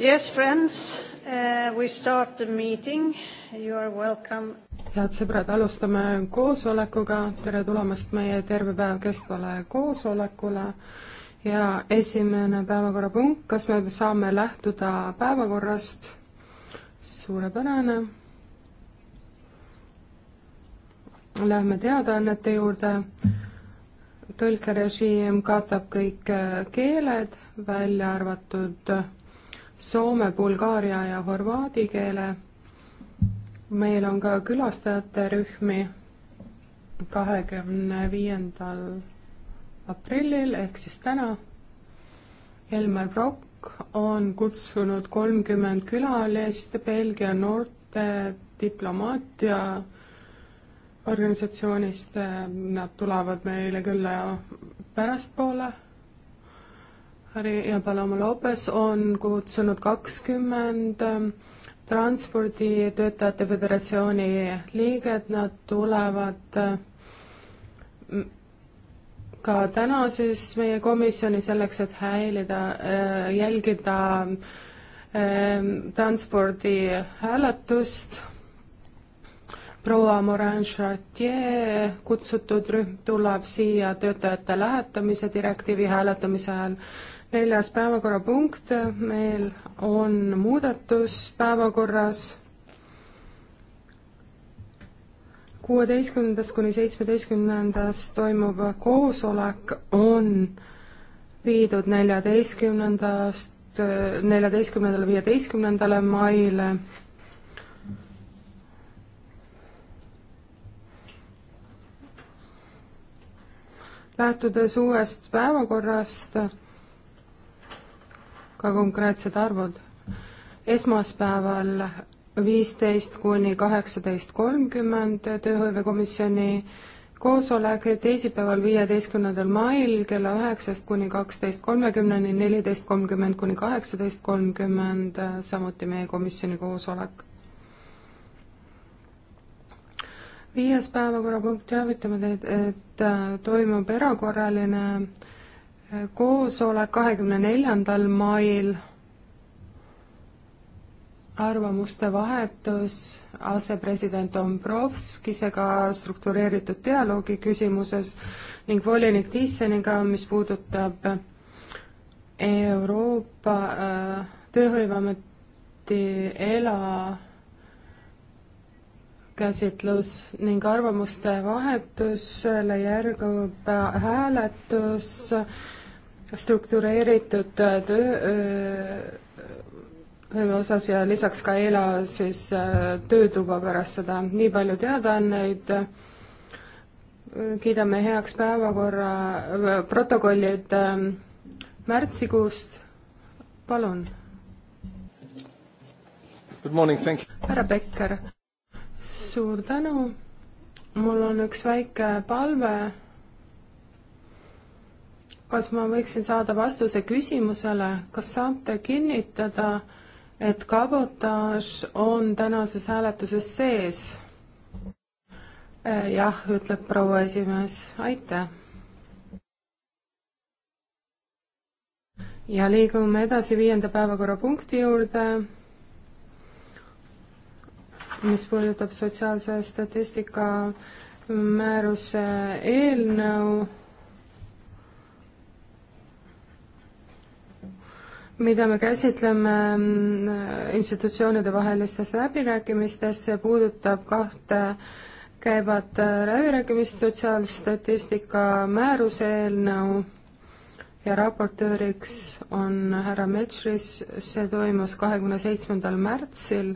Yes, friends, uh, we start the meeting. You are welcome. head sõbrad, alustame koosolekuga, tere tulemast meie terve päev kestvale koosolekule ja esimene päevakorrapunkt, kas me saame lähtuda päevakorrast? suurepärane. Lähme teadaannete juurde. tõlkerežiim katab kõik eh, keeled, välja arvatud soome, bulgaaria ja horvaadi keele. meil on ka külastajate rühmi kahekümne viiendal aprillil ehk siis täna. Elmar Brock on kutsunud kolmkümmend külalist Belgia noorte diplomaatia organisatsioonist, nad tulevad meile külla pärastpoole Harri Paloma-Lopes on kutsunud kakskümmend ähm, transporditöötajate föderatsiooni liiget, nad tulevad äh, ka täna siis meie komisjoni selleks, et häälida, äh, jälgida ähm, transpordihääletust. proua Morin Chartier kutsutud rühm tuleb siia töötajate lähetamise direktiivi hääletamise ajal neljas päevakorrapunkt meil on muudatus päevakorras kuueteistkümnendast kuni seitsmeteistkümnendast toimuv koosolek on viidud neljateistkümnendast neljateistkümnendale, viieteistkümnendale maile. lähtudes uuest päevakorrast ka konkreetsed arvud. esmaspäeval viisteist kuni kaheksateist kolmkümmend tööhõivekomisjoni koosolek teisipäeval, viieteistkümnendal mail kella üheksast kuni kaksteist kolmekümneni, neliteist kolmkümmend kuni kaheksateist kolmkümmend, samuti meie komisjoni koosolek. viies päevakorrapunkt, teavitame teid, et äh, toimub erakorraline koosolek kahekümne neljandal mail, arvamuste vahetus asepresident Dombrovskisega struktureeritud dialoogi küsimuses ning volinik Thyssen'iga, mis puudutab Euroopa äh, Tööhõivameti ELA käsitlus ning arvamuste vahetusele järgub äh, hääletus äh, struktureeritud äh, töö äh, osas ja lisaks ka ELA siis äh, töötuba pärast seda. nii palju teadaanneid, kiidame heaks päevakorra, protokollid ähm, märtsikuust, palun. härra Becker, suur tänu. mul on üks väike palve kas ma võiksin saada vastuse küsimusele, kas saate kinnitada, et kabotaaž on tänases hääletuses sees? Eh, jah, ütleb proua esimees, aitäh. ja liigume edasi viienda päevakorrapunkti juurde, mis puudutab sotsiaalse statistika määruse eelnõu mida me käsitleme mm, institutsioonide vahelistes läbirääkimistes, see puudutab kahte käivad äh, läbirääkimist sotsiaalstatistika määruse eelnõu ja raportööriks on härra Metsris, see toimus kahekümne seitsmendal märtsil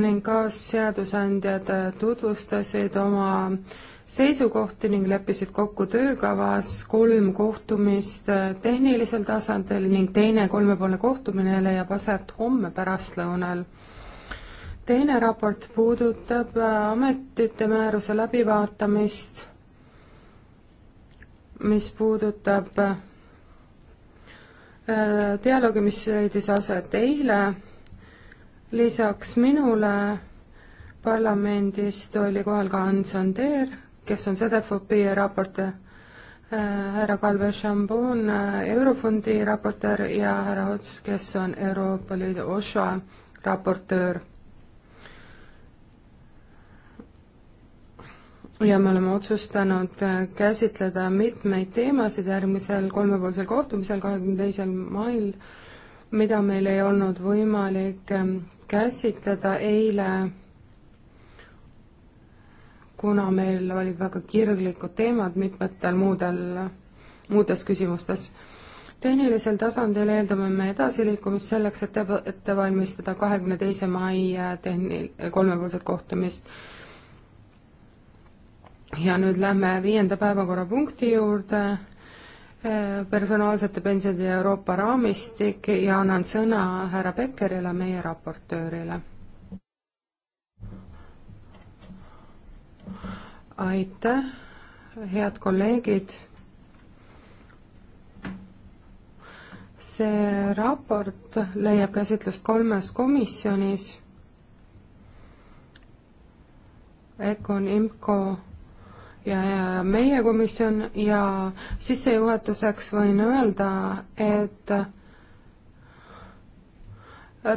ning kaasseadusandjad tutvustasid oma äh, seisukohti ning leppisid kokku töökavas kolm kohtumist äh, tehnilisel tasandil ning teine kolmepoolne kohtumine leiab aset homme pärastlõunal. teine raport puudutab äh, ametite määruse läbivaatamist, mis puudutab äh, dialoogi, mis leidis aset eile, lisaks minule parlamendist oli kohal ka Hans Ander, kes on ZFOP raportöör, äh, härra Kalve Šambon, äh, Eurofondi raportöör ja härra Ots, kes on Euroopa Liidu OSHA raportöör. ja me oleme otsustanud äh, käsitleda mitmeid teemasid järgmisel kolmepoolsel kohtumisel, kahekümne teisel mail, mida meil ei olnud võimalik ähm, käsitleda eile kuna meil olid väga kirglikud teemad mitmetel muudel, muudes küsimustes. tehnilisel tasandil eeldame me edasiliikumist selleks, et ette valmistada kahekümne teise mai äh, tehni-, kolmepoolset kohtumist. ja nüüd lähme viienda päevakorrapunkti juurde, äh, personaalsete pensionide Euroopa raamistik ja annan sõna härra Beckerile, meie raportöörile aitäh, head kolleegid. see raport leiab käsitlust kolmes komisjonis. EKOn, IMCO ja, ja meie komisjon ja sissejuhatuseks võin öelda, et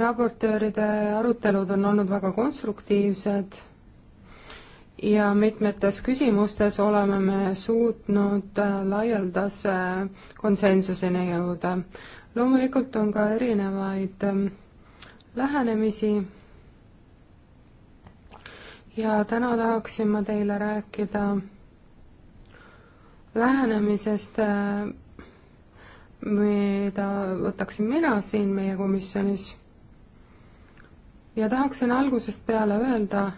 raportööride arutelud on olnud väga konstruktiivsed ja mitmetes küsimustes oleme me suutnud äh, laialdase konsensuseni jõuda. loomulikult on ka erinevaid ähm, lähenemisi ja täna tahaksin ma teile rääkida lähenemisest, äh, mida võtaksin mina siin meie komisjonis. ja tahaksin algusest peale öelda,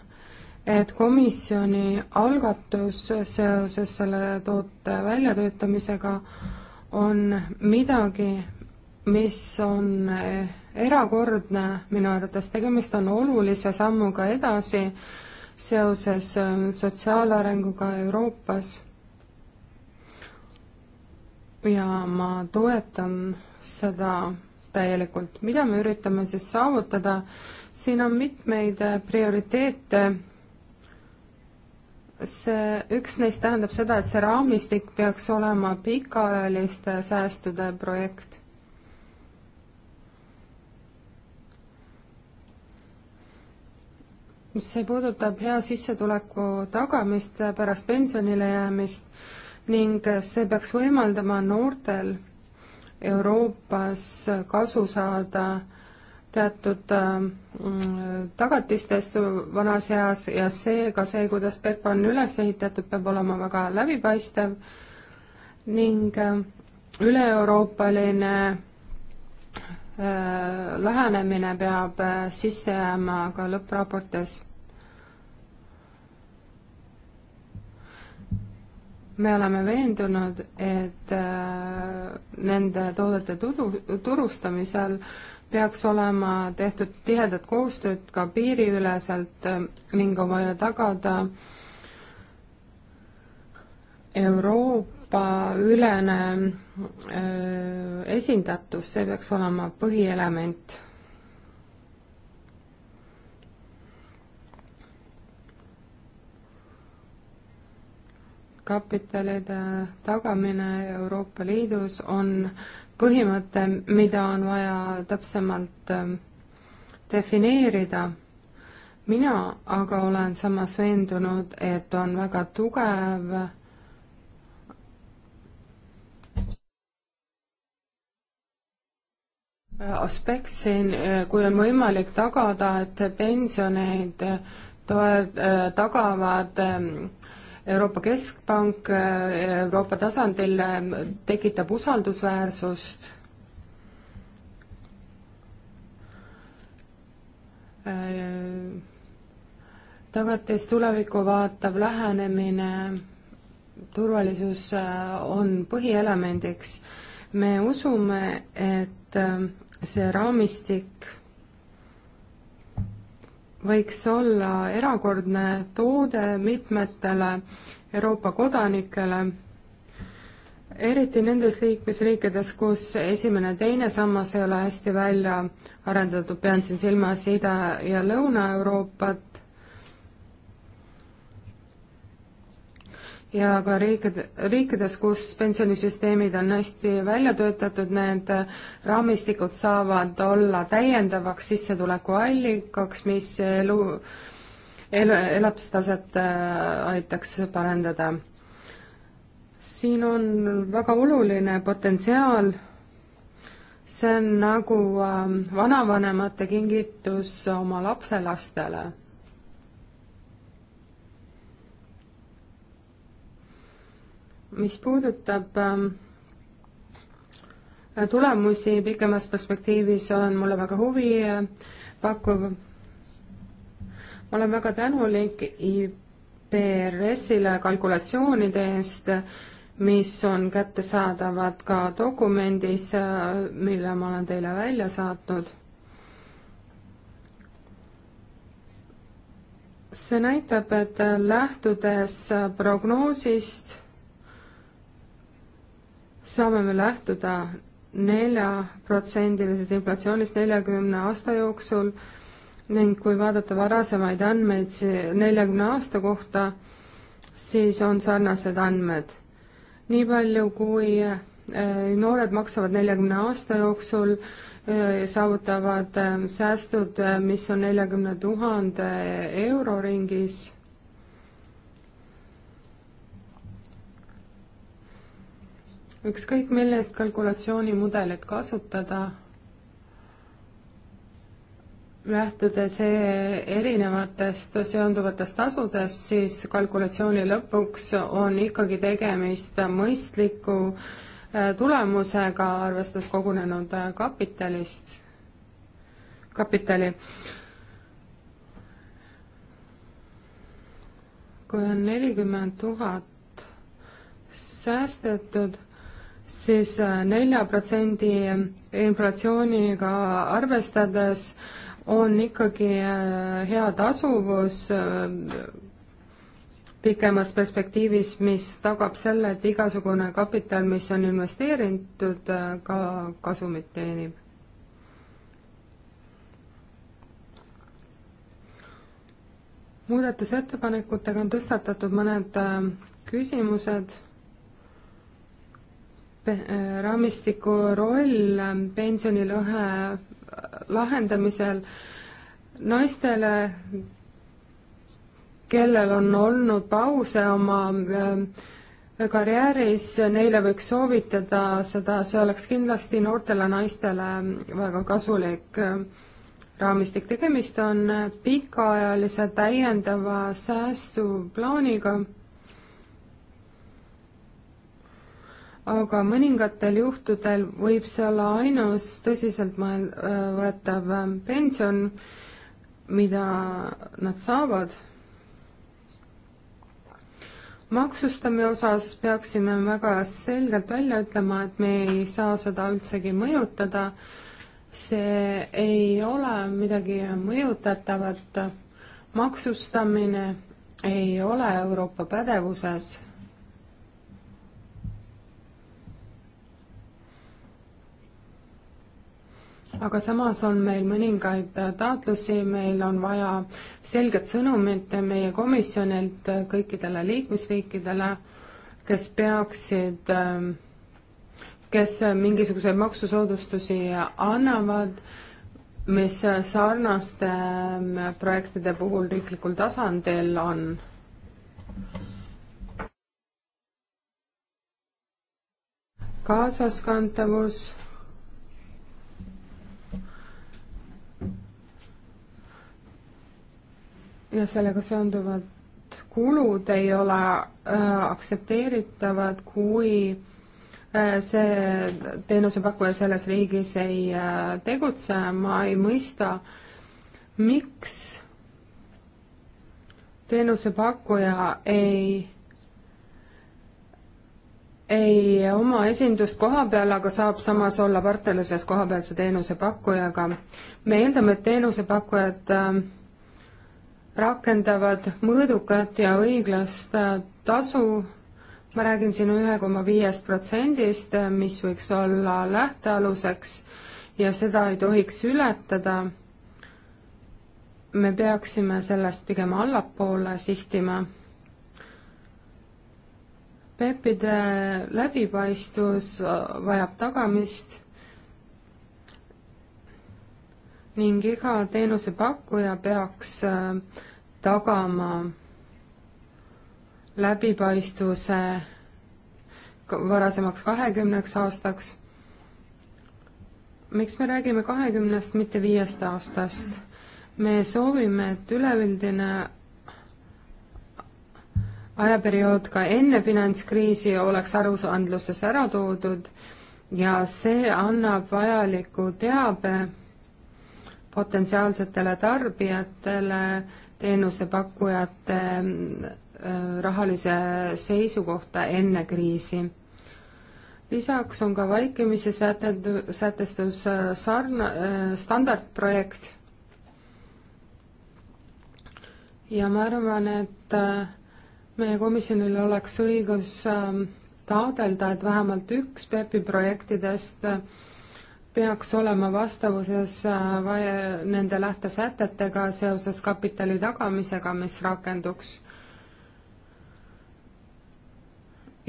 et komisjoni algatus seoses selle toote väljatöötamisega on midagi, mis on erakordne, minu arvates tegemist on olulise sammuga edasi seoses ähm, sotsiaalarenguga Euroopas. ja ma toetan seda täielikult, mida me üritame siis saavutada, siin on mitmeid äh, prioriteete see, üks neist tähendab seda, et see raamistik peaks olema pikaajaliste säästude projekt. see puudutab hea sissetuleku tagamist pärast pensionile jäämist ning see peaks võimaldama noortel Euroopas kasu saada teatud äh, tagatistest vanas eas ja seega see, see, kuidas PEPA on üles ehitatud, peab olema väga läbipaistev ning äh, üle-euroopaline äh, lähenemine peab sisse jääma ka lõppraportis. me oleme veendunud, et nende toodete turu, turustamisel äh, peaks olema tehtud tihedat koostööd ka piiriüleselt ähm, ning on vaja tagada Euroopa ülene äh, esindatus, see peaks olema põhielement kapitalide tagamine Euroopa Liidus on põhimõte, mida on vaja täpsemalt ähm, defineerida. mina aga olen samas veendunud, et on väga tugev äh, aspekt siin, äh, kui on võimalik tagada, et pensioneid äh, toe-, tagavad äh, Euroopa Keskpank eh, Euroopa tasandil eh, tekitab usaldusväärsust eh, tagatis tulevikku vaatav lähenemine, turvalisus on põhielemendiks. me usume, et see raamistik võiks olla erakordne toode mitmetele Euroopa kodanikele, eriti nendes liikmesriikides, kus esimene, teine sammas ei ole hästi välja arendatud, pean siin silmas Ida- ja Lõuna-Euroopat, ja ka riikide, riikides, kus pensionisüsteemid on hästi välja töötatud, need raamistikud saavad olla täiendavaks sissetulekuallikaks, mis elu, elu, elatustaset äh, aitaks parandada. siin on väga oluline potentsiaal, see on nagu äh, vanavanemate kingitus oma lapselastele mis puudutab ähm, tulemusi pikemas perspektiivis, on mulle väga huvi äh, pakkuv. ma olen väga tänulik IPRS-ile kalkulatsioonide eest, mis on kättesaadavad ka dokumendis, äh, mille ma olen teile välja saatnud see näitab, et lähtudes prognoosist saame me lähtuda neljaprotsendilisest inflatsioonist neljakümne aasta jooksul ning kui vaadata varasemaid andmeid neljakümne aasta kohta, siis on sarnased andmed. nii palju, kui eh, noored maksavad neljakümne aasta jooksul, eh, saavutavad eh, säästud, mis on neljakümne tuhande euro ringis ükskõik millist kalkulatsioonimudelit kasutada, lähtudes erinevatest seonduvatest tasudest, siis kalkulatsiooni lõpuks on ikkagi tegemist mõistliku äh, tulemusega, arvestades kogunenud äh, kapitalist, kapitali. kui on nelikümmend tuhat säästetud siis äh, nelja protsendi inflatsiooniga arvestades on ikkagi äh, hea tasuvus äh, pikemas perspektiivis, mis tagab selle, et igasugune kapital, mis on investeeritud, ka kasumit teenib. muudatusettepanekutega on tõstatatud mõned küsimused Äh, raamistiku roll pensionilõhe lahendamisel naistele, kellel on olnud pause oma äh, karjääris, neile võiks soovitada seda, see oleks kindlasti noortele naistele väga kasulik äh, raamistik. tegemist on pikaajalise täiendava säästuplaaniga aga mõningatel juhtudel võib see olla ainus tõsiselt mõel-, äh, võetav äh, pension, mida nad saavad. maksustamise osas peaksime väga selgelt välja ütlema, et me ei saa seda üldsegi mõjutada, see ei ole midagi mõjutatavat, maksustamine ei ole Euroopa pädevuses aga samas on meil mõningaid äh, taotlusi, meil on vaja selget sõnumit meie komisjonilt äh, kõikidele liikmesriikidele, kes peaksid, ähm, kes äh, mingisuguseid maksusoodustusi annavad, mis sarnaste ähm, projektide puhul riiklikul tasandil on kaasaskantavus ja sellega seonduvad kulud ei ole äh, aktsepteeritavad, kui äh, see teenusepakkuja selles riigis ei äh, tegutse, ma ei mõista, miks teenusepakkuja ei, ei oma esindust koha peal, aga saab samas olla partnerluses kohapealse teenusepakkujaga. me eeldame, et teenusepakkujad äh, rakendavad mõõdukat ja õiglast tasu, ma räägin siin ühe koma viiest protsendist, mis võiks olla lähtealuseks ja seda ei tohiks ületada, me peaksime sellest pigem allapoole sihtima. PEP-ide läbipaistvus vajab tagamist ning iga teenusepakkuja peaks äh, tagama läbipaistvuse varasemaks kahekümneks aastaks. miks me räägime kahekümnest, mitte viiest aastast? me soovime, et üleüldine ajaperiood ka enne finantskriisi oleks aruandluses ära toodud ja see annab vajaliku teabe potentsiaalsetele tarbijatele teenusepakkujate äh, rahalise seisu kohta enne kriisi. lisaks on ka vaikimise sätet-, sätestus äh, sarna-, äh, standardprojekt ja ma arvan, et meie komisjonil oleks õigus taodelda, et vähemalt üks PEP-i projektidest äh, peaks olema vastavuses äh, nende lähtesätetega seoses kapitali tagamisega, mis rakenduks.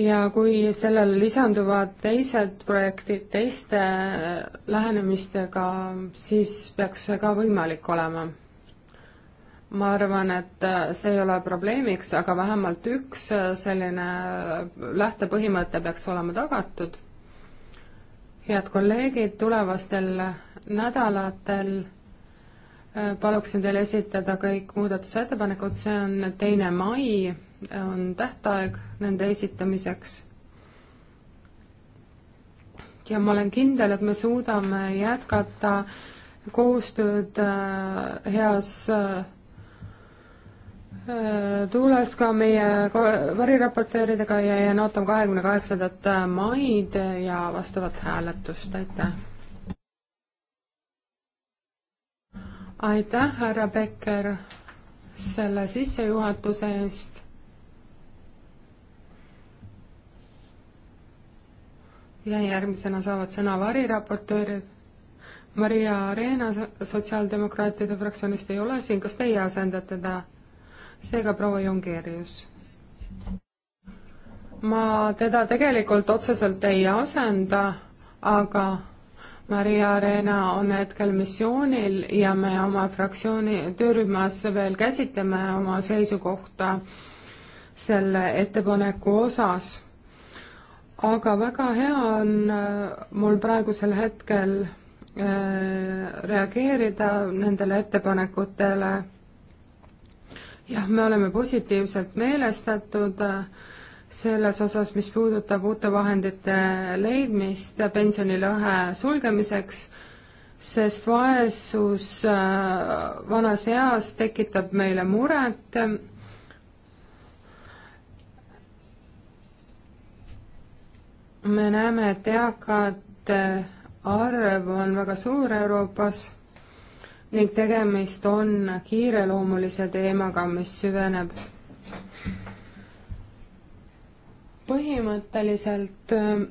ja kui sellele lisanduvad teised projektid teiste äh, lähenemistega, siis peaks see ka võimalik olema. ma arvan, et äh, see ei ole probleemiks, aga vähemalt üks selline lähtepõhimõte peaks olema tagatud head kolleegid, tulevastel nädalatel äh, paluksin teil esitada kõik muudatusettepanekud, see on teine mai, on tähtaeg nende esitamiseks. ja ma olen kindel, et me suudame jätkata koostööd äh, heas äh, Äh, tuules ka meie variraportööridega ja jään ootama kahekümne kaheksandat maid ja vastavat hääletust, aitäh! aitäh, härra Becker, selle sissejuhatuse eest ja järgmisena saavad sõna variraportöörid. Maria Arena sotsiaaldemokraatide fraktsioonist ei ole siin, kas teie asendate ta? seega proua Jungeerius. ma teda tegelikult otseselt ei asenda, aga Maria Arena on hetkel missioonil ja me oma fraktsiooni töörühmas veel käsitleme oma seisukohta selle ettepaneku osas. aga väga hea on äh, mul praegusel hetkel äh, reageerida nendele ettepanekutele jah, me oleme positiivselt meelestatud äh, selles osas, mis puudutab uute vahendite leidmist pensionilõhe sulgemiseks, sest vaesus äh, vanas eas tekitab meile muret me näeme, et eakate arv on väga suur Euroopas ning tegemist on kiireloomulise teemaga, mis süveneb. põhimõtteliselt äh,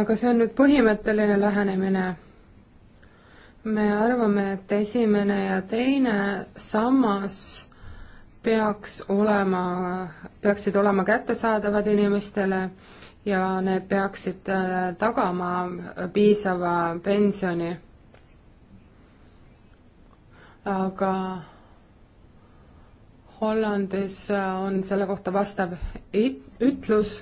aga see on nüüd põhimõtteline lähenemine. me arvame, et esimene ja teine sammas peaks olema, peaksid olema kättesaadavad inimestele ja need peaksid äh, tagama piisava pensioni. aga Hollandis äh, on selle kohta vastav ütlus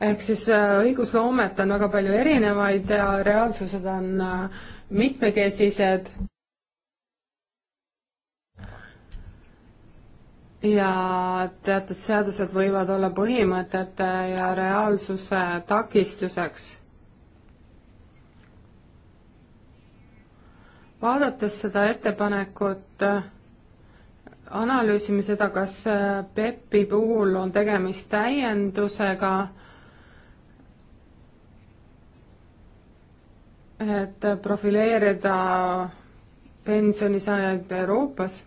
ehk siis äh, õigusloomet on väga palju erinevaid ja reaalsused on mitmekesised ja teatud seadused võivad olla põhimõtete ja reaalsuse takistuseks. vaadates seda ettepanekut, analüüsime seda, kas PEP-i puhul on tegemist täiendusega, et profileerida pensionisaajaid Euroopas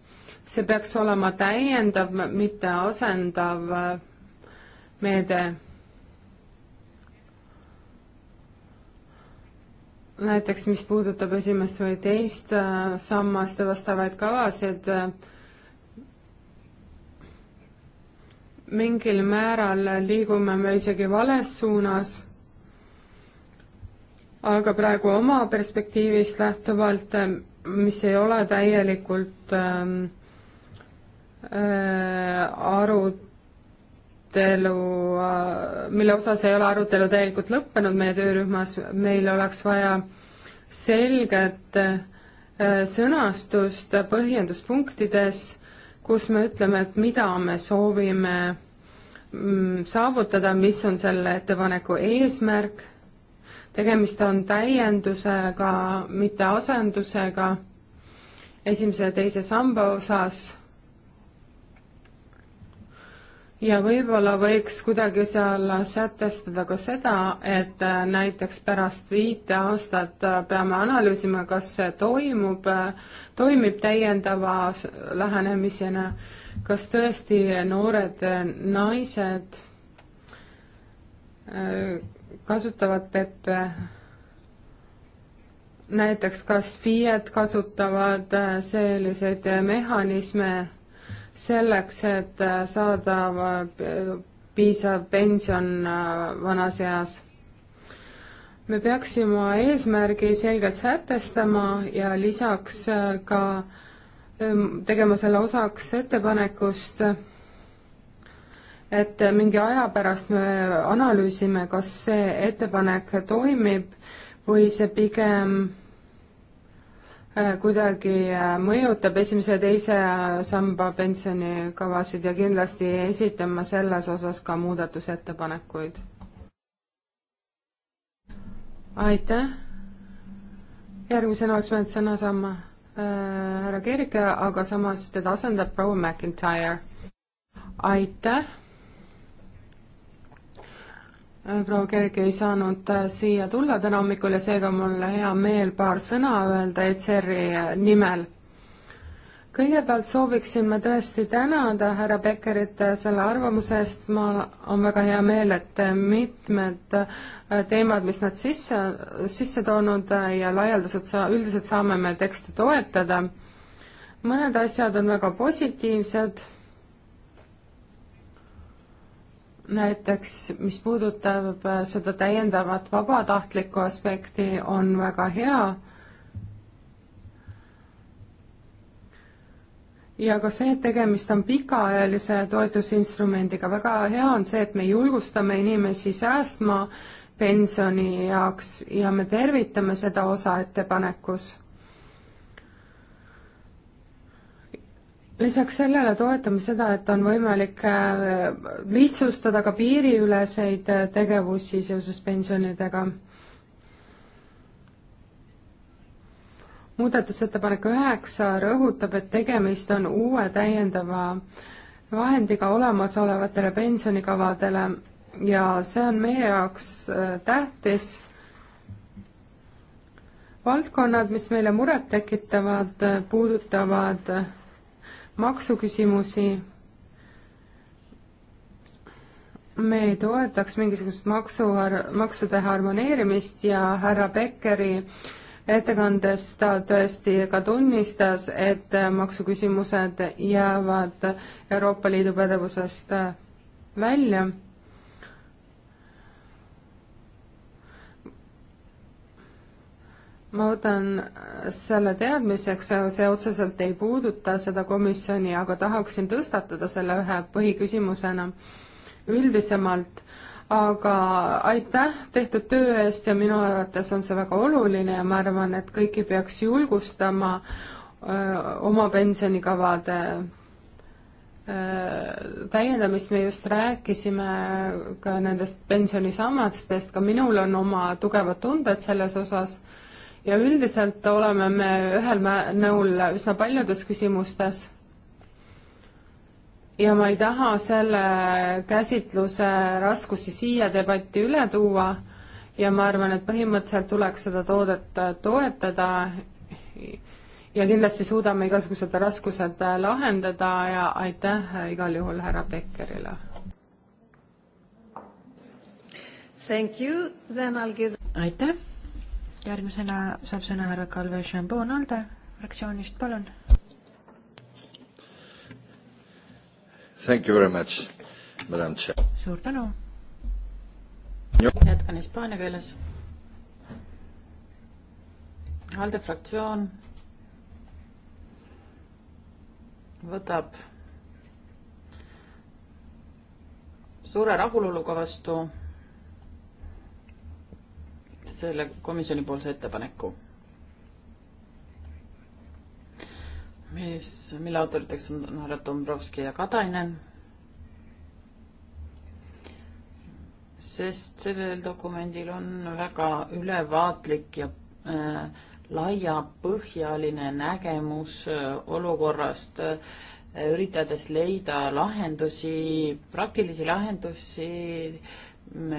see peaks olema täiendav, mitte asendav äh, meede. näiteks, mis puudutab esimest või teist äh, sammast ja vastavaid kavasid, äh, mingil määral liigume me isegi vales suunas, aga praegu oma perspektiivist lähtuvalt, mis ei ole täielikult ähm, Äh, arutelu, äh, mille osas ei ole arutelu täielikult lõppenud meie töörühmas, meil oleks vaja selget äh, sõnastust põhjenduspunktides, kus me ütleme, et mida me soovime mm, saavutada, mis on selle ettepaneku eesmärk, tegemist on täiendusega, mitte asendusega, esimese ja teise samba osas ja võib-olla võiks kuidagi seal sätestada ka seda, et äh, näiteks pärast viite aastat äh, peame analüüsima, kas see toimub, äh, toimib täiendava lähenemisena, kas tõesti noored naised kasutavad PEP-e näiteks kas FIE-d kasutavad selliseid mehhanisme selleks, et äh, saada äh, piisav pension äh, vanas eas. me peaksime oma eesmärgi selgelt sätestama ja lisaks ka ähm, tegema selle osaks ettepanekust, et mingi aja pärast me analüüsime, kas see ettepanek toimib või see pigem Äh, kuidagi äh, mõjutab esimese ja teise samba pensionikavasid ja kindlasti esitan ma selles osas ka muudatusettepanekuid. aitäh. järgmisena oleks pidanud sõna saama äh, härra Kirke, aga samas teda asendab proua McIntyre. aitäh Äh, proua Kerg ei saanud äh, siia tulla täna hommikul ja seega mul hea meel paar sõna öelda ECR-i äh, nimel. kõigepealt sooviksin ma tõesti tänada härra Beckerit selle arvamuse eest, ma, on väga hea meel, et mitmed teemad, mis nad sisse, sisse toonud ja laialdaselt sa-, üldiselt saame me tekste toetada, mõned asjad on väga positiivsed näiteks mis puudutab äh, seda täiendavat vabatahtlikku aspekti, on väga hea. ja ka see, et tegemist on pikaajalise toetusinstrumendiga, väga hea on see, et me julgustame inimesi säästma pensioni jaoks ja me tervitame seda osa ettepanekus lisaks sellele toetame seda, et on võimalik äh, lihtsustada ka piiriüleseid äh, tegevusi seoses pensionidega. muudatusettepanek üheksa rõhutab, et tegemist on uue täiendava vahendiga olemasolevatele pensionikavadele ja see on meie jaoks äh, tähtis valdkonnad, mis meile muret tekitavad, puudutavad maksuküsimusi. me ei toetaks mingisugust maksu, maksude harmoneerimist ja härra Beckeri ettekandes ta tõesti ka tunnistas, et maksuküsimused jäävad Euroopa Liidu pädevusest välja ma võtan äh, selle teadmiseks, äh, see otseselt ei puuduta seda komisjoni, aga tahaksin tõstatada selle ühe põhiküsimusena üldisemalt. aga aitäh tehtud töö eest ja minu arvates on see väga oluline ja ma arvan, et kõiki peaks julgustama öö, äh, oma pensionikavade täiendamist me just rääkisime ka nendest pensionisammastest, ka minul on oma tugevad tunded selles osas ja üldiselt oleme me ühel nõul üsna paljudes küsimustes. ja ma ei taha selle käsitluse raskusi siia debatti üle tuua ja ma arvan, et põhimõtteliselt tuleks seda toodet toetada ja kindlasti suudame igasugused raskused lahendada ja aitäh igal juhul härra Pekkerile. aitäh järgmisena saab sõna härra Kalve Šambon Alde fraktsioonist, palun. Thank you very much, madam chair. suur tänu. jätkan hispaania keeles. ALDE fraktsioon võtab suure rahuloluga vastu selle komisjonipoolse ettepaneku, mis, mille autoriteks on härra Dombrovski ja Katainen. sest sellel dokumendil on väga ülevaatlik ja äh, laiapõhjaline nägemus äh, olukorrast äh,, üritades leida lahendusi, praktilisi lahendusi äh,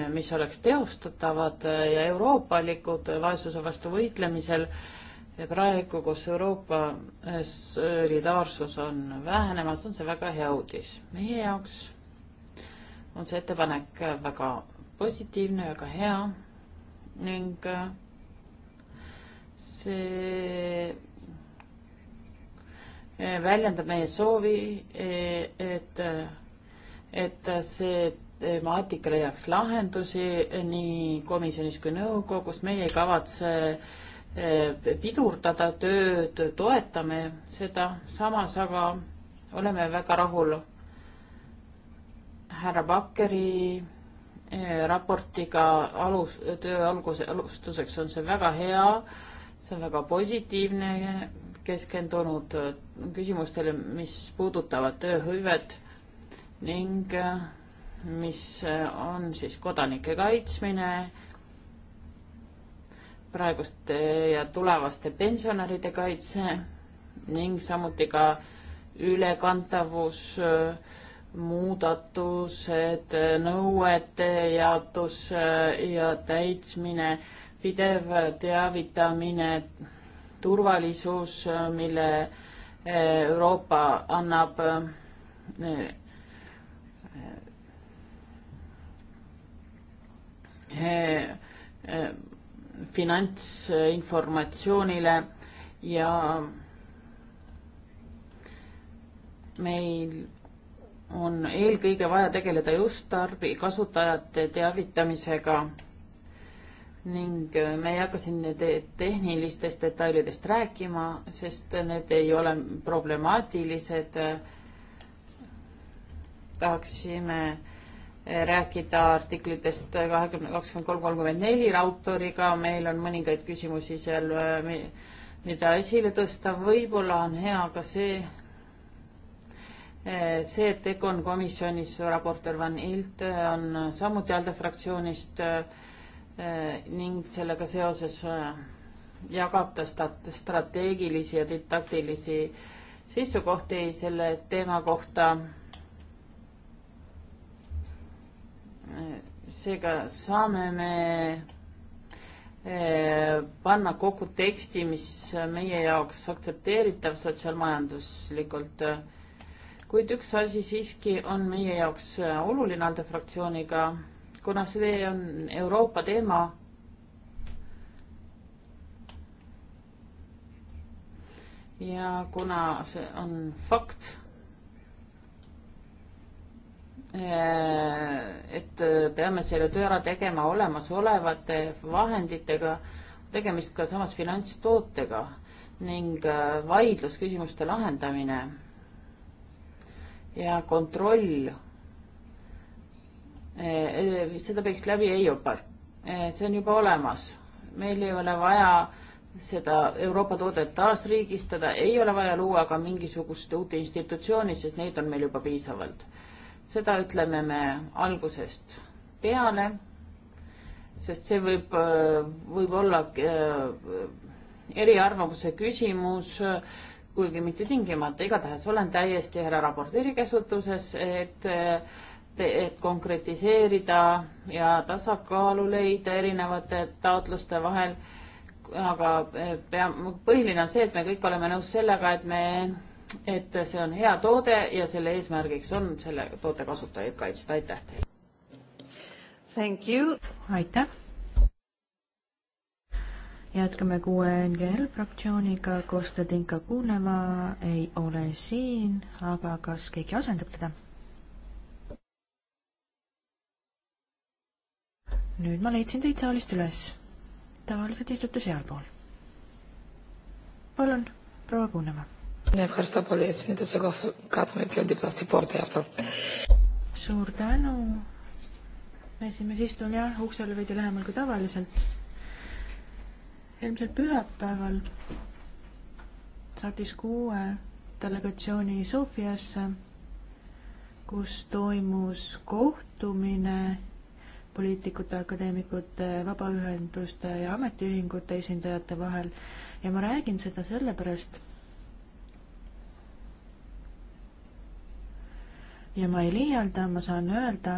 mis oleks teostatavad ja euroopalikud vaesuse vastu võitlemisel. praegu, kus Euroopa eh, solidaarsus on vähenemas, on see väga hea uudis. meie jaoks on see ettepanek väga positiivne, väga hea ning eh, see eh, väljendab meie soovi, et, et see temaatika leiaks lahendusi nii komisjonis kui nõukogus, meie ei kavatse eh, pidurdada tööd, toetame seda, samas aga oleme väga rahul härra Bakkeri eh, raportiga alus, töö alguse, alustuseks on see väga hea, see on väga positiivne, keskendunud eh, küsimustele, mis puudutavad tööhõivet ning mis äh, on siis kodanike kaitsmine, praeguste ja tulevaste pensionäride kaitse ning samuti ka ülekantavus, äh, muudatused, äh, nõuete jaotus ja täitsmine, pidev teavitamine, turvalisus, mille Euroopa annab Eh, eh, finantsinformatsioonile ja meil on eelkõige vaja tegeleda just tarbi, kasutajate teavitamisega ning eh, me ei hakka siin nüüd tehnilistest detailidest rääkima, sest need ei ole problemaatilised. tahaksime äh, rääkida artiklitest kahekümne, kakskümmend kolm, kolmkümmend neli autoriga, meil on mõningaid küsimusi seal, äh, mida esile tõsta, võib-olla on hea ka see, äh, see, et EKOn komisjonis raportöör Van Ilt äh, on samuti ALDE fraktsioonist ning sellega seoses jagab ta strateegilisi ja didaktilisi seisukohti selle teema kohta seega saame me eh, panna kokku teksti, mis meie jaoks aktsepteeritav sotsiaalmajanduslikult. kuid üks asi siiski on meie jaoks oluline ALDE fraktsiooniga, kuna see on Euroopa teema, ja kuna see on fakt, Äh, et äh, peame selle töö ära tegema olemasolevate vahenditega, tegemist ka samas finantstootega ning äh, vaidlusküsimuste lahendamine ja kontroll. seda peaks läbi EIOPAR, see on juba olemas, meil ei ole vaja seda Euroopa toodet taasriigistada, ei ole vaja luua ka mingisugust uut institutsiooni, sest neid on meil juba piisavalt seda ütleme me algusest peale, sest see võib, äh, võib olla äh, eriarvamuse küsimus, kuigi mitte tingimata, igatahes olen täiesti härra raportööri käsutuses, et et konkretiseerida ja tasakaalu leida erinevate taotluste vahel aga äh, pea, põhiline on see, et me kõik oleme nõus sellega, et me et see on hea toode ja selle eesmärgiks on selle toote kasutajaid kaitsta. aitäh teile! Thank you! aitäh! jätkame kuue NGL fraktsiooniga, Kostadinka Kuunema ei ole siin, aga kas keegi asendab teda? nüüd ma leidsin teid saalist üles. tavaliselt istute sealpool. palun, proua Kuunema Ευχαριστώ πολύ. Συνήθως εγώ κάθομαι πιο δίπλα στην πόρτα αυτό. Suur tänu. Esimees istun jah uksele veidi lähemal kui tavaliselt. Eelmisel pühapäeval saatis kuue delegatsiooni Sofiasse, kus toimus kohtumine poliitikute, akadeemikute, vabaühenduste ja ametiühingute esindajate vahel ja ma räägin seda sellepärast ja ma ei liialda, ma saan öelda,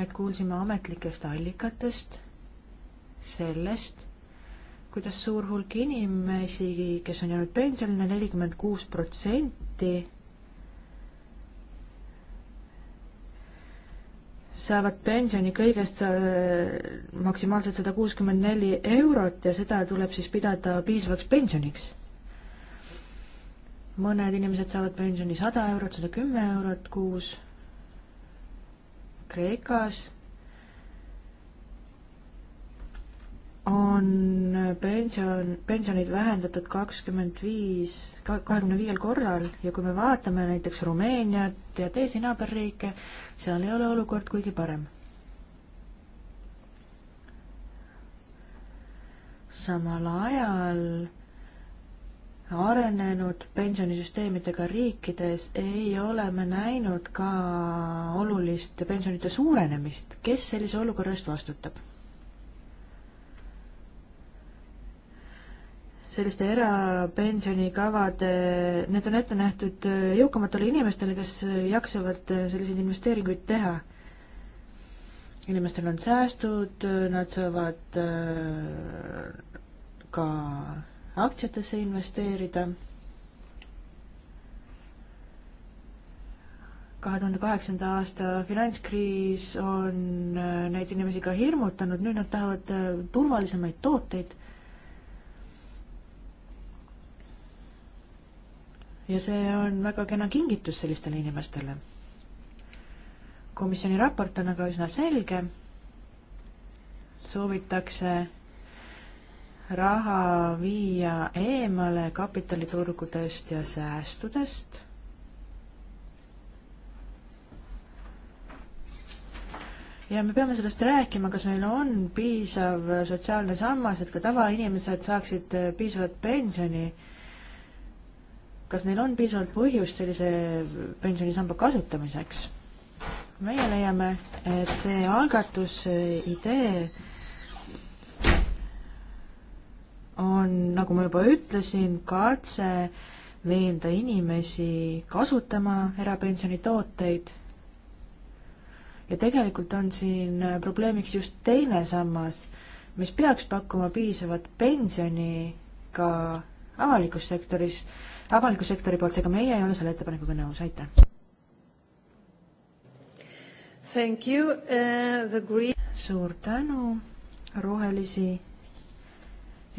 et kuulsime ametlikest allikatest sellest, kuidas suur hulk inimesi, kes on jäänud pensionile, nelikümmend kuus protsenti, saavad pensioni kõigest maksimaalselt sada kuuskümmend neli eurot ja seda tuleb siis pidada piisavaks pensioniks mõned inimesed saavad pensioni sada eurot, sada kümme eurot kuus. Kreekas on pension, pensionid vähendatud kakskümmend viis, kahekümne viiel korral ja kui me vaatame näiteks Rumeeniat ja teisi naaberriike, seal ei ole olukord kuigi parem. samal ajal arenenud pensionisüsteemidega riikides ei ole me näinud ka olulist pensionite suurenemist. kes sellise olukorra eest vastutab? selliste erapensionikavade, need on ette nähtud jõukamatele inimestele, kes jaksavad selliseid investeeringuid teha. inimestel on säästud, nad saavad äh, ka aktsiatesse investeerida. kahe tuhande kaheksanda aasta finantskriis on äh, neid inimesi ka hirmutanud, nüüd nad tahavad äh, turvalisemaid tooteid ja see on väga kena kingitus sellistele inimestele. komisjoni raport on aga üsna selge, soovitakse raha viia eemale kapitaliturgudest ja säästudest. ja me peame sellest rääkima, kas meil on piisav sotsiaalne sammas, et ka tavainimesed saaksid piisavat pensioni. kas neil on piisavalt põhjust sellise pensionisamba kasutamiseks? meie leiame, et see algatus, idee on, nagu ma juba ütlesin, katse veenda inimesi kasutama erapensionitooteid. ja tegelikult on siin probleemiks just teine sammas, mis peaks pakkuma piisavat pensioni ka avalikus sektoris, avaliku sektori poolt, seega meie ei ole selle ettepanekuga nõus, aitäh. Thank you uh,, the green. suur tänu, rohelisi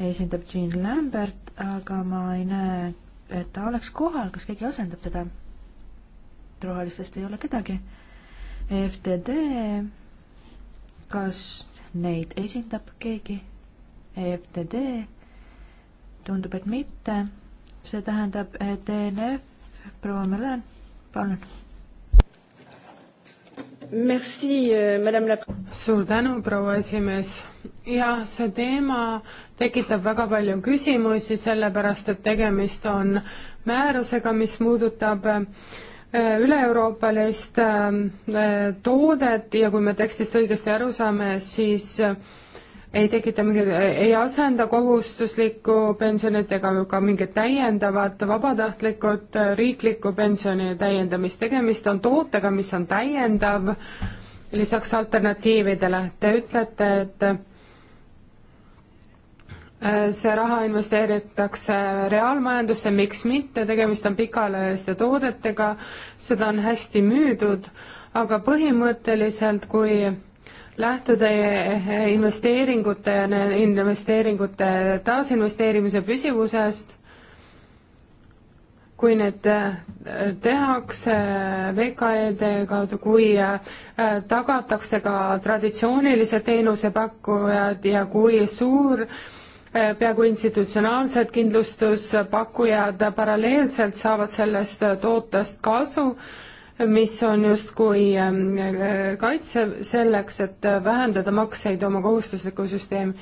esindab Jean Lambert, aga ma ei näe, et ta oleks kohal, kas keegi asendab teda? rohelistest ei ole kedagi. FTD, kas neid esindab keegi? FTD, tundub, et mitte. see tähendab, et ENF, proua Mälen, palun Merci, euh, madame la. suur tänu, proua esimees. jah, see teema tekitab väga palju küsimusi, sellepärast et tegemist on määrusega, mis puudutab äh, üle-euroopalist äh, toodet ja kui me tekstist õigesti aru saame, siis äh, ei tekita mingit, ei asenda kohustuslikku pensionit ega ka mingit täiendavat vabatahtlikut riiklikku pensioni täiendamist, tegemist on tootega, mis on täiendav lisaks alternatiividele. Te ütlete, et äh, see raha investeeritakse reaalmajandusse, miks mitte, tegemist on pikaajaliste toodetega, seda on hästi müüdud, aga põhimõtteliselt, kui lähtuda eh, investeeringute, investeeringute taasinvesteerimise püsivusest, kui need eh, tehakse VKE-de kaudu, kui eh, tagatakse ka traditsioonilised teenusepakkujad ja kui suur peaaegu institutsionaalsed kindlustuspakkujad paralleelselt saavad sellest tootest kasu, mis on justkui ähm, kaitse selleks, et vähendada makseid oma kohustuslikku süsteemi.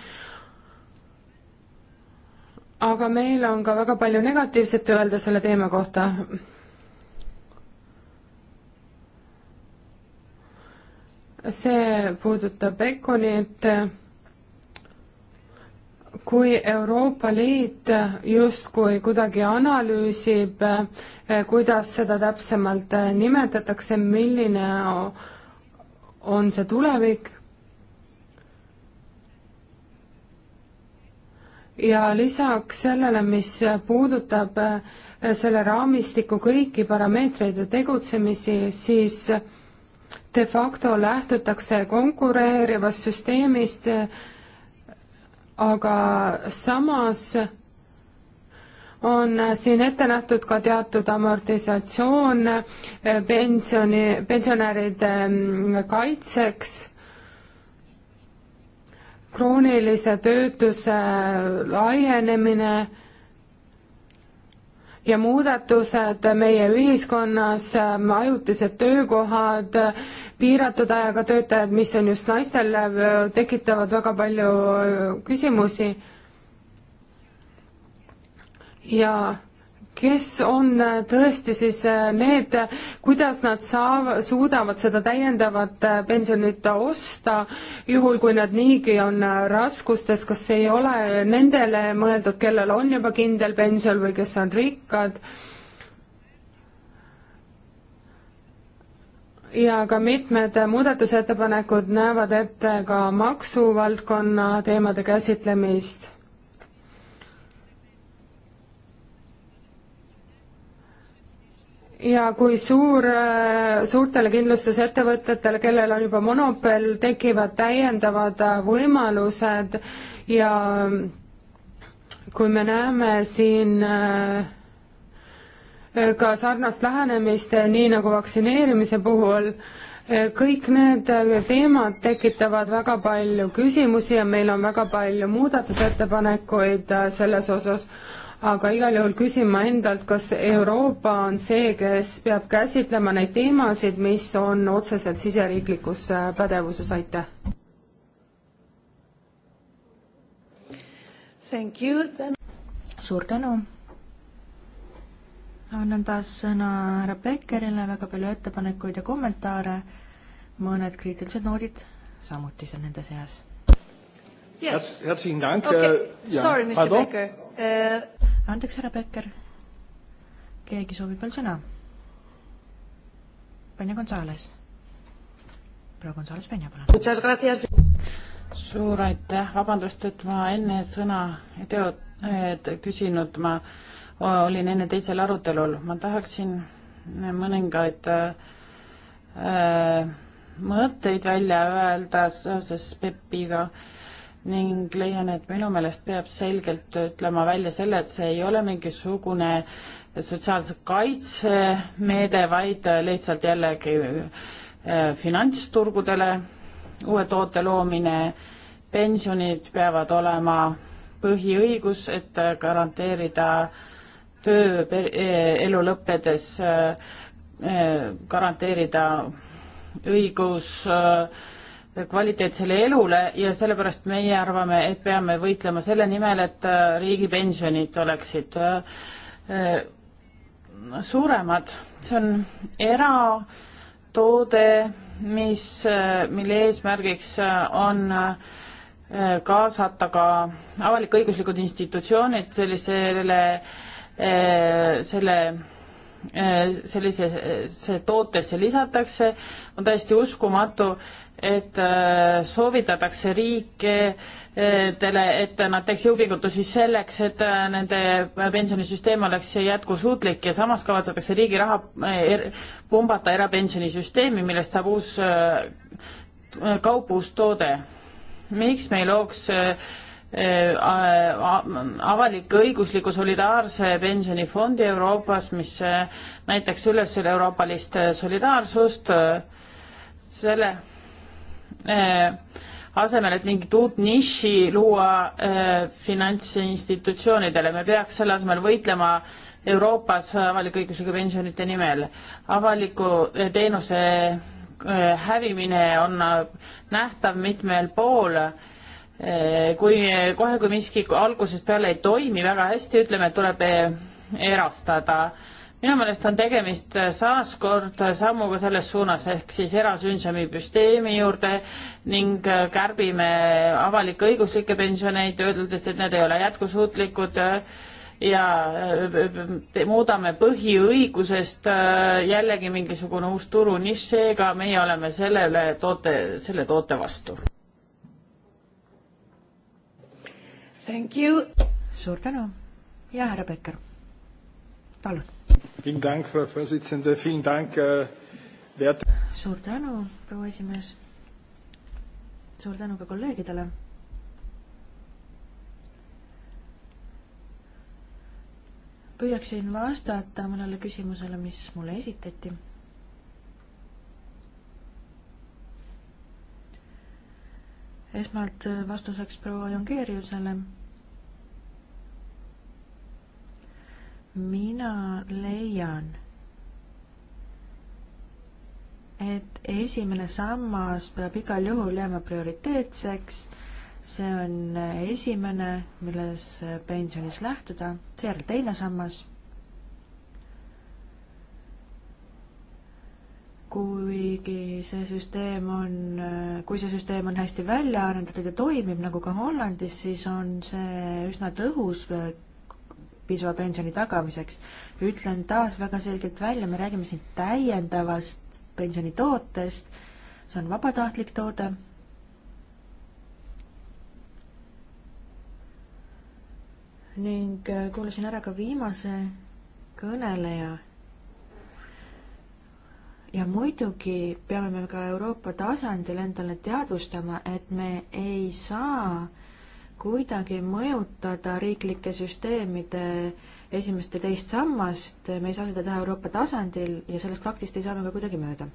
aga meil on ka väga palju negatiivset öelda selle teema kohta. see puudutab Econit et kui Euroopa Liit justkui kuidagi analüüsib, eh, kuidas seda täpsemalt eh, nimetatakse, milline on see tulevik, ja lisaks sellele, mis puudutab eh, selle raamistiku kõiki parameetreid ja tegutsemisi, siis de facto lähtutakse konkureerivast süsteemist, aga samas on siin ette nähtud ka teatud amortisatsioon pensioni, pensionäride mm, kaitseks kroonilise töötuse laienemine ja muudatused meie ühiskonnas, ajutised töökohad piiratud ajaga töötajad, mis on just naistel, tekitavad väga palju äh, küsimusi. ja kes on äh, tõesti siis äh, need, kuidas nad saav-, suudavad seda täiendavat pensionit osta, juhul kui nad niigi on raskustes, kas ei ole nendele mõeldud, kellel on juba kindel pension või kes on rikkad ja ka mitmed muudatusettepanekud näevad ette ka maksuvaldkonna teemade käsitlemist. ja kui suur, suurtele kindlustusettevõtetele, kellel on juba monopol, tekivad täiendavad võimalused ja kui me näeme siin äh, ka sarnast lähenemist, nii nagu vaktsineerimise puhul, kõik need teemad tekitavad väga palju küsimusi ja meil on väga palju muudatusettepanekuid selles osas, aga igal juhul küsin ma endalt, kas Euroopa on see, kes peab käsitlema neid teemasid, mis on otseselt siseriiklikus pädevuses, aitäh. suur tänu annan taas sõna härra Beckerile, väga palju ettepanekuid ja kommentaare, mõned kriitilised noodid samuti seal nende seas. Yes. Herzlichen Dank. Äh, okay. Ja. Sorry, Mr. Pardon? Becker. Uh... Andeks, härra Becker. Keegi soovib veel sõna? Peña González. Proua González Peña, palun. Muchas gracias. Suur aitäh. Vabandust, et ma enne sõna ei teo- eh,, äh, küsinud. Ma olin enne teisel arutelul. ma tahaksin mõningaid äh, mõtteid välja öelda seoses PEP-iga ning leian, et minu meelest peab selgelt ütlema välja selle, et see ei ole mingisugune sotsiaalse kaitse meede, vaid lihtsalt jällegi äh, finantsturgudele uue toote loomine, pensionid peavad olema põhiõigus, et garanteerida äh, töö eh, elu lõppedes eh, eh, garanteerida õigus kvaliteetsele elule ja sellepärast meie arvame, et peame võitlema selle nimel, et riigipensionid oleksid suuremad. see on eratoode, mis, mille eesmärgiks on kaasata ka avalik-õiguslikud institutsioonid sellisele äh, Äh, selle äh, sellisesse tootesse lisatakse, on täiesti uskumatu, et äh, soovitatakse riikidele, et nad teeks jõupingutusi selleks, et nende pensionisüsteem oleks jätkusuutlik ja samas kavatsetakse riigi raha er, pumbata erapensionisüsteemi, millest saab uus kaup, uus toode. miks me ei looks Äh, avalik-õigusliku solidaarse pensionifondi Euroopas, mis äh, näitaks üles üle-euroopalist äh, solidaarsust, selle asemel, et mingit uut niši luua finantsinstitutsioonidele, me peaks selle asemel võitlema Euroopas avalik-õiguslike pensionite nimel. avaliku teenuse hävimine on nähtav mitmel pool Eh, kui eh, kohe, kui miski algusest peale ei toimi väga hästi, ütleme, et tuleb eh, erastada. minu meelest on tegemist taaskord sammuga selles suunas, ehk siis erasündsemissüsteemi juurde ning kärbime avalik-õiguslikke pensioneid, öeldes, et need ei ole jätkusuutlikud ja muudame põhiõigusest jällegi mingisugune uus turunišš, seega meie oleme selle üle toote, selle toote vastu Thank you. suur tänu ja härra Becker, palun. Äh, suur tänu, proua esimees. suur tänu ka kolleegidele. püüaksin vastata mõnele küsimusele, mis mulle esitati esmalt vastuseks proua Jongeeriusele mina leian, et esimene sammas peab igal juhul jääma prioriteetseks, see on esimene, milles pensionis lähtuda, seejärel teine sammas. kuigi see süsteem on, kui see süsteem on hästi välja arendatud ja toimib, nagu ka Hollandis, siis on see üsna tõhus piisava pensioni tagamiseks. ütlen taas väga selgelt välja, me räägime siin täiendavast pensionitootest, see on vabatahtlik toode. ning äh, kuulasin ära ka viimase kõneleja. ja muidugi peame me ka Euroopa tasandil endale teadvustama, et me ei saa äh, kuidagi mõjutada riiklike süsteemide esimest ja teist sammast, me ei saa seda teha Euroopa tasandil ja sellest faktist ei saa me ka kuidagi mööda.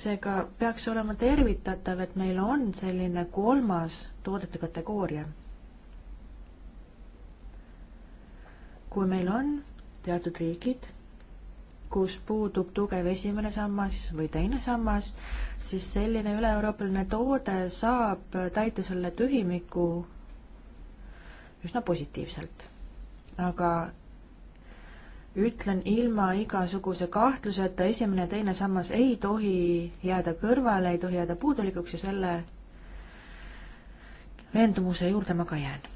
seega peaks olema tervitatav, et meil on selline kolmas toodete kategooria. kui meil on teatud riigid kus puudub tugev esimene sammas või teine sammas, siis selline üle-euroopaline toode saab täita selle tühimiku üsna positiivselt. aga ütlen ilma igasuguse kahtluseta, esimene ja teine sammas ei tohi jääda kõrvale, ei tohi jääda puudulikuks ja selle veendumuse juurde ma ka jään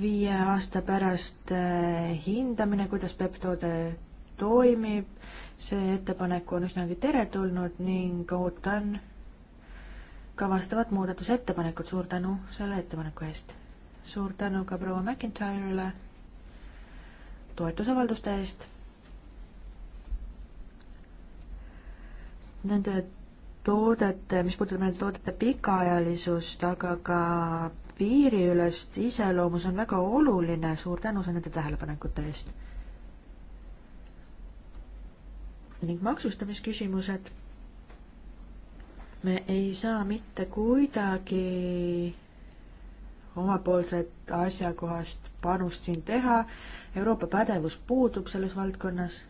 viie aasta pärast äh, hindamine, kuidas PEP toode toimib. see ettepanek on üsnagi teretulnud ning ootan ka vastavat muudatusettepanekut. suur tänu selle ettepaneku eest. suur tänu ka proua McIntyre'ile toetusavalduste eest. Nende toodete, mis puudutab nende toodete pikaajalisust, aga ka piiriülest iseloomu, see on väga oluline, suur tänu nende tähelepanekute eest. ning maksustamisküsimused. me ei saa mitte kuidagi omapoolset asjakohast panust siin teha, Euroopa pädevus puudub selles valdkonnas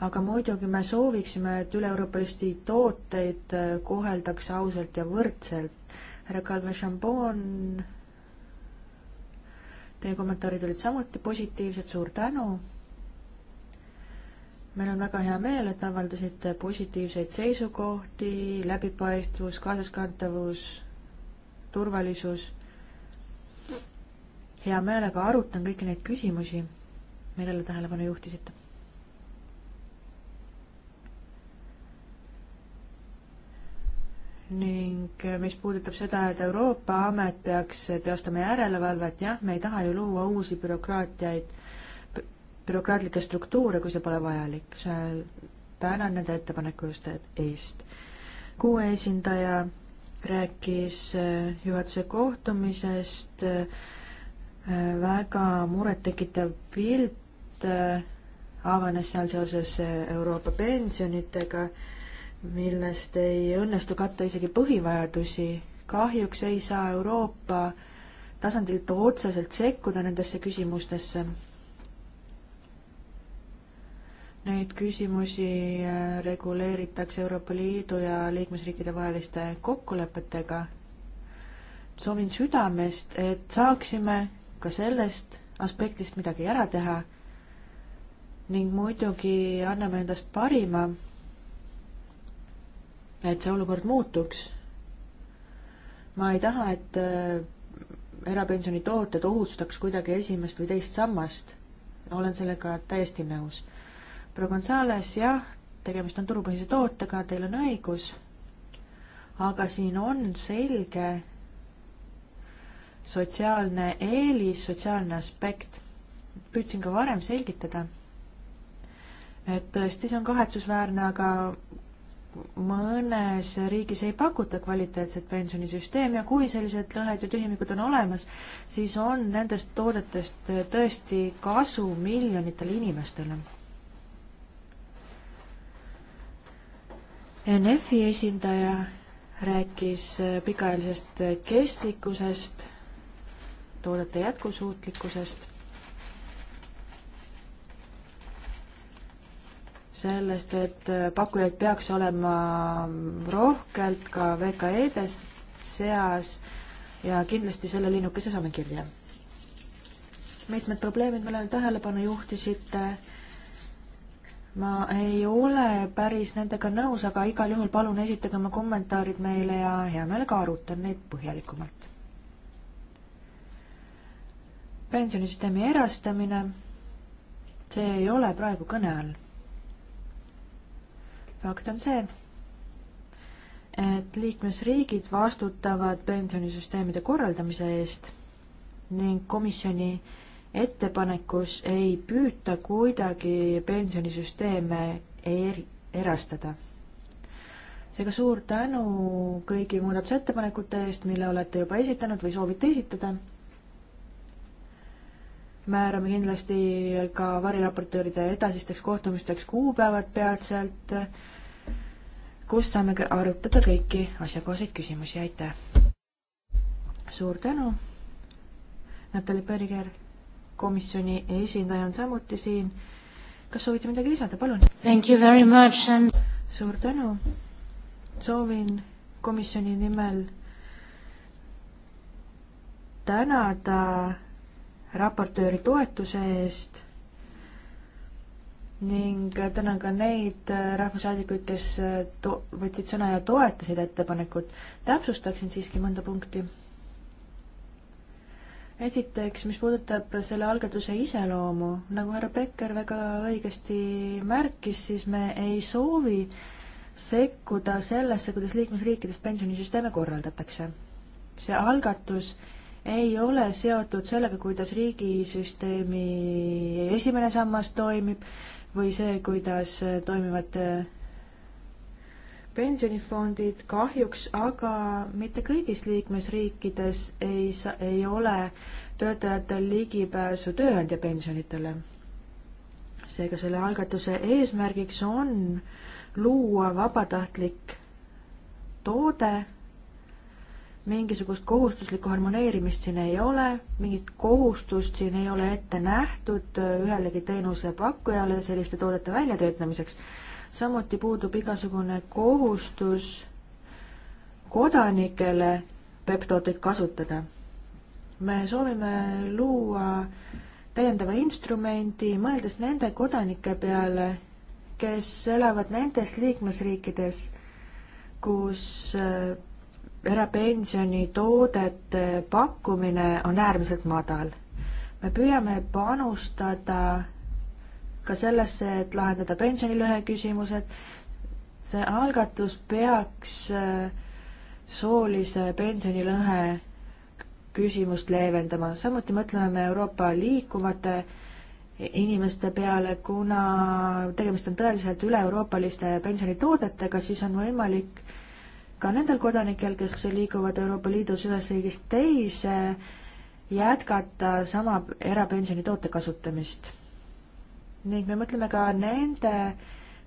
aga muidugi me sooviksime, et üle-euroopalisi tooteid koheldakse ausalt ja võrdselt härra Kalve Šambon, teie kommentaarid olid samuti positiivsed, suur tänu. meil on väga hea meel, et avaldasite positiivseid seisukohti, läbipaistvus, kaasaskantavus, turvalisus. hea meelega arutan kõiki neid küsimusi, millele tähelepanu juhtisite ning eh, mis puudutab seda, et Euroopa amet peaks teostama järelevalvet, jah, me ei taha ju luua uusi bürokraatiaid, bürokraatlikke struktuure, kui see pole vajalik. tänan nende ettepaneku just eest. kuue esindaja rääkis eh, juhatuse kohtumisest, eh, väga murettekitav pilt avanes seal seoses Euroopa pensionitega millest ei õnnestu katta isegi põhivajadusi. kahjuks ei saa Euroopa tasandilt otseselt sekkuda nendesse küsimustesse. Neid küsimusi äh, reguleeritakse Euroopa Liidu ja liikmesriikide vaheliste kokkulepetega. soovin südamest, et saaksime ka sellest aspektist midagi ära teha ning muidugi anname endast parima et see olukord muutuks. ma ei taha, et äh, erapensionitooted ohustaks kuidagi esimest või teist sammast. olen sellega täiesti nõus. proua Gonzales, jah, tegemist on turupõhise tootega, teil on õigus, aga siin on selge sotsiaalne eelis, sotsiaalne aspekt. püüdsin ka varem selgitada, et tõesti, see on kahetsusväärne, aga mõnes riigis ei pakuta kvaliteetset pensionisüsteemi ja kui sellised lõhed ja tühimikud on olemas, siis on nendest toodetest tõesti kasu miljonitele inimestele. NF-i esindaja rääkis pikaajalisest kestlikkusest, toodete jätkusuutlikkusest sellest, et äh, pakkujaid peaks olema rohkelt ka VKE-des seas ja kindlasti selle linnukese saame kirja. mitmed probleemid, millele tähelepanu juhtisite, ma ei ole päris nendega nõus, aga igal juhul palun esitage oma kommentaarid meile ja hea meelega arutan neid põhjalikumalt. pensionisüsteemi erastamine, see ei ole praegu kõne all fakt on see, et liikmesriigid vastutavad pensionisüsteemide korraldamise eest ning komisjoni ettepanekus ei püüta kuidagi pensionisüsteeme er erastada. seega suur tänu kõigi muudatusettepanekute eest, mille olete juba esitanud või soovite esitada määrame kindlasti ka variraportööride edasisteks kohtumisteks kuupäevad peatselt, kus saame arutada kõiki asjakohaseid küsimusi, aitäh! suur tänu, Natali Berger, komisjoni esindaja on samuti siin, kas soovite midagi lisada, palun? Thank you very much and suur tänu, soovin komisjoni nimel tänada raportööri toetuse eest ning tänan ka neid rahvasaadikuid, kes to-, võtsid sõna ja toetasid ettepanekut. täpsustaksin siiski mõnda punkti. esiteks, mis puudutab selle algatuse iseloomu, nagu härra Becker väga õigesti märkis, siis me ei soovi sekkuda sellesse, kuidas liikmesriikides pensionisüsteeme korraldatakse. see algatus äh, ei ole seotud sellega, kuidas riigisüsteemi esimene sammas toimib või see, kuidas toimivad äh, pensionifondid kahjuks, aga mitte kõigis liikmesriikides ei sa-, ei ole töötajatel ligipääsu tööandja pensionitele. seega selle algatuse eesmärgiks on luua vabatahtlik toode, mingisugust kohustuslikku harmoneerimist siin ei ole, mingit kohustust siin ei ole ette nähtud äh, ühelegi teenusepakkujale selliste toodete väljatöötamiseks. samuti puudub igasugune kohustus kodanikele PEP-tooteid kasutada. me soovime luua täiendava instrumendi, mõeldes nende kodanike peale, kes elavad nendes liikmesriikides, kus äh, erapensionitoodete pakkumine on äärmiselt madal. me püüame panustada ka sellesse, et lahendada pensionilõhe küsimused. see algatus peaks äh, soolise pensionilõhe küsimust leevendama, samuti mõtleme me Euroopa liikuvate inimeste peale, kuna tegemist on tõeliselt üle-euroopaliste pensionitoodetega, siis on võimalik ka nendel kodanikel, kes liiguvad Euroopa Liidus ühest riigist teise, jätkata sama erapensioni toote kasutamist. ning me mõtleme ka nende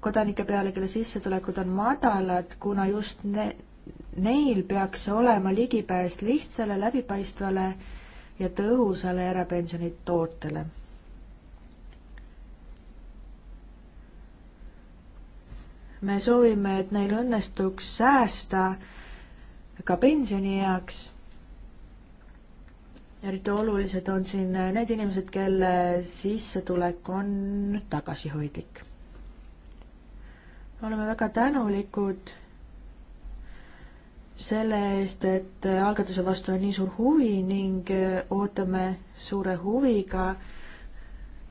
kodanike peale, kelle sissetulekud on madalad, kuna just ne-, neil peaks olema ligipääs lihtsale, läbipaistvale ja tõhusale erapensioni tootele me soovime, et neil õnnestuks säästa ka pensionieaks. eriti olulised on siin need inimesed, kelle sissetulek on tagasihoidlik. oleme väga tänulikud selle eest, et algatuse vastu on nii suur huvi ning ootame suure huviga äh,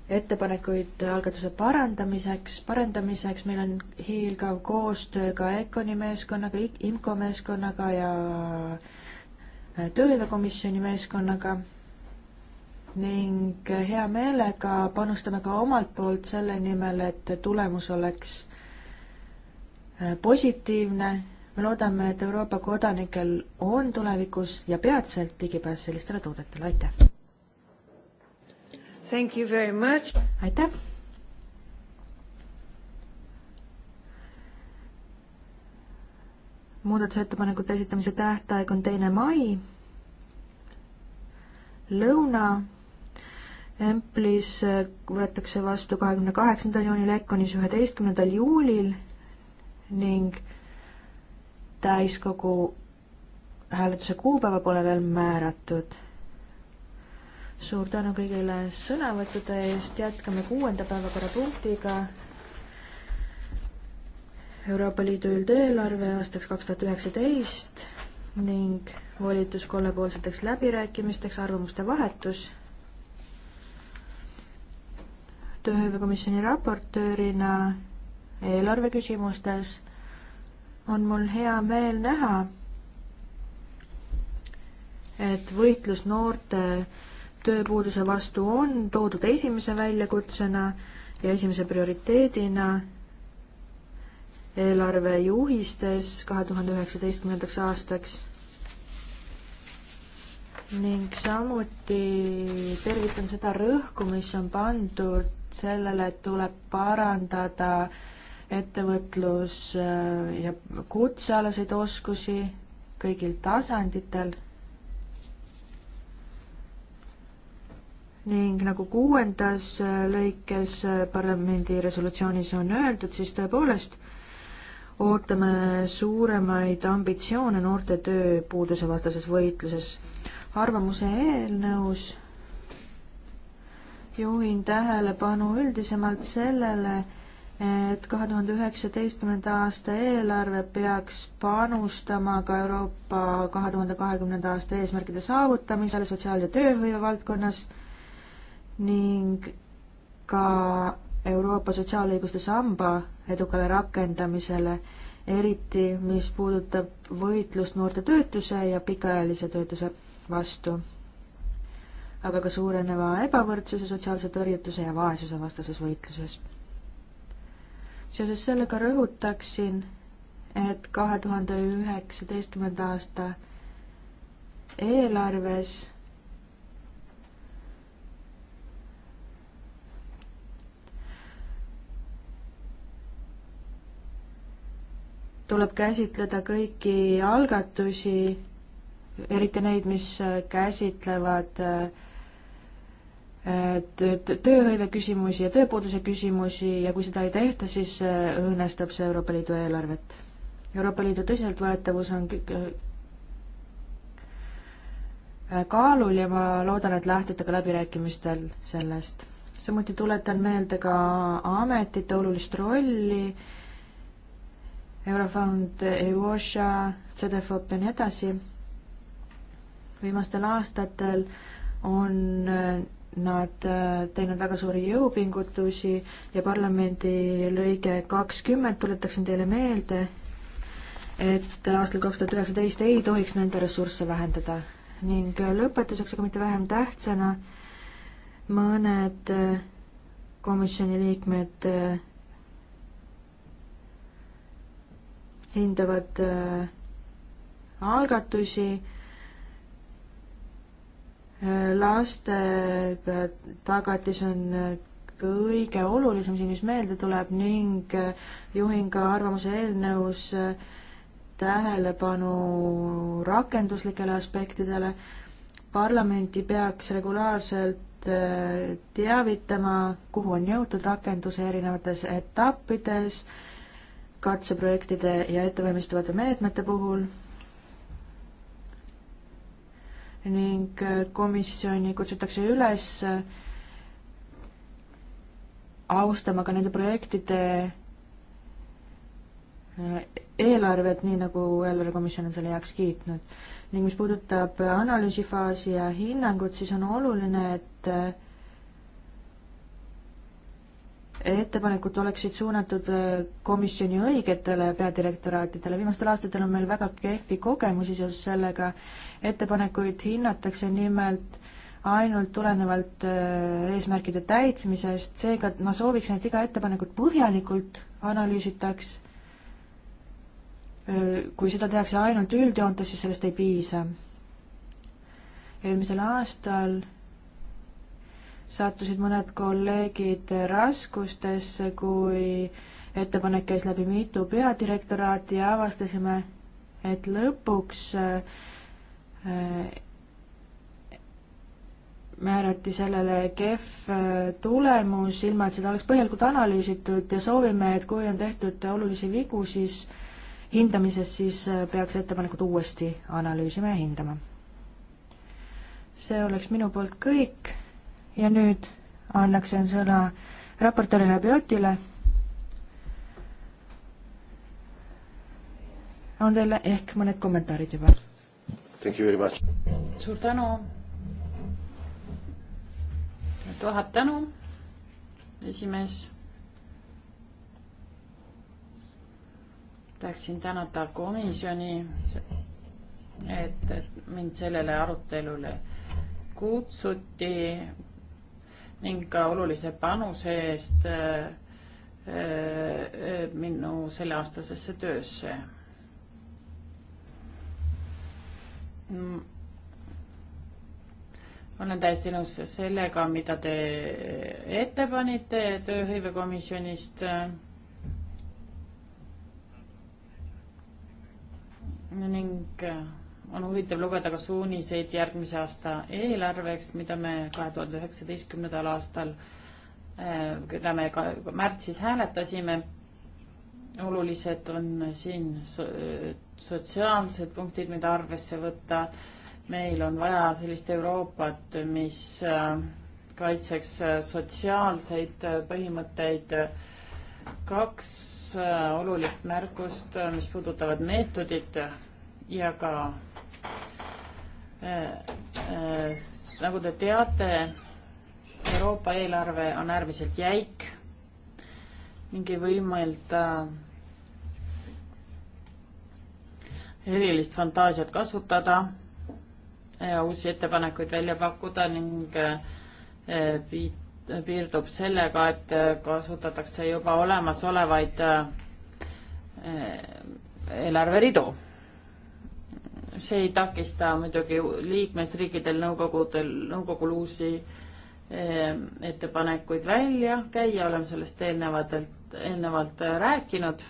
ettepanekuid algatuse parandamiseks, parendamiseks, meil on hiilgav koostöö ka EKONi meeskonnaga, IMCO meeskonnaga ja äh, tööhõivekomisjoni meeskonnaga ning hea meelega panustame ka omalt poolt selle nimel, et tulemus oleks äh, positiivne. me loodame, et Euroopa kodanikel on tulevikus ja peatselt ligipääs sellistele toodetele, aitäh! Thank you very much. aitäh. muudatusettepanekute esitamise tähtaeg on teine mai. lõuna Emplis võetakse vastu kahekümne kaheksandal juunil, Econis üheteistkümnendal juulil ning täiskogu hääletuse kuupäeva pole veel määratud suur tänu kõigile sõnavõttude eest, jätkame kuuenda päevakorrapunktiga. Euroopa Liidu üldeelarve aastaks kaks tuhat üheksateist ning volitus kolmepoolseteks läbirääkimisteks, arvamuste vahetus tööhõivekomisjoni raportöörina eelarve küsimustes on mul hea meel näha, et võitlus noorte tööpuuduse vastu on toodud esimese väljakutsena ja esimese prioriteedina eelarvejuhistes kahe tuhande üheksateistkümnendaks aastaks ning samuti tervitan seda rõhku, mis on pandud sellele, et tuleb parandada ettevõtlus- ja kutsealaseid oskusi kõigil tasanditel ning nagu kuuendas äh, lõikes äh, parlamendi resolutsioonis on öeldud, siis tõepoolest ootame suuremaid ambitsioone noorte tööpuuduse vastases võitluses. arvamuse eelnõus juhin tähelepanu üldisemalt sellele, et kahe tuhande üheksateistkümnenda aasta eelarve peaks panustama ka Euroopa kahe tuhande kahekümnenda aasta eesmärkide saavutamisele sotsiaal- ja tööhõive valdkonnas ning ka Euroopa sotsiaalõiguste samba edukale rakendamisele, eriti mis puudutab võitlust noorte töötuse ja pikaajalise töötuse vastu, aga ka suureneva ebavõrdsuse, sotsiaalse tõrjutuse ja vaesuse vastases võitluses. seoses sellega rõhutaksin, et kahe tuhande üheksateistkümnenda aasta eelarves tuleb käsitleda kõiki algatusi, eriti neid, mis käsitlevad äh, tööhõive küsimusi ja tööpuuduse küsimusi ja kui seda ei tehta, siis äh, õõnestab see Euroopa Liidu eelarvet. Euroopa Liidu tõsiseltvõetavus on äh, kaalul ja ma loodan, et lähtute ka läbirääkimistel sellest. samuti tuletan meelde ka ametite olulist rolli äh, Eurofond, EUOSHA, CDFOP ja nii edasi. viimastel aastatel on eh, nad eh, teinud väga suuri jõupingutusi ja parlamendi lõige kakskümmend, tuletaksin teile meelde, et aastal kaks tuhat üheksateist ei tohiks nende ressursse vähendada ning eh, lõpetuseks, aga mitte vähem tähtsana, mõned komisjoni liikmed hindavad äh, algatusi äh, lastega tagatis on äh, kõige olulisem siin, mis meelde tuleb ning juhin ka arvamuse eelnõus tähelepanu rakenduslikele aspektidele. parlamenti peaks regulaarselt teavitama, kuhu on jõutud rakenduse erinevates etappides äh, katseprojektide ja ettevalmistavate meetmete puhul ning äh, komisjoni kutsutakse üles äh, austama ka nende projektide äh, eelarvet, nii nagu eelarvekomisjon on selle heaks kiitnud. ning mis puudutab analüüsifaasi ja hinnangut, siis on oluline, et ettepanekud oleksid suunatud äh, komisjoni õigetele peadirektoraatidele. viimastel aastatel on meil väga kehvi kogemusi seoses sellega. ettepanekuid hinnatakse nimelt ainult tulenevalt äh, eesmärkide täitmisest, seega ma sooviksin, et iga ettepanekut põhjalikult analüüsitaks. Äh, kui seda tehakse ainult üldjoontes, siis sellest ei piisa. eelmisel aastal sattusid mõned kolleegid raskustesse, kui ettepanek käis läbi mitu peadirektoraati ja avastasime, et lõpuks äh, määrati sellele kehv äh, tulemus, ilma et seda oleks põhjalikult analüüsitud ja soovime, et kui on tehtud olulisi vigu, siis hindamises, siis äh, peaks ettepanekud uuesti analüüsima ja hindama. see oleks minu poolt kõik ja nüüd annaksin sõna raportöörile Biotile. on teil ehk mõned kommentaarid juba? suur tänu. tuhat tänu, esimees. tahaksin tänada komisjoni, et, et mind sellele arutelule kutsuti ning ka olulise panuse eest äh, äh, minu selleaastasesse töösse. Mm. olen täiesti nõus sellega, mida te ette panite tööhõivekomisjonist ning äh, on huvitav lugeda ka suuniseid järgmise aasta eelarveks, mida me kahe tuhande üheksateistkümnendal aastal, eh, keda me ka märtsis hääletasime. olulised on siin sotsiaalsed punktid, mida arvesse võtta. meil on vaja sellist Euroopat, mis eh, kaitseks eh, sotsiaalseid põhimõtteid. kaks olulist märkust, mis puudutavad meetodit ja ka nagu te teate, Euroopa eelarve on äärmiselt jäik ning ei võimalda erilist fantaasiat kasutada ja uusi ettepanekuid välja pakkuda ning eh, piirdub sellega, et kasutatakse juba olemasolevaid eh, eelarveridu see ei takista muidugi liikmesriikidel nõukogudel, nõukogul uusi ehm, ettepanekuid välja käia, oleme sellest eelnevatelt, eelnevalt rääkinud.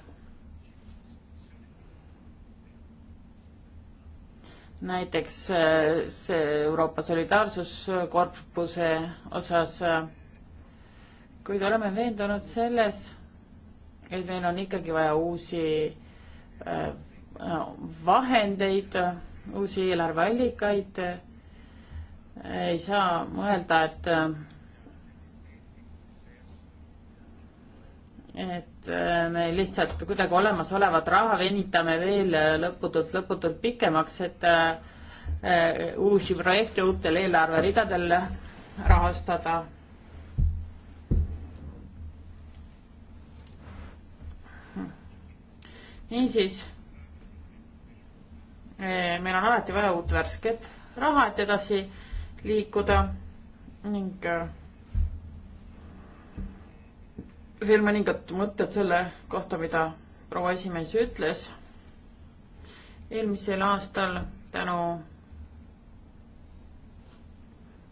näiteks eh, see Euroopa Solidaarsuskorpuse osas, eh, kuid oleme veendunud selles, et meil on ikkagi vaja uusi eh, vahendeid, uusi eelarveallikaid. ei saa mõelda, et et me lihtsalt kuidagi olemasolevat raha venitame veel lõputult, lõputult pikemaks, et eh, uusi projekte uutel eelarveridadel rahastada niisiis Eh, meil on alati vaja uut värsket raha, et edasi liikuda ning eh, veel mõningad mõtted selle kohta, mida proua esimees ütles. eelmisel aastal tänu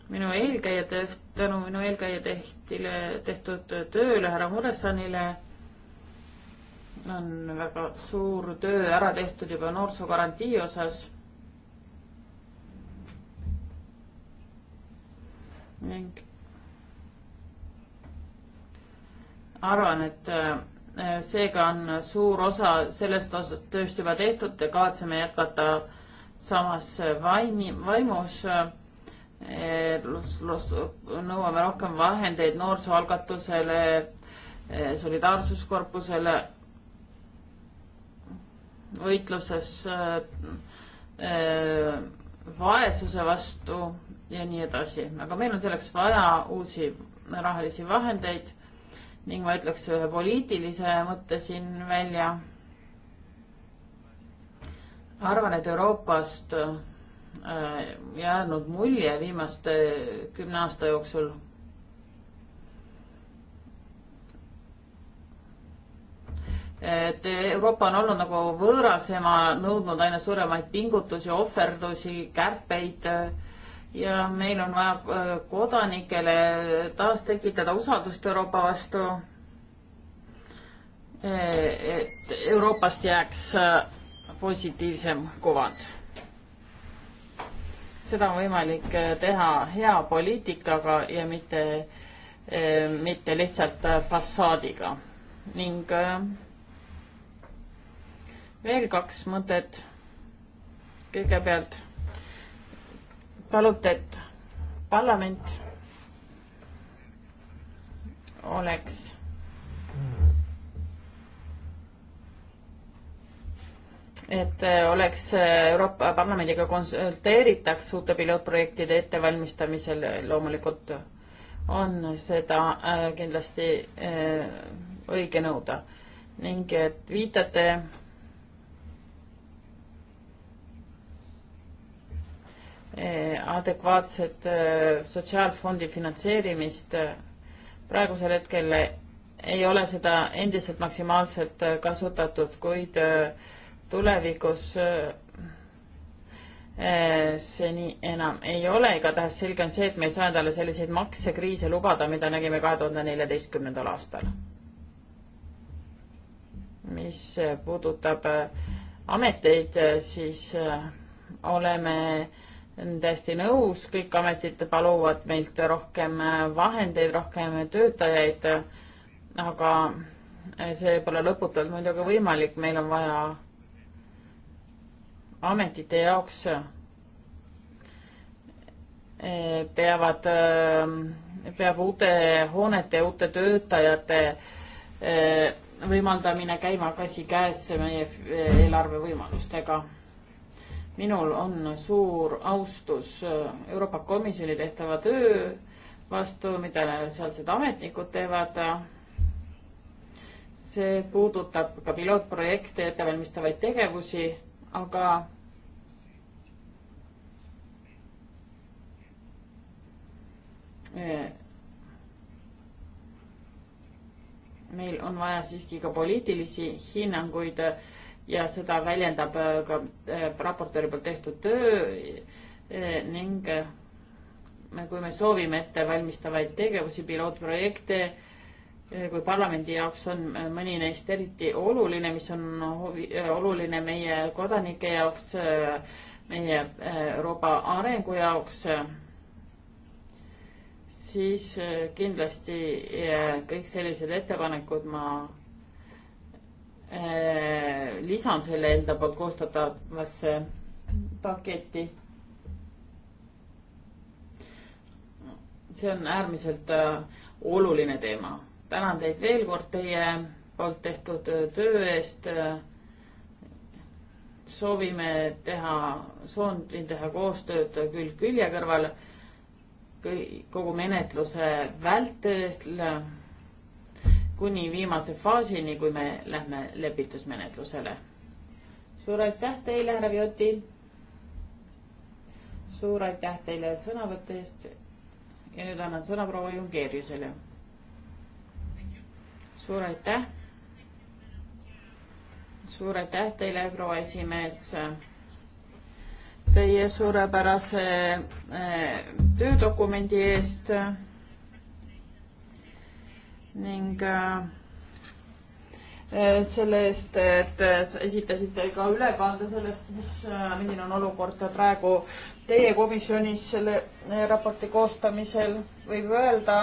minu eelkäija, tänu minu eelkäija tehtile tehtud tööle härra Muresanile on väga suur töö ära tehtud juba noorsoogarantii osas. ning arvan, et äh, seega on suur osa sellest osast tööst juba tehtud ja kavatseme jätkata samas vaimi, vaimus äh, nõuame rohkem vahendeid noorsooalgatusele, äh, solidaarsuskorpusele võitluses äh, äh, vaesuse vastu ja nii edasi, aga meil on selleks vaja uusi rahalisi vahendeid ning ma ütleks ühe poliitilise mõtte siin välja. arvan, et Euroopast äh, jäänud mulje viimaste kümne aasta jooksul et Euroopa on olnud nagu võõrasema, nõudnud aina suuremaid pingutusi, ohverdusi, kärpeid ja meil on vaja äh, kodanikele taastekitada usaldust Euroopa vastu. E, et Euroopast jääks äh, positiivsem kuvand. seda on võimalik äh, teha hea poliitikaga ja mitte, e, mitte lihtsalt fassaadiga ning veel kaks mõtet. kõigepealt palute, et parlament oleks et äh, oleks äh, Euroopa Parlamendiga konsulteeritaks uute pilootprojektide ettevalmistamisel, loomulikult on seda äh, kindlasti õige nõuda ning et viitate Eh, adekvaatset eh, sotsiaalfondi finantseerimist. Eh, praegusel hetkel ei ole seda endiselt maksimaalselt kasutatud, kuid tulevikus see nii enam ei ole, igatahes selge on see, et me ei saa endale selliseid maksekriise lubada, mida nägime kahe tuhande neljateistkümnendal aastal. mis puudutab ameteid, siis oleme äh, olen täiesti nõus, kõik ametid paluvad meilt rohkem äh, vahendeid, rohkem töötajaid, aga see pole lõputult muidugi võimalik, meil on vaja ametite jaoks äh, peavad, äh, peab uute hoonete, uute töötajate võimaldamine käima käsikäes meie eelarve võimalustega minul on suur austus äh, Euroopa Komisjoni tehtava töö vastu, mida sealsed ametnikud teevad. see puudutab ka pilootprojekte, ettevalmistavaid tegevusi, aga äh, meil on vaja siiski ka poliitilisi hinnanguid ja seda väljendab äh, ka äh, raportööri poolt tehtud töö äh, ning kui me soovime ettevalmistavaid tegevusi, pilootprojekte, kui parlamendi jaoks on mõni neist eriti oluline, mis on oluline meie kodanike jaoks, meie Euroopa arengu jaoks, siis kindlasti kõik sellised ettepanekud ma Äh, lisan selle enda poolt koostatavasse paketti. see on äärmiselt äh, oluline teema. tänan teid veel kord teie poolt tehtud äh, töö eest. soovime teha, soovin teha koostööd külg külje kõrval kogu menetluse vältel kuni viimase faasini, kui me lähme lepitusmenetlusele. suur aitäh teile, härra Vioti. suur aitäh teile sõnavõtte eest. ja nüüd annan sõna proua Jungeeriusele. suur aitäh. suur aitäh teile, proua esimees. Teie suurepärase eh, töödokumendi eest ning äh, äh, selle eest, et äh, esitasite ka ülevaade sellest, mis, milline on olukord praegu teie komisjonis selle raporti koostamisel. võib öelda,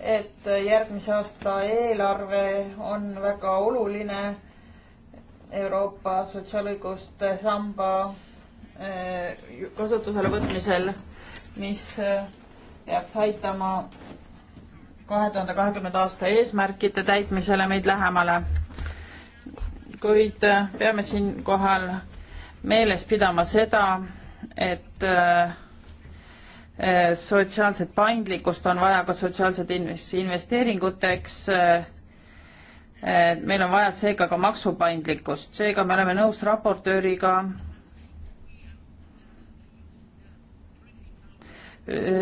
et järgmise aasta eelarve on väga oluline Euroopa sotsiaalõiguste samba kasutusele võtmisel, mis peaks aitama kahe tuhande kahekümnenda aasta eesmärkide täitmisele meid lähemale. kuid äh, peame siinkohal meeles pidama seda, et äh, äh, sotsiaalset paindlikkust on vaja ka sotsiaalsete investeeringuteks. meil on vaja seega ka maksupaindlikkust, seega me oleme nõus raportööriga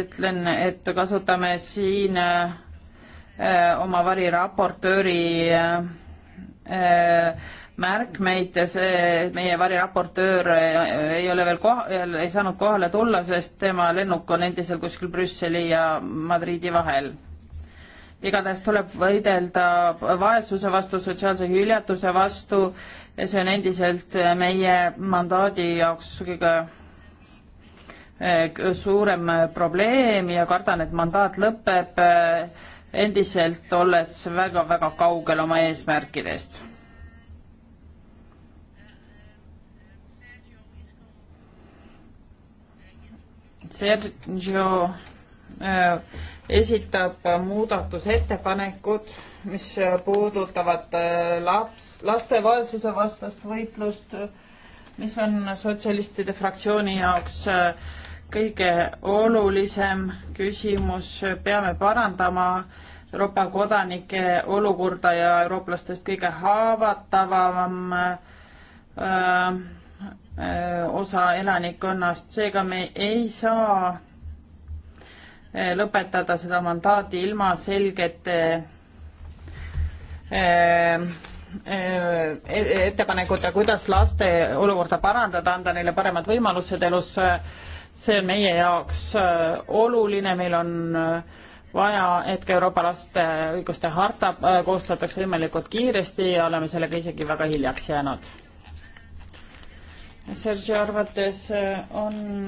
ütlen, et kasutame siin äh, Äh, oma variraportööri äh, märkmeid, see meie variraportöör ei ole veel koha, ei saanud kohale tulla, sest tema lennuk on endiselt kuskil Brüsseli ja Madridi vahel. igatahes tuleb võidelda vaesuse vastu, sotsiaalse hüljatuse vastu ja see on endiselt meie mandaadi jaoks kõige äh, suurem probleem ja kardan, et mandaat lõpeb endiselt olles väga-väga kaugel oma eesmärkidest. Sergio äh, esitab muudatusettepanekud, mis puudutavad äh, laps, laste vaesuse vastast võitlust, mis on sotsialistide fraktsiooni jaoks äh, kõige olulisem küsimus, peame parandama Euroopa kodanike olukorda ja eurooplastest kõige haavatavam öö, äh, äh, osa elanikkonnast, seega me ei saa äh, lõpetada seda mandaati ilma selgete ettepanekute, kuidas laste olukorda parandada, anda neile paremad võimalused elus see on meie jaoks äh, oluline, meil on äh, vaja, et ka Euroopa laste õiguste harta äh, koostataks võimalikult kiiresti ja oleme sellega isegi väga hiljaks jäänud. Sergei arvates on,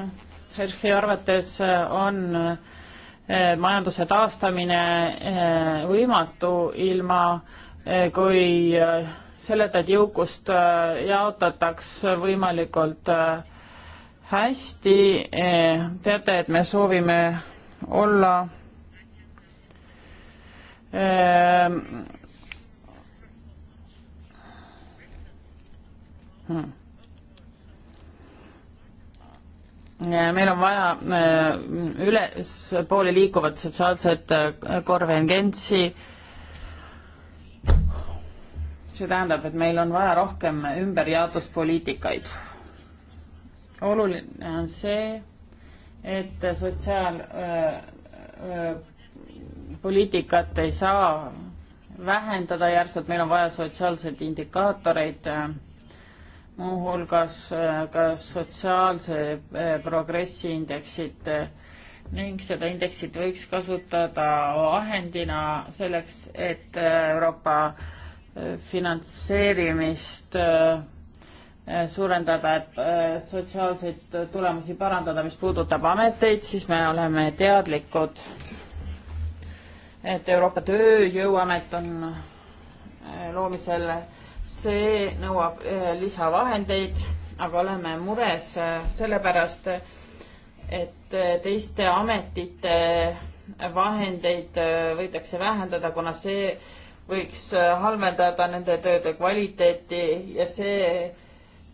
Sergei arvates on majanduse taastamine võimatu ilma, kui selleta, et jõukust jaotataks võimalikult äh, hästi, eh, teate, et me soovime olla ehm, Hmm. meil on vaja eh, ülespoole liikuvat sotsiaalset eh, konvergentsi. see tähendab, et meil on vaja rohkem ümberjaotuspoliitikaid oluline on see, et sotsiaalpoliitikat äh, äh, ei saa vähendada järsult, meil on vaja sotsiaalseid indikaatoreid, äh, muuhulgas ka sotsiaalse progressi indeksit ning seda indeksit võiks kasutada vahendina selleks, et Euroopa finantseerimist äh, Äh, suurendada, et äh, sotsiaalseid tulemusi parandada, mis puudutab ameteid, siis me oleme teadlikud, et Euroopa Tööjõuamet on äh, loomisel, see nõuab lisavahendeid, aga oleme mures sellepärast, et teiste ametite vahendeid võidakse vähendada, kuna see võiks halvendada nende tööde kvaliteeti ja see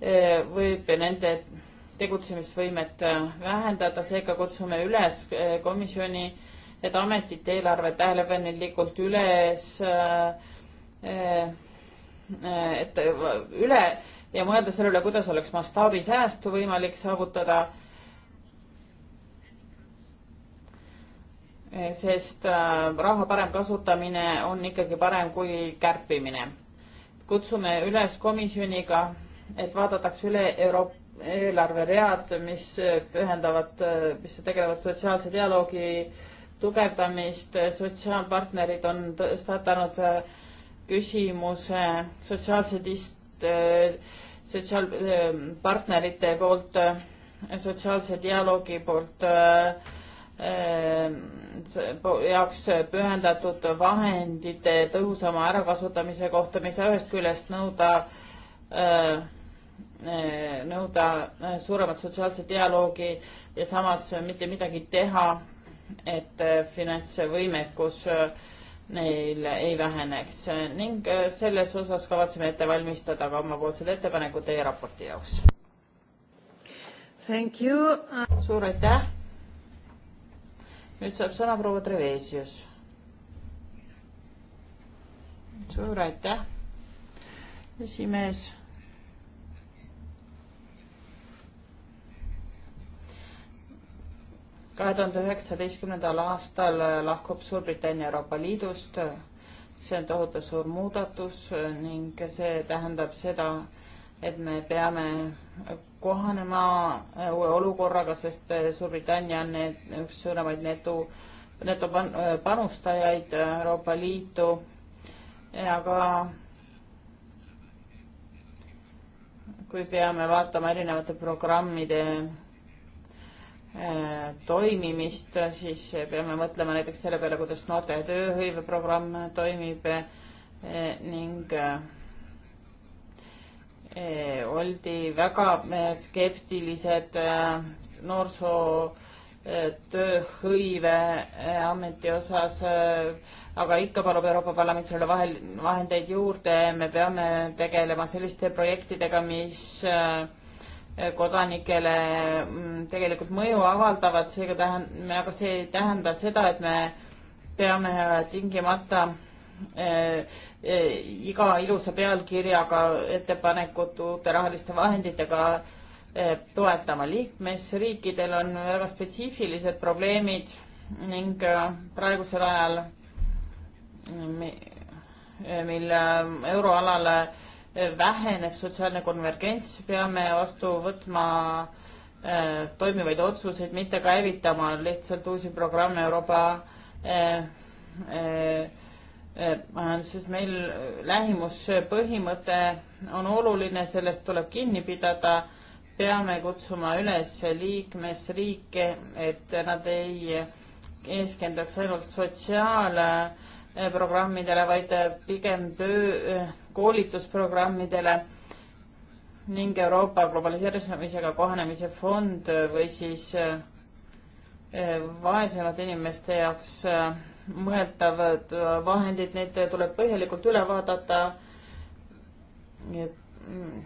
Eh, võib nende tegutsemisvõimet eh, vähendada, seega kutsume üles eh, komisjoni, et ametid eelarve tähelepanelikult üles, et üle ja mõelda selle üle, kuidas oleks mastaabisäästu võimalik saavutada. sest raha parem kasutamine on ikkagi parem kui kärpimine. kutsume üles komisjoniga et vaadatakse üle Euroopa eelarveread, mis pühendavad, mis tegelevad sotsiaalse dialoogi tugevdamist, sotsiaalpartnerid on tõstatanud äh, küsimuse sotsiaalse dist-, äh, sotsiaalpartnerite poolt, äh, sotsiaalse dialoogi poolt jaoks pühendatud vahendite tõhusama ärakasutamise kohta, mis ühest küljest nõuda äh, Eh, nõuda eh, suuremat sotsiaalset dialoogi ja samas mitte midagi teha, et eh, finantsvõimekus neil ei väheneks ning selles osas kavatseme ette valmistada ka omapoolsed ettepanekud teie raporti jaoks. Thank you. suur aitäh. nüüd saab sõna proua Trevesius. suur aitäh, esimees kahe tuhande üheksateistkümnendal aastal lahkub Suurbritannia Euroopa Liidust. see on tohutu suur muudatus ning see tähendab seda, et me peame kohanema uue olukorraga, sest Suurbritannia on need, üks suuremaid netu, netopanustajaid Euroopa Liitu. aga kui peame vaatama erinevate programmide Äh, toimimist, siis peame mõtlema näiteks selle peale, kuidas noorte tööhõiveprogramm toimib äh, ning äh, oldi väga skeptilised noorsoo tööhõive ameti osas, aga ikka palub Euroopa Parlament selle vahel vahendeid juurde, me peame tegelema selliste projektidega, mis äh, kodanikele mm, tegelikult mõju avaldavad, seega tähendab, aga see ei tähenda seda, et me peame tingimata äh, äh, iga ilusa pealkirjaga ettepanekut uute rahaliste vahenditega äh, toetama. liikmesriikidel on väga spetsiifilised probleemid ning praegusel ajal, mil euroalal väheneb sotsiaalne konvergents, peame vastu võtma äh, toimivaid otsuseid, mitte käivitama lihtsalt uusi programme Euroopa majanduses äh, äh,. äh meil lähimuspõhimõte on oluline, sellest tuleb kinni pidada. peame kutsuma üles liikmesriike, et nad ei keskenduks ainult sotsiaalprogrammidele, äh, vaid pigem töö äh, koolitusprogrammidele ning Euroopa globaliseerimisega kohanemise fond või siis eh, vaesemate inimeste jaoks eh, mõeldavad vahendid, neid tuleb põhjalikult üle vaadata. Mm,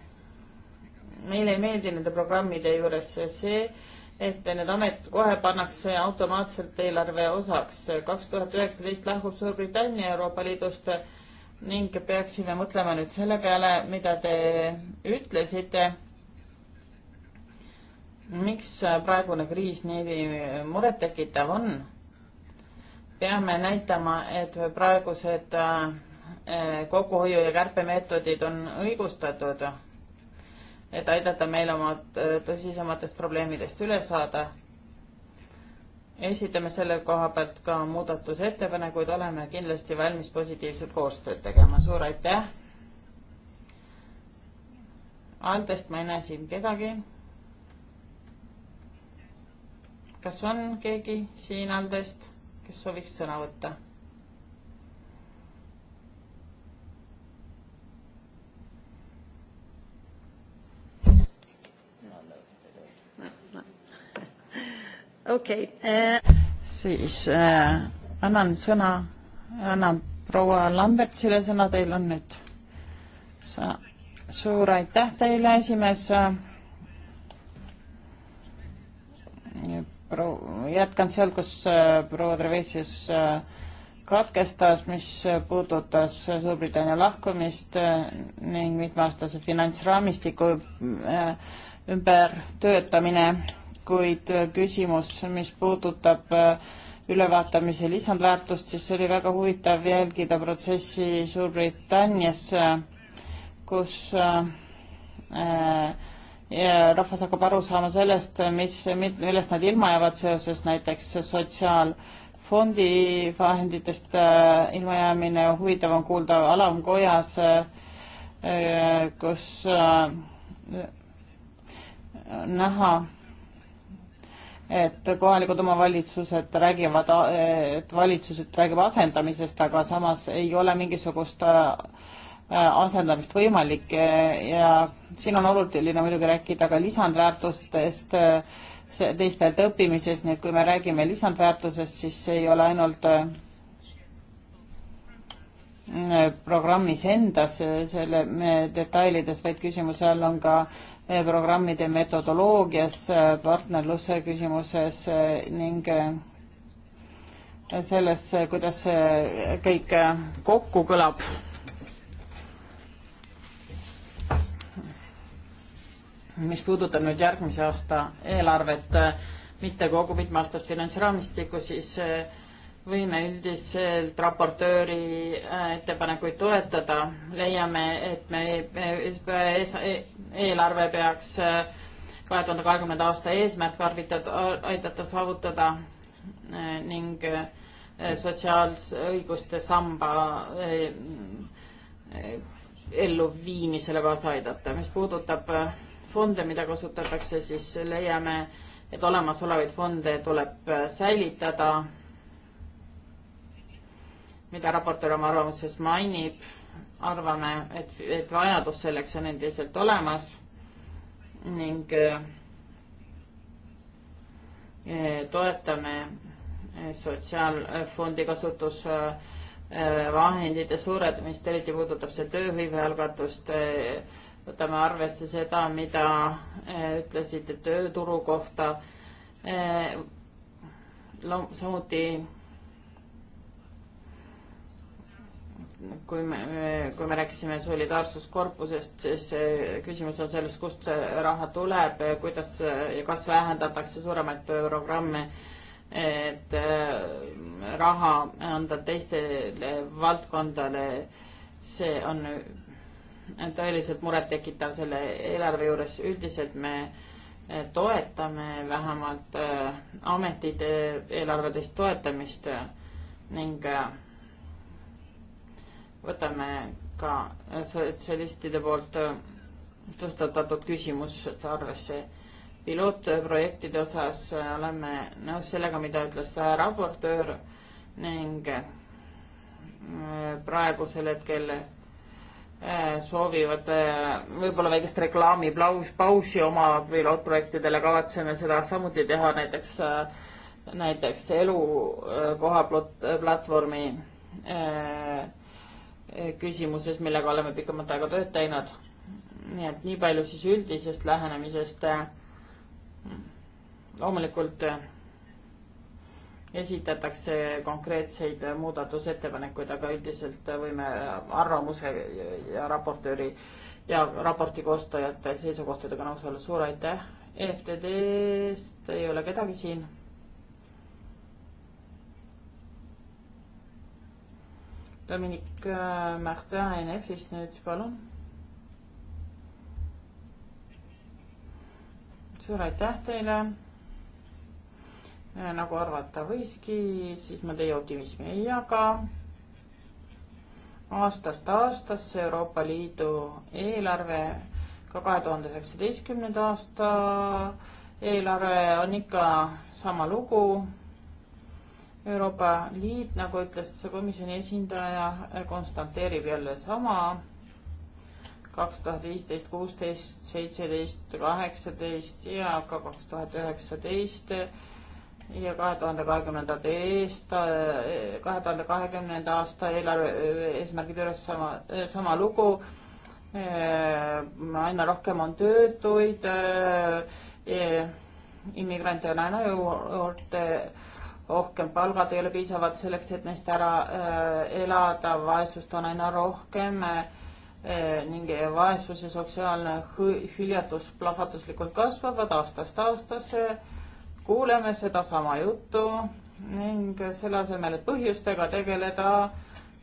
meile ei meeldi nende programmide juures see, et need amet kohe pannakse automaatselt eelarve osaks. kaks tuhat üheksateist lahkub Suurbritannia Euroopa Liidust ning peaksime mõtlema nüüd selle peale, mida te ütlesite. miks praegune kriis nii murettekitav on? peame näitama, et praegused äh, kokkuhoiu ja kärpemeetodid on õigustatud, et aidata meil oma äh, tõsisematest probleemidest üle saada esitame selle koha pealt ka muudatusettepanekuid, oleme kindlasti valmis positiivset koostööd tegema, suur aitäh. Altest ma ei näe siin kedagi. kas on keegi siin Aldest, kes sooviks sõna võtta? okei okay, uh.... siis äh, annan sõna, annan proua Lambertsile sõna, teil on nüüd sa-, suur aitäh teile, esimees pro-, jätkan sealt, kus äh, proua Trevesius äh, katkestas, mis puudutas Suurbritannia lahkumist ning mitmeaastase finantsraamistiku ümbertöötamine kuid äh, küsimus, mis puudutab äh, ülevaatamise lisandväärtust, siis oli väga huvitav jälgida protsessi Suurbritannias, kus äh, rahvas hakkab aru saama sellest, mis, millest nad ilma jäävad seoses näiteks sotsiaalfondi vahenditest ilmajäämine, huvitav on kuulda alamkojas, kus näha et kohalikud omavalitsused räägivad, et valitsused räägib asendamisest, aga samas ei ole mingisugust äh, asendamist võimalik ja siin on oluline muidugi rääkida ka lisandväärtustest, äh, teistelt õppimisest, nii et kui me räägime lisandväärtusest, siis see ei ole ainult äh, programmis endas, selle detailides, vaid küsimuse all on ka eh, programmide metodoloogias, eh, partnerluse küsimuses eh, ning selles, kuidas see kõik kokku kõlab. mis puudutab nüüd järgmise aasta eelarvet, mitte kogu mitmeaastast finantsraamistikku, siis äh, võime üldiselt raportööri äh, ettepanekuid toetada, leiame, et me, me e, eelarve peaks äh, kahe tuhande kahekümnenda aasta eesmärk arvitada, aidata saavutada äh, ning sotsiaalse õiguste samba elluviimisele kaasa aidata. mis puudutab fonde, mida kasutatakse, siis leiame, et olemasolevaid fonde tuleb säilitada mida raportöör oma arvamuses mainib, arvame, et, et vajadus selleks on endiselt olemas ning äh, äh, toetame äh, sotsiaalfondi kasutusvahendite suurendamist, eriti puudutab see tööhõive algatust. võtame arvesse seda, mida ütlesite tööturu kohta. samuti kui me, kui me rääkisime solidaarsuskorpusest, siis küsimus on selles, kust see raha tuleb, kuidas ja kas vähendatakse suuremaid programme, et äh, raha anda teistele valdkondadele, see on tõeliselt murettekitav selle eelarve juures. üldiselt me äh, toetame vähemalt äh, ametite eelarvedest toetamist ning võtame ka äh, sotsialistide poolt äh, tõstatatud küsimused arvesse. pilootprojektide osas äh, oleme nõus sellega, mida ütles raportöör ning praegusel hetkel soovivad võib-olla väikest reklaamipausi oma pilootprojektidele, kavatseme seda samuti teha näiteks, näiteks elukoha platvormi äh, küsimuses, millega oleme pikemat aega tööd teinud. nii et nii palju siis üldisest lähenemisest. loomulikult esitatakse konkreetseid muudatusettepanekuid, aga üldiselt võime arvamuse ja raportööri ja raporti koostajate seisukohtadega nõus olla. suur aitäh EFTD-st ei ole kedagi siin Dominik äh, Martin NF-ist nüüd, palun. suur aitäh teile. nagu arvata võiski, siis ma teie optimismi ei jaga. aastast aastasse Euroopa Liidu eelarve, ka kahe tuhande üheksateistkümnenda aasta eelarve on ikka sama lugu Euroopa Liit, nagu ütles komisjoni esindaja, konstanteerib jälle sama. kaks tuhat viisteist, kuusteist, seitseteist, kaheksateist ja ka kaks tuhat üheksateist ja kahe tuhande kahekümnendate eest, eh, kahe tuhande kahekümnenda aasta eelarve eh, eesmärgid üles sama, eh, sama lugu. aina rohkem on töötuid, immigrante on aina juurde rohkem, palgad ei ole piisavad selleks, et neist ära äh, elada, vaesust on aina rohkem äh, ning vaesuse sotsiaalne hüljatus plahvatuslikult kasvavad aastast aastasse. kuuleme sedasama juttu ning selle asemel, et põhjustega tegeleda,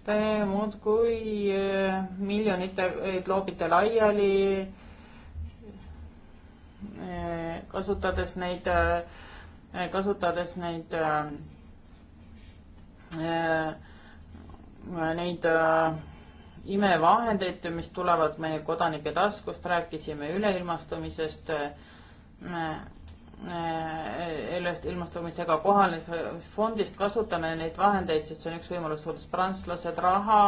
te muudkui äh, miljonite loobite laiali, äh, kasutades neid äh, Äh, kasutades neid, äh, äh, neid imevahendeid, mis tulevad meie kodanike taskust, rääkisime üleilmastumisest, sellest ilmastumisega kohanemisfondist, kasutame neid vahendeid, sest see on üks võimalus, kuidas prantslased raha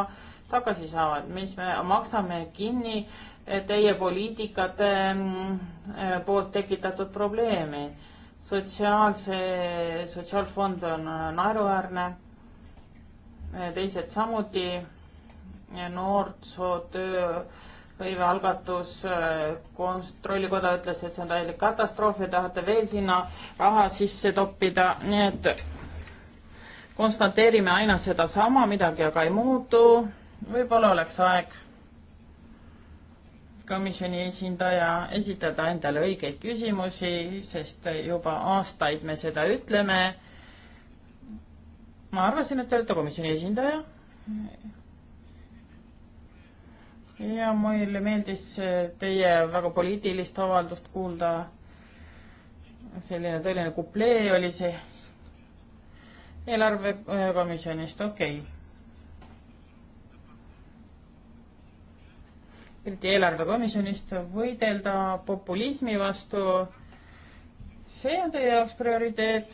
tagasi saavad, mis me maksame kinni teie poliitikate mm, poolt tekitatud probleemi sotsiaalse, sotsiaalfond on äh, naeruväärne, äh, teised samuti, noorsoo tööhõive algatus, äh, kontrollikoda ütles, et see on täielik katastroof ja tahate veel sinna raha sisse toppida, nii et konstateerime aina sedasama, midagi aga ei muutu, võib-olla oleks aeg komisjoni esindaja, esitada endale õigeid küsimusi, sest juba aastaid me seda ütleme. ma arvasin, et te olete komisjoni esindaja. ja mulle meeldis teie väga poliitilist avaldust kuulda. selline tõeline kuplee oli see eelarvekomisjonist, okei okay eriti eelarvekomisjonist, võidelda populismi vastu. see on teie jaoks prioriteet.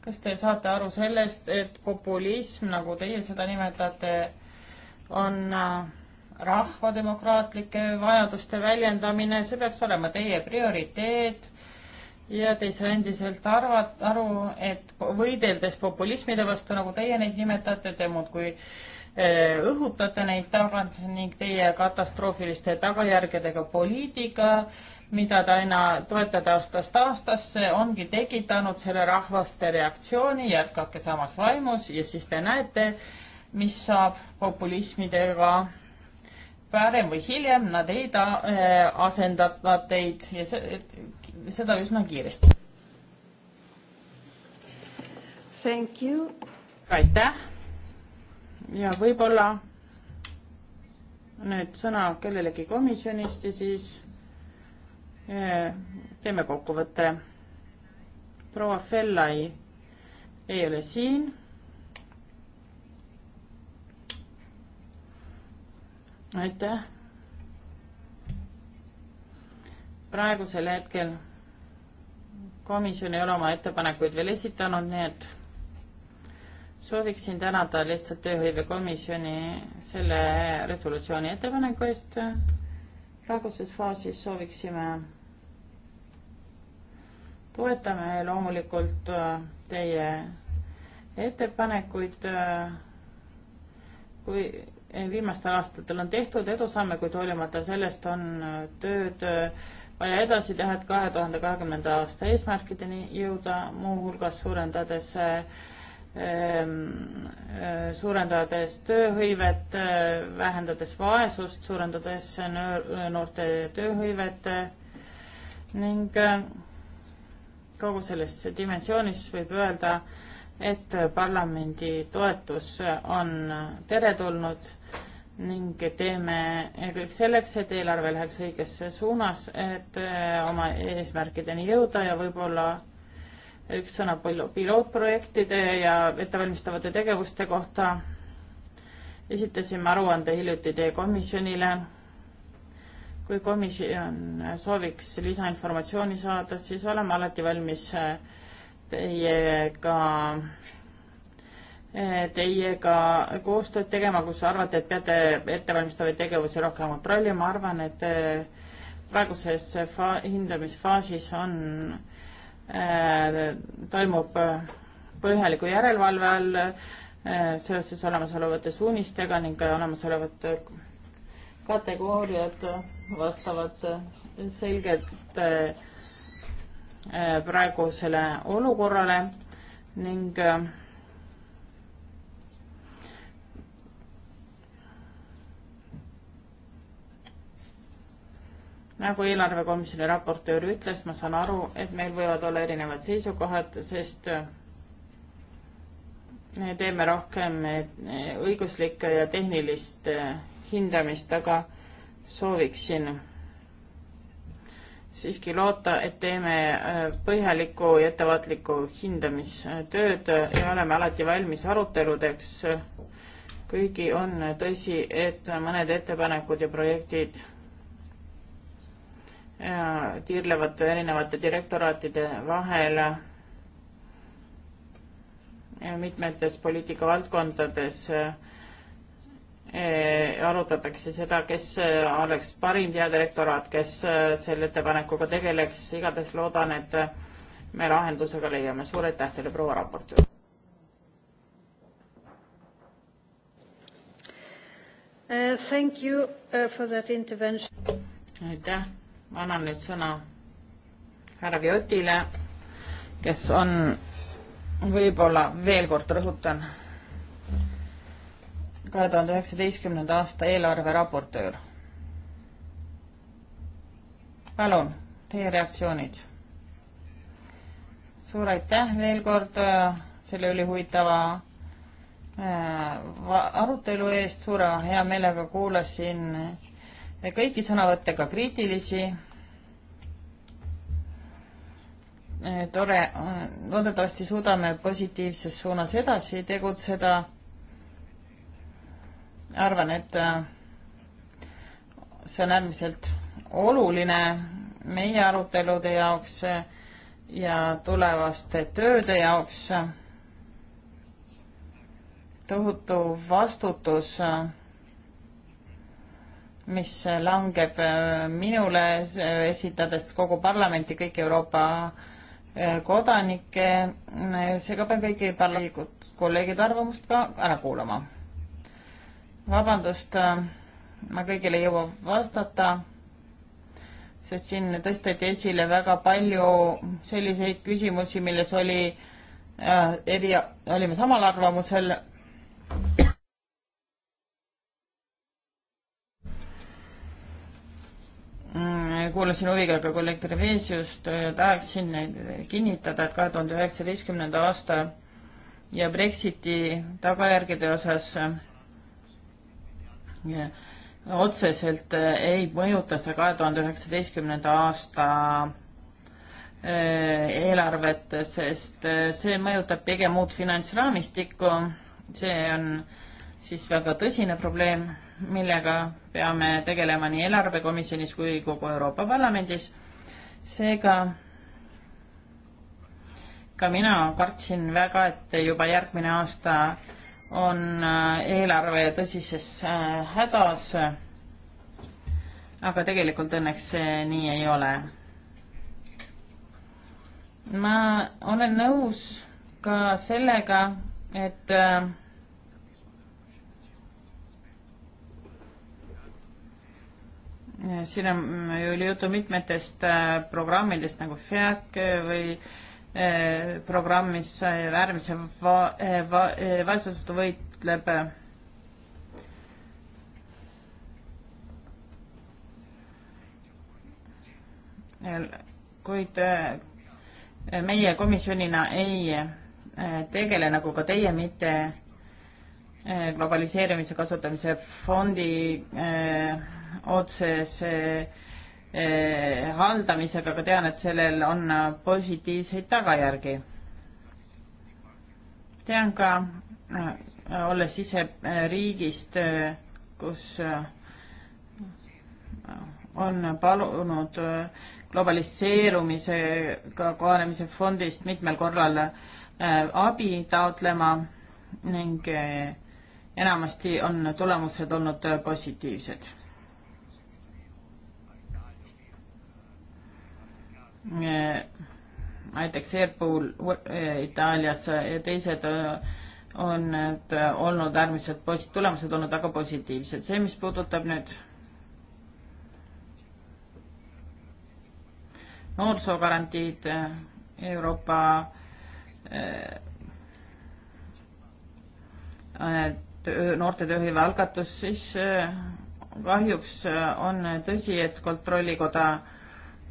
kas te saate aru sellest, et populism, nagu teie seda nimetate, on äh, rahvademokraatlike vajaduste väljendamine, see peaks olema teie prioriteet ja te ei saa endiselt arvat-, aru, et võideldes populismide vastu, nagu teie neid nimetate, te muudkui Äh, õhutate neid tagant ning teie katastroofiliste tagajärgedega poliitika, mida te aina toetate aastast aastasse, ongi tekitanud selle rahvaste reaktsiooni, jätkake samas vaimus ja siis te näete, mis saab populismidega varem või hiljem, nad ei ta-, äh, asendavad teid ja see, seda üsna kiiresti. aitäh ja võib-olla nüüd sõna kellelegi komisjonist ja siis eh, teeme kokkuvõtte. proua Fellai ei ole siin. aitäh. praegusel hetkel komisjon ei ole oma ettepanekuid veel esitanud, nii et sooviksin tänada lihtsalt tööhõivekomisjoni selle resolutsiooni ettepaneku eest. praeguses faasis sooviksime, toetame loomulikult äh, teie ettepanekuid, äh, kui viimastel aastatel on tehtud edusamme, kuid hoolimata sellest on äh, tööd vaja edasi teha, et kahe tuhande kahekümnenda aasta eesmärkideni jõuda, muuhulgas suurendades äh, Ehm, eh, suurendades tööhõivet, eh, vähendades vaesust, suurendades noorte tööhõivet eh, ning kogu selles dimensioonis võib öelda, et parlamendi toetus on teretulnud ning teeme kõik selleks, et eelarve läheks õigesse suunas, et oma eesmärkideni jõuda ja võib-olla üks sõna pilootprojektide ja ettevalmistavate tegevuste kohta. esitasime aruande hiljuti teie komisjonile. kui komisjon sooviks lisainformatsiooni saada, siis oleme alati valmis eh, teiega, eh, teiega koostööd tegema, kui arvate, et peate ettevalmistavaid tegevusi rohkem kontrollima, arvan, et eh, praeguses hindamisfaasis on äh, Äh, toimub äh, põhjaliku järelevalve all äh, seoses olemasolevate suunistega ning olemasolevad kategooriad vastavad selgelt praegusele olukorrale ning nagu eelarvekomisjoni raportöör ütles, ma saan aru, et meil võivad olla erinevad seisukohad, sest me eh, teeme rohkem eh, õiguslikke ja tehnilist eh, hindamist, aga sooviksin siiski loota, et teeme põhjalikku ja ettevaatlikku hindamistööd ja oleme alati valmis aruteludeks. kuigi on tõsi, et mõned ettepanekud ja projektid tiirlevad erinevate direktoraatide vahel mitmetes poliitikavaldkondades e, arutatakse seda, kes oleks parim peadirektoraat, kes selle ettepanekuga tegeleks, igatahes loodan, et me lahendusega leiame. suur aitäh teile, proua raportöör! Uh, thank you uh, for that intervention. aitäh annan nüüd sõna härra Giotile, kes on võib-olla veel kord rõhutan, kahe tuhande üheksateistkümnenda aasta eelarve raportöör. palun, teie reaktsioonid. suur aitäh veel kord äh, selle ülihuvitava äh, arutelu eest, suure heameelega kuulasin kõiki sõnavõtte, ka kriitilisi. Äh, tore, äh, loodetavasti suudame positiivses suunas edasi tegutseda. arvan, et äh, see on äärmiselt oluline meie arutelude jaoks ja tulevaste tööde jaoks. tohutu vastutus mis langeb äh, minule, äh, esitades kogu parlamenti kõik Euroopa äh, kodanikke, seega pean kõigi parlamendi kolleegide arvamust ka ära kuulama. vabandust, ma kõigile ei jõua vastata, sest siin tõsteti esile väga palju selliseid küsimusi, milles oli äh, eri, olime samal arvamusel Mm, kuulasin huviga ka kolleeg Trevesiust, äh, tahaksin kinnitada, et kahe tuhande üheksateistkümnenda aasta ja Brexiti tagajärgede osas äh, ja, otseselt äh, ei mõjuta see kahe tuhande üheksateistkümnenda aasta eelarvet, sest see mõjutab pigem uut finantsraamistikku, see on siis väga tõsine probleem millega peame tegelema nii eelarvekomisjonis kui kogu Euroopa Parlamendis. seega ka mina kartsin väga, et juba järgmine aasta on äh, eelarve tõsises äh, hädas. aga tegelikult õnneks see nii ei ole. ma olen nõus ka sellega, et äh, siin on, oli juttu mitmetest äh, programmidest nagu FEAC või äh, programm, mis äh, äärmise va-, va-, vaesusest võitleb. kuid meie komisjonina ei tegele, nagu ka teie, mitte globaliseerimise kasutamise fondi äh, otsese eh, haldamisega, aga tean, et sellel on positiivseid tagajärgi. tean ka, eh, olles ise eh, riigist, kus on palunud globaliseerumisega kohanemise fondist mitmel korral abi taotlema ning enamasti on tulemused olnud positiivsed Äh, näiteks Airpool äh, Itaalias äh, ja teised on need olnud äärmiselt posi-, tulemused olnud väga positiivsed. see, mis puudutab nüüd noorsoogarantiid Euroopa noorte tööhõive algatus, siis kahjuks on tõsi, et Kontrollikoda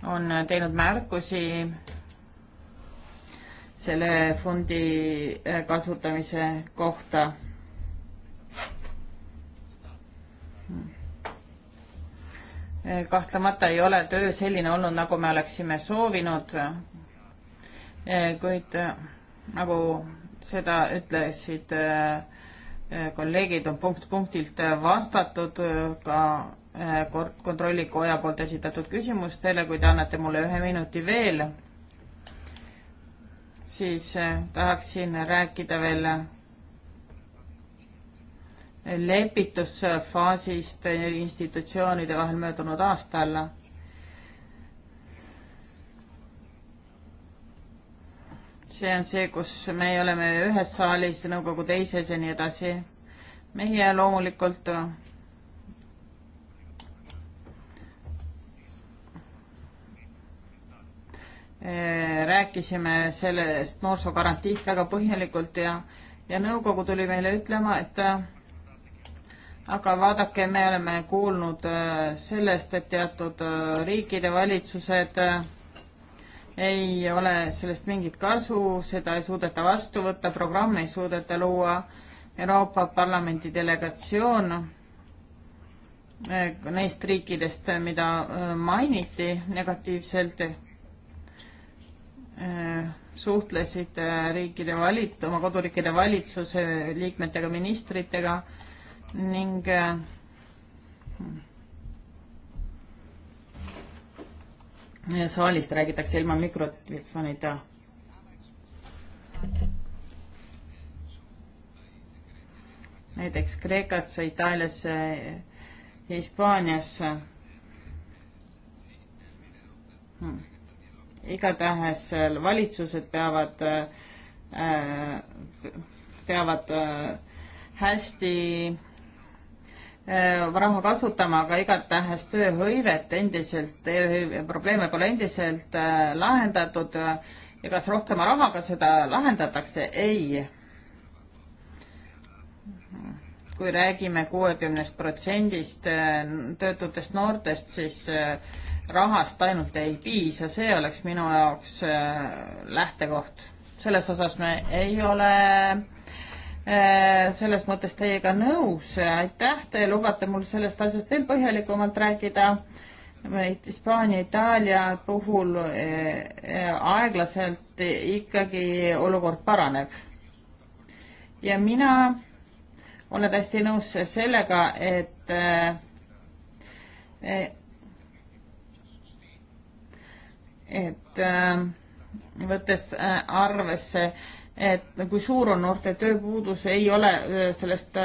on teinud märkusi selle fondi äh, kasutamise kohta. Äh, kahtlemata ei ole töö selline olnud, nagu me oleksime soovinud, äh, kuid nagu seda ütlesid kolleegid, on punkt punktilt vastatud ka Äh, kontrollikoja poolt esitatud küsimustele, kui te annate mulle ühe minuti veel, siis äh, tahaksin rääkida veel lepitusfaasist institutsioonide vahel möödunud aastal. see on see, kus me oleme ühes saalis, nõukogu teises ja nii edasi. meie loomulikult Äh, rääkisime sellest noorsoogarantiist väga põhjalikult ja, ja nõukogu tuli meile ütlema, et äh, aga vaadake, me oleme kuulnud äh, sellest, et teatud riikide valitsused ei ole sellest mingit kasu, seda ei suudeta vastu võtta, programmi ei suudeta luua. Euroopa Parlamendi delegatsioon neist riikidest, mida mainiti negatiivselt Äh, suhtlesid äh, riikide valit-, oma koduriikide valitsuse liikmetega, ministritega ning äh, hmm. saalist räägitakse ilma mikrofonita. näiteks Kreekasse, Itaaliasse, Hispaaniasse hmm igatahes valitsused peavad, äh, peavad äh, hästi äh, raha kasutama, aga igatahes tööhõivet endiselt, probleeme pole endiselt lahendatud ja kas rohkema rahaga seda lahendatakse? ei. kui räägime kuuekümnest protsendist töötutest noortest, siis rahast ainult ei piisa, see oleks minu jaoks äh, lähtekoht. selles osas me ei ole äh, selles mõttes teiega nõus, aitäh, te lubate mul sellest asjast veel põhjalikumalt rääkida. Hispaania, Itaalia puhul äh, aeglaselt ikkagi olukord paraneb. ja mina olen täiesti nõus sellega, et et äh, võttes äh, arvesse, et kui suur on noorte tööpuudus, ei ole äh, sellest,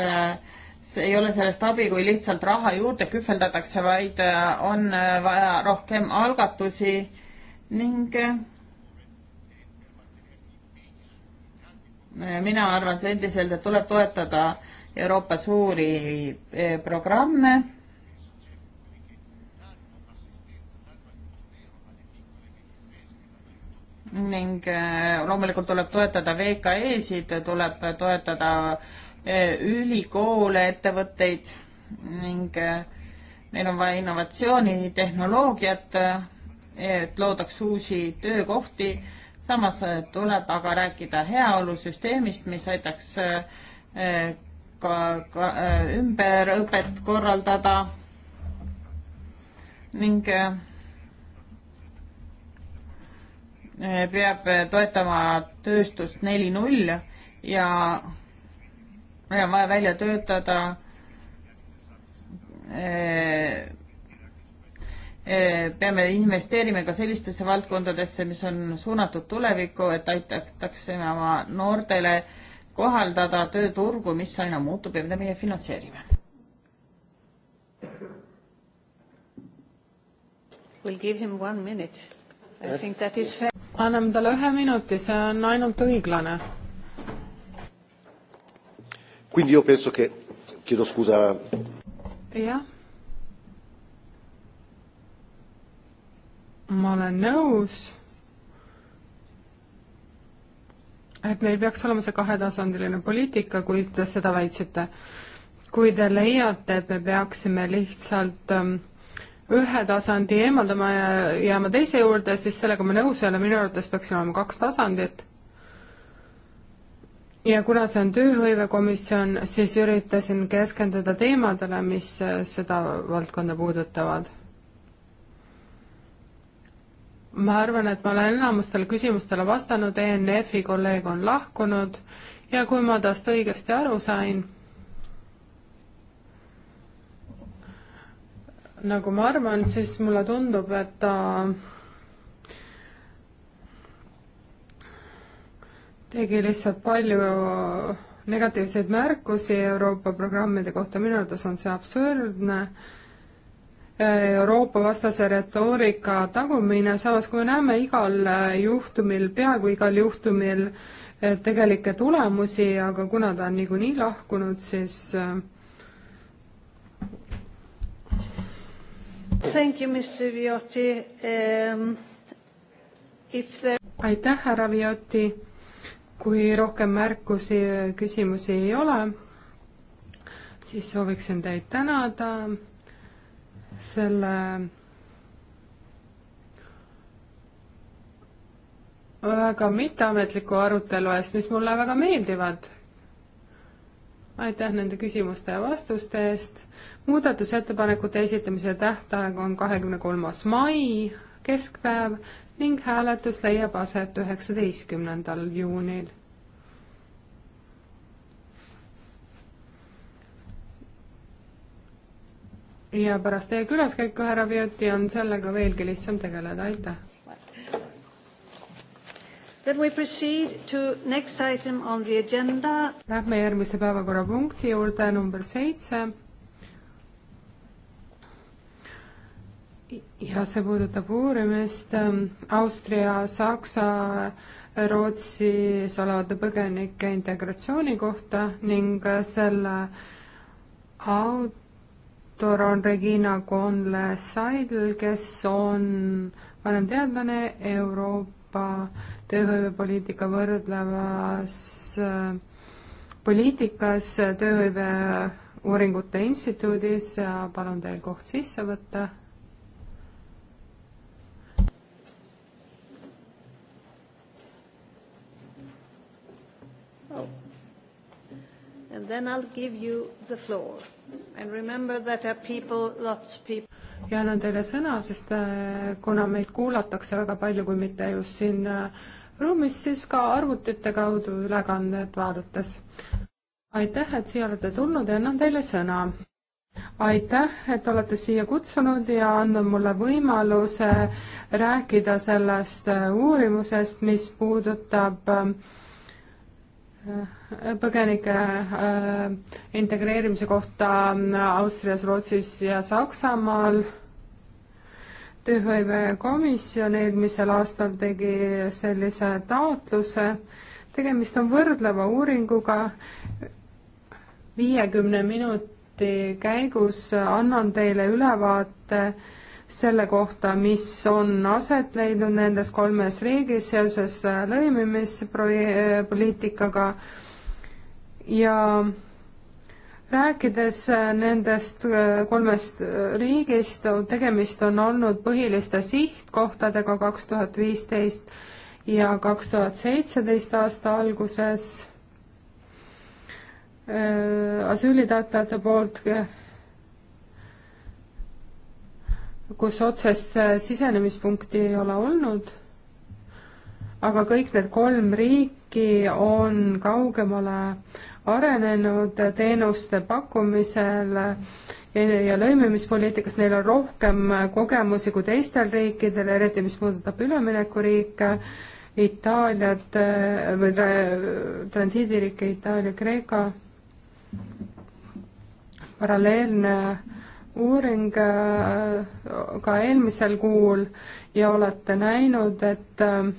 see ei ole sellest abi, kui lihtsalt raha juurde kühveldatakse, vaid on vaja rohkem algatusi ning mina arvan endiselt, et tuleb toetada Euroopa suuri programme ning äh, loomulikult tuleb toetada VKE-sid, tuleb toetada äh, ülikoole, ettevõtteid ning äh, meil on vaja innovatsioonitehnoloogiat, et loodaks uusi töökohti. samas tuleb aga rääkida heaolusüsteemist, mis aitaks ka, ka ümberõpet korraldada ning peab toetama tööstust neli null ja meil on vaja välja töötada eh, eh, peame investeerima ka sellistesse valdkondadesse, mis on suunatud tulevikku, et aitaksime oma noortele kohaldada tööturgu, mis aina muutub ja mida meie finantseerime. We'll give him one minute. I think that is fair anname talle ühe minuti, see on ainult õiglane. Quindi io penso che chiedo scusa. jah. ma olen nõus, et meil peaks olema see kahetasandiline poliitika, kui te seda väitsite. kui te leiate, et me peaksime lihtsalt ähm, ühe tasandi eemaldama ja jääma teise juurde, siis sellega ma nõus ei ole, minu arvates peaks olema kaks tasandit. ja kuna see on tööhõivekomisjon, siis üritasin keskenduda teemadele, mis äh, seda valdkonda puudutavad ma arvan, et ma olen enamustele küsimustele vastanud, ENF-i kolleeg on lahkunud ja kui ma tast õigesti aru sain, nagu ma arvan, siis mulle tundub, et ta tegi lihtsalt palju negatiivseid märkusi Euroopa programmide kohta, minu arvates on see absurdne. Euroopa vastase retoorika tagumine, samas kui me näeme igal juhtumil, peaaegu igal juhtumil tegelikke tulemusi, aga kuna ta on niikuinii lahkunud, siis äh, Thank you, Mr Viotti um,. There... aitäh, härra Viotti. kui rohkem märkusi, küsimusi ei ole, siis sooviksin teid tänada selle väga mitteametliku arutelu eest, mis mulle väga meeldivad. aitäh nende küsimuste ja vastuste eest muudatusettepanekute esitamise tähtaeg on kahekümne kolmas mai, keskpäev, ning hääletus leiab aset üheksateistkümnendal juunil. ja pärast teie külaskäiku, härra Viotti, on sellega veelgi lihtsam tegeleda, aitäh! Then we proceed to next item on the agenda. Lähme järgmise päevakorrapunkti juurde, number seitse ja see puudutab uurimist ähm, Austria, Saksa, Rootsis olevate põgenike integratsiooni kohta ning äh, selle autor on Regina Konle-Seidl, kes on vanem teadlane Euroopa tööhõivepoliitika võrdlevas äh, poliitikas äh, Tööhõive Uuringute Instituudis ja palun teil koht sisse võtta and then I'll give you the floor. And remember that there are people, lots of people. ja annan teile sõna, sest äh, kuna meid kuulatakse väga palju, kui mitte just siin äh, ruumis, siis ka arvutite kaudu ülekanded vaadates. aitäh, et siia olete tulnud ja annan teile sõna. aitäh, et olete siia kutsunud ja andnud mulle võimaluse rääkida sellest äh, uurimusest, mis puudutab äh, põgenike äh, integreerimise kohta äh, Austrias, Rootsis ja Saksamaal. tööhõivekomisjon eelmisel aastal tegi sellise taotluse. tegemist on võrdleva uuringuga. viiekümne minuti käigus annan teile ülevaate selle kohta, mis on aset leidnud nendes kolmes riigis seoses lõimimispoliitikaga äh, ja rääkides äh, nendest äh, kolmest äh, riigist, tegemist on olnud põhiliste sihtkohtadega kaks tuhat viisteist ja kaks tuhat seitseteist aasta alguses asüülitaotlejate poolt, kus otsest sisenemispunkti ei ole olnud, aga kõik need kolm riiki on kaugemale äh, arenenud teenuste pakkumisel ja lõimimispoliitikas, neil on rohkem kogemusi kui teistel riikidel, eriti mis puudutab üleminekuriike, Itaaliat eh, või transiidiriike Itaalia, Kreeka. paralleelne uuring eh, ka eelmisel kuul ja olete näinud, et eh,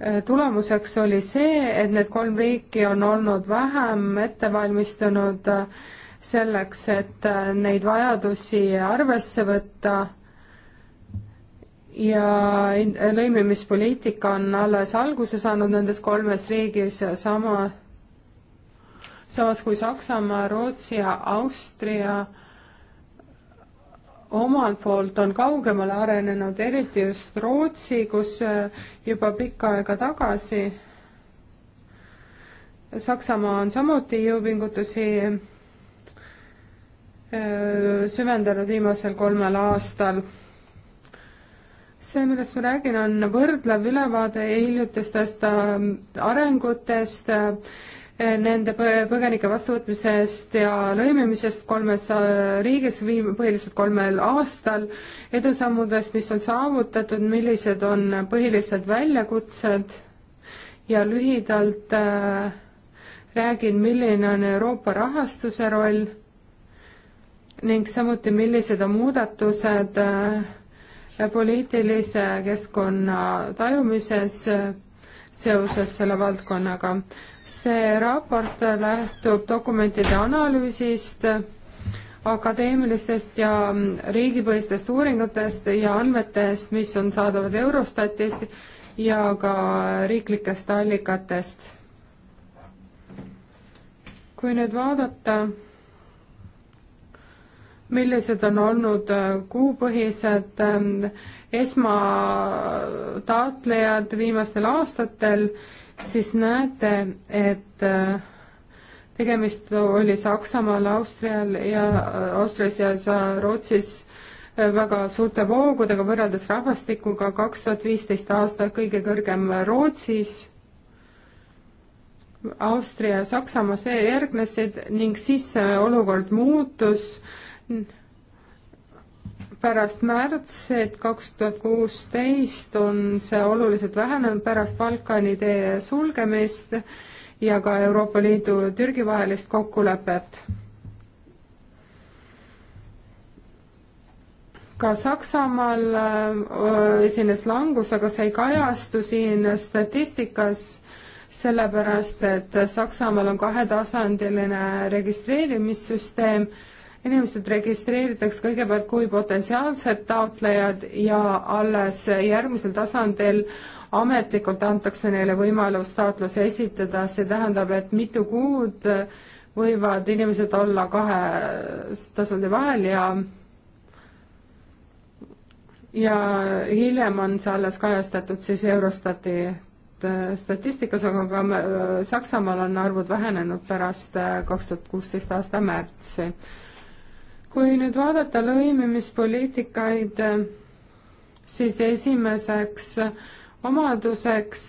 Äh, tulemuseks oli see, et need kolm riiki on olnud vähem ettevalmistunud äh, selleks, et äh, neid vajadusi arvesse võtta ja lõimimispoliitika on alles alguse saanud nendes kolmes riigis ja sama, samas kui Saksamaa, Rootsi ja Austria omalt poolt on kaugemale arenenud, eriti just Rootsi, kus äh, juba pikka aega tagasi Saksamaa on samuti jõupingutusi äh, süvendanud viimasel kolmel aastal. see, millest ma räägin, on võrdlev ülevaade hiljutistest äh, arengutest nende põgenike vastuvõtmisest ja lõimimisest kolmes äh, riigis, viim-, põhiliselt kolmel aastal, edusammudest, mis on saavutatud, millised on põhilised väljakutsed ja lühidalt äh, räägin, milline on Euroopa rahastuse roll ning samuti, millised on muudatused äh, poliitilise keskkonna tajumises äh, seoses selle valdkonnaga see raport lähtub dokumentide analüüsist, akadeemilistest ja riigipõhistest uuringutest ja andmetest, mis on saadavad Eurostatis ja ka riiklikest allikatest. kui nüüd vaadata, millised on olnud kuupõhised ähm, esmataotlejad viimastel aastatel, siis näete, et äh, tegemist oli Saksamaal, Austrial ja äh, Austrias ja Rootsis äh, väga suurte voogudega võrreldes rahvastikuga, kaks tuhat viisteist aasta kõige kõrgem Rootsis, Austria ja Saksamaa see järgnesid ning siis see olukord muutus pärast märtsit kaks tuhat kuusteist on see oluliselt vähenenud pärast Balkani tee sulgemist ja ka Euroopa Liidu ja Türgi vahelist kokkulepet. ka Saksamaal äh, esines langus, aga see ei kajastu siin statistikas, sellepärast et Saksamaal on kahetasandiline registreerimissüsteem inimesed registreeritakse kõigepealt kui potentsiaalsed taotlejad ja alles järgmisel tasandil ametlikult antakse neile võimalus taotlus esitada, see tähendab, et mitu kuud võivad inimesed olla kahe tasandi vahel ja ja hiljem on see alles kajastatud siis Eurostati äh, statistikas, aga ka äh, Saksamaal on arvud vähenenud pärast äh, kaks tuhat kuusteist aasta märtsi kui nüüd vaadata lõimimispoliitikaid, äh, siis esimeseks äh, omaduseks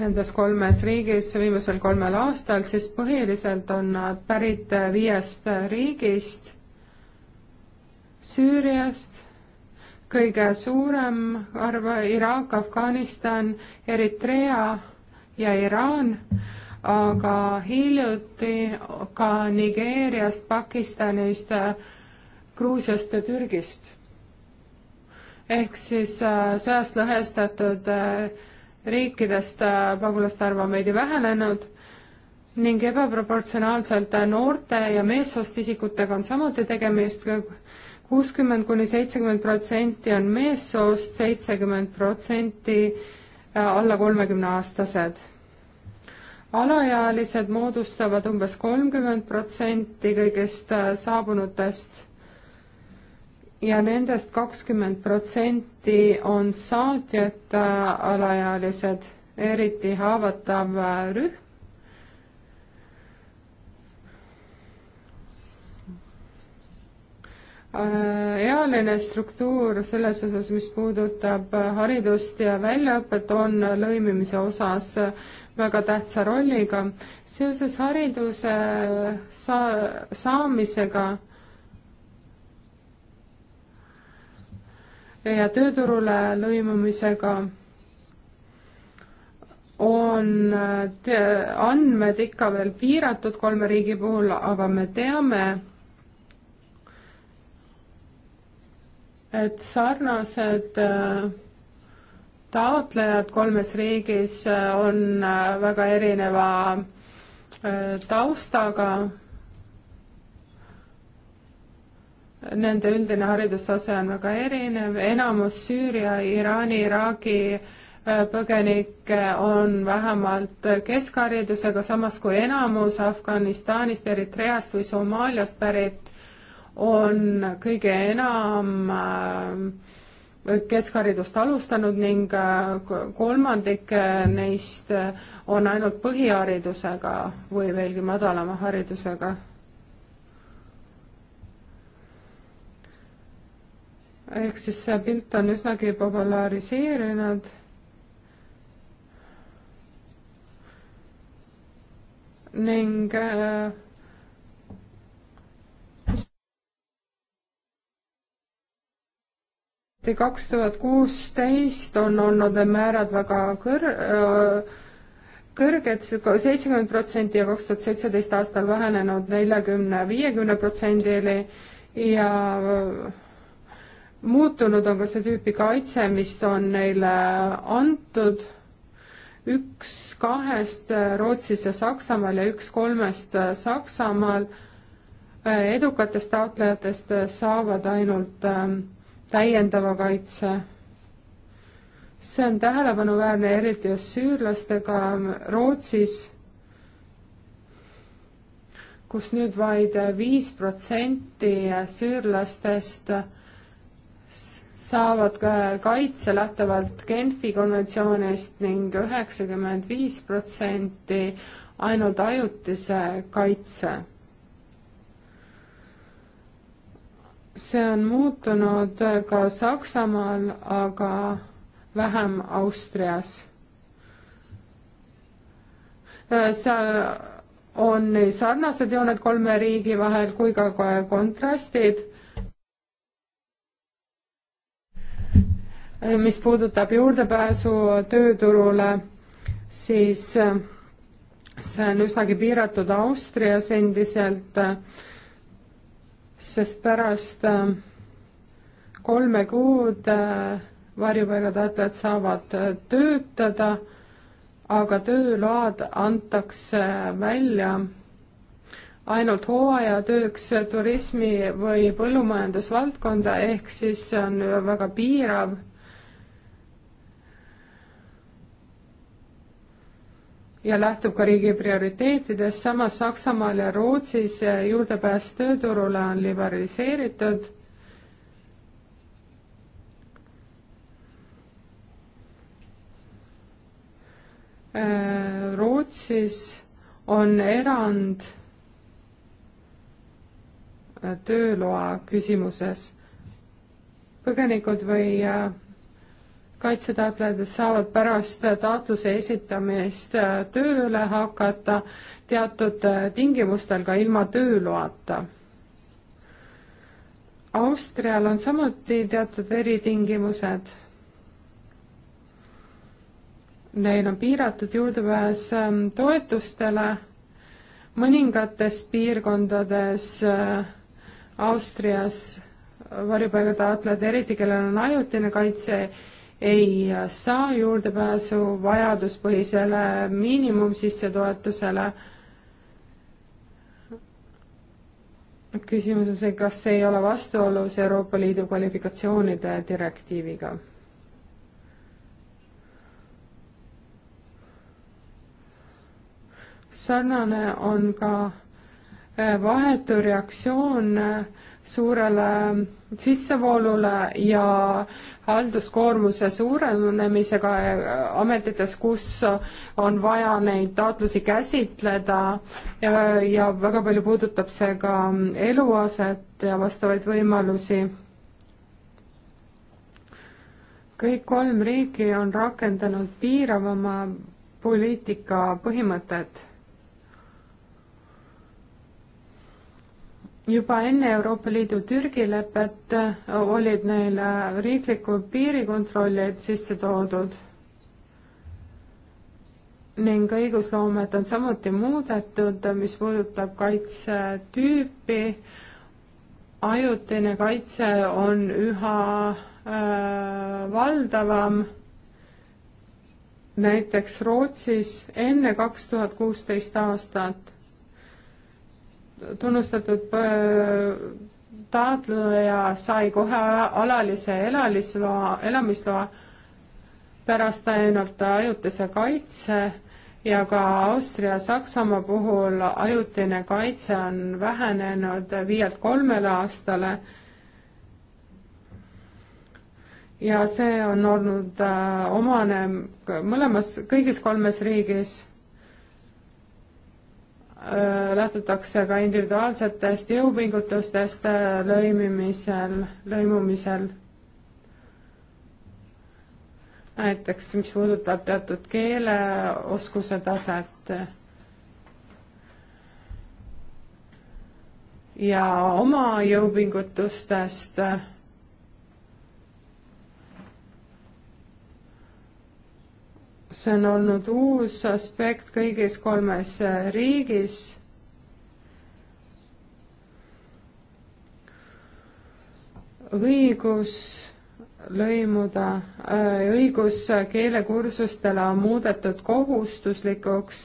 nendes kolmes riigis viimasel kolmel aastal, siis põhiliselt on nad pärit äh, viiest riigist. Süüriast kõige suurem arv, Iraak, Afganistan, Eritrea ja Iraan, aga hiljuti ka Nigeeriast, Pakistanist, Gruusiast ja Türgist. ehk siis äh, sõjast lõhestatud äh, riikidest äh, pagulaste arv on veidi vähenenud ning ebaproportsionaalselt noorte ja meessoost isikutega on samuti tegemist, kuuskümmend kuni seitsekümmend protsenti on meessoost, seitsekümmend protsenti alla kolmekümneaastased. alaealised moodustavad umbes kolmkümmend protsenti kõigist äh, saabunutest ja nendest kakskümmend protsenti on saatjata äh, alaealised, eriti haavatav äh, rühm, Äh, ealine struktuur selles osas, mis puudutab äh, haridust ja väljaõpet, on lõimimise osas äh, väga tähtsa rolliga. seoses hariduse saa-, saamisega ja tööturule lõimumisega on andmed ikka veel piiratud kolme riigi puhul, aga me teame, et sarnased äh, taotlejad kolmes riigis äh, on äh, väga erineva taustaga. Nende üldine haridustase on väga erinev, enamus Süüria, Iraani, Iraagi põgenikke on vähemalt keskharidusega, samas kui enamus Afganistanist, Eritreast või Somaaliast pärit on kõige enam äh, keskharidust alustanud ning äh, kolmandik äh, neist on ainult põhiharidusega või veelgi madalama haridusega. ehk siis see pilt on üsnagi populariseerinud ning äh, samuti kaks tuhat kuusteist on olnud need määrad väga kõr-, äh, kõrged, seitsekümmend protsenti ja kaks tuhat seitseteist aastal vähenenud neljakümne, viiekümne protsendini ja äh, muutunud on ka see tüüpi kaitse, mis on neile antud, üks kahest äh, Rootsis ja Saksamaal ja üks kolmest Saksamaal edukatest taotlejatest saavad ainult ähm, täiendava kaitse. see on tähelepanuväärne, eriti just süürlastega Rootsis, kus nüüd vaid viis protsenti süürlastest saavad ka kaitse lähtuvalt Genfi konventsioonist ning üheksakümmend viis protsenti ainult ajutise kaitse see on muutunud ka Saksamaal, aga vähem Austrias. seal on nii sarnased jooned kolme riigi vahel kui ka kontrastid mis puudutab juurdepääsu tööturule, siis see on üsnagi piiratud Austrias endiselt sest pärast ähm, kolme kuud äh, varjupaigataotlejad saavad äh, töötada, aga tööload antakse äh, välja ainult hooajatööks turismi- või põllumajandusvaldkonda, ehk siis see on väga piirav ja lähtub ka riigi prioriteetidest, samas Saksamaal ja Rootsis juurdepääs tööturule on liberaliseeritud äh, Rootsis on erand tööloa küsimuses. põgenikud või äh, kaitsetaotlejad saavad pärast taotluse esitamist äh, tööle hakata teatud äh, tingimustel ka ilma tööloata. Austrial on samuti teatud eritingimused. Neil on piiratud juurdepääs ähm, toetustele, mõningates piirkondades äh, Austrias varjupaigataotlejad, eriti kellel on ajutine kaitse, ei saa juurdepääsu vajaduspõhisele miinimumsissetoetusele. küsimus on see, kas see ei ole vastuolus Euroopa Liidu kvalifikatsioonide direktiiviga? sarnane on ka eh, vahetu reaktsioon äh, suurele sissevoolule ja halduskoormuse suurenemisega äh, ametites, kus on vaja neid taotlusi käsitleda ja, äh, ja väga palju puudutab see ka eluaset ja vastavaid võimalusi. kõik kolm riiki on rakendanud piiravama poliitika põhimõtet juba enne Euroopa Liidu Türgi lepet äh, olid neile äh, riiklikud piirikontrollid sisse toodud ning õigusloomet on samuti muudetud, äh, mis puudutab kaitsetüüpi. ajutine kaitse on üha äh, valdavam. näiteks Rootsis enne kaks tuhat kuusteist aastat tunnustatud äh, taotleja sai kohe alalise elamisloa, elamisloa, pärast ainult ajutise kaitse ja ka Austria-Saksamaa puhul ajutine kaitse on vähenenud viielt kolmele aastale. ja see on olnud äh, omane mõlemas, kõigis kolmes riigis Äh, lähtutakse ka individuaalsetest jõupingutustest äh, lõimimisel, lõimumisel. näiteks, mis puudutab teatud keeleoskuse taset. ja oma jõupingutustest see on olnud uus aspekt kõigis kolmes äh, riigis õigus lõimuda, äh, õigus keelekursustele on muudetud kohustuslikuks,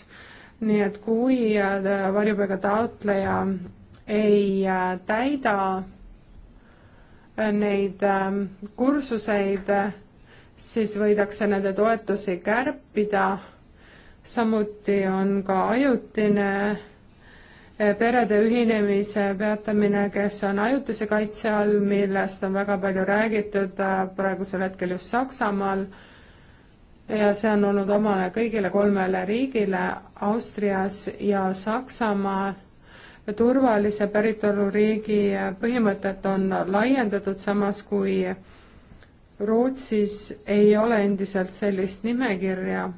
nii et kui äh, varjupaiga taotleja ei täida neid kursuseid, siis võidakse nende toetusi kärpida, samuti on ka ajutine eh, perede ühinemise peatamine, kes on ajutise kaitse all, millest on väga palju räägitud eh, praegusel hetkel just Saksamaal ja see on olnud omane kõigile kolmele riigile, Austrias ja Saksamaal. turvalise päritoluriigi eh, põhimõtet on laiendatud, samas kui Rootsis ei ole endiselt sellist nimekirja.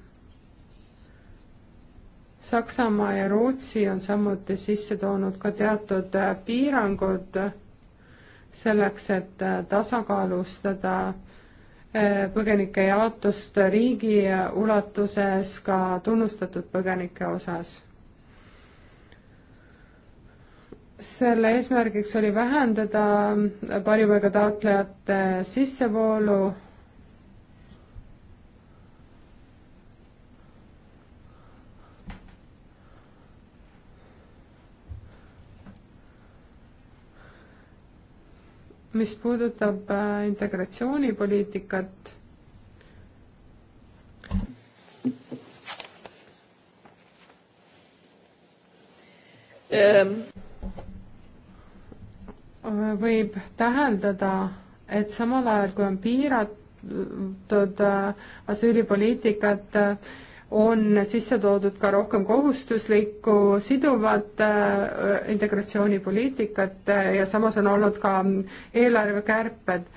Saksamaa ja Rootsi on samuti sisse toonud ka teatud äh, piirangud selleks, et äh, tasakaalustada äh, põgenike jaotust riigi ulatuses ka tunnustatud põgenike osas selle eesmärgiks oli vähendada varjupaiga taotlejate sissevoolu mis puudutab äh, integratsioonipoliitikat, ähm, võib täheldada, et samal ajal, kui on piiratud äh, asüülipoliitikat, äh, on sisse toodud ka rohkem kohustuslikku siduvat äh, integratsioonipoliitikat ja samas on olnud ka eelarvekärped.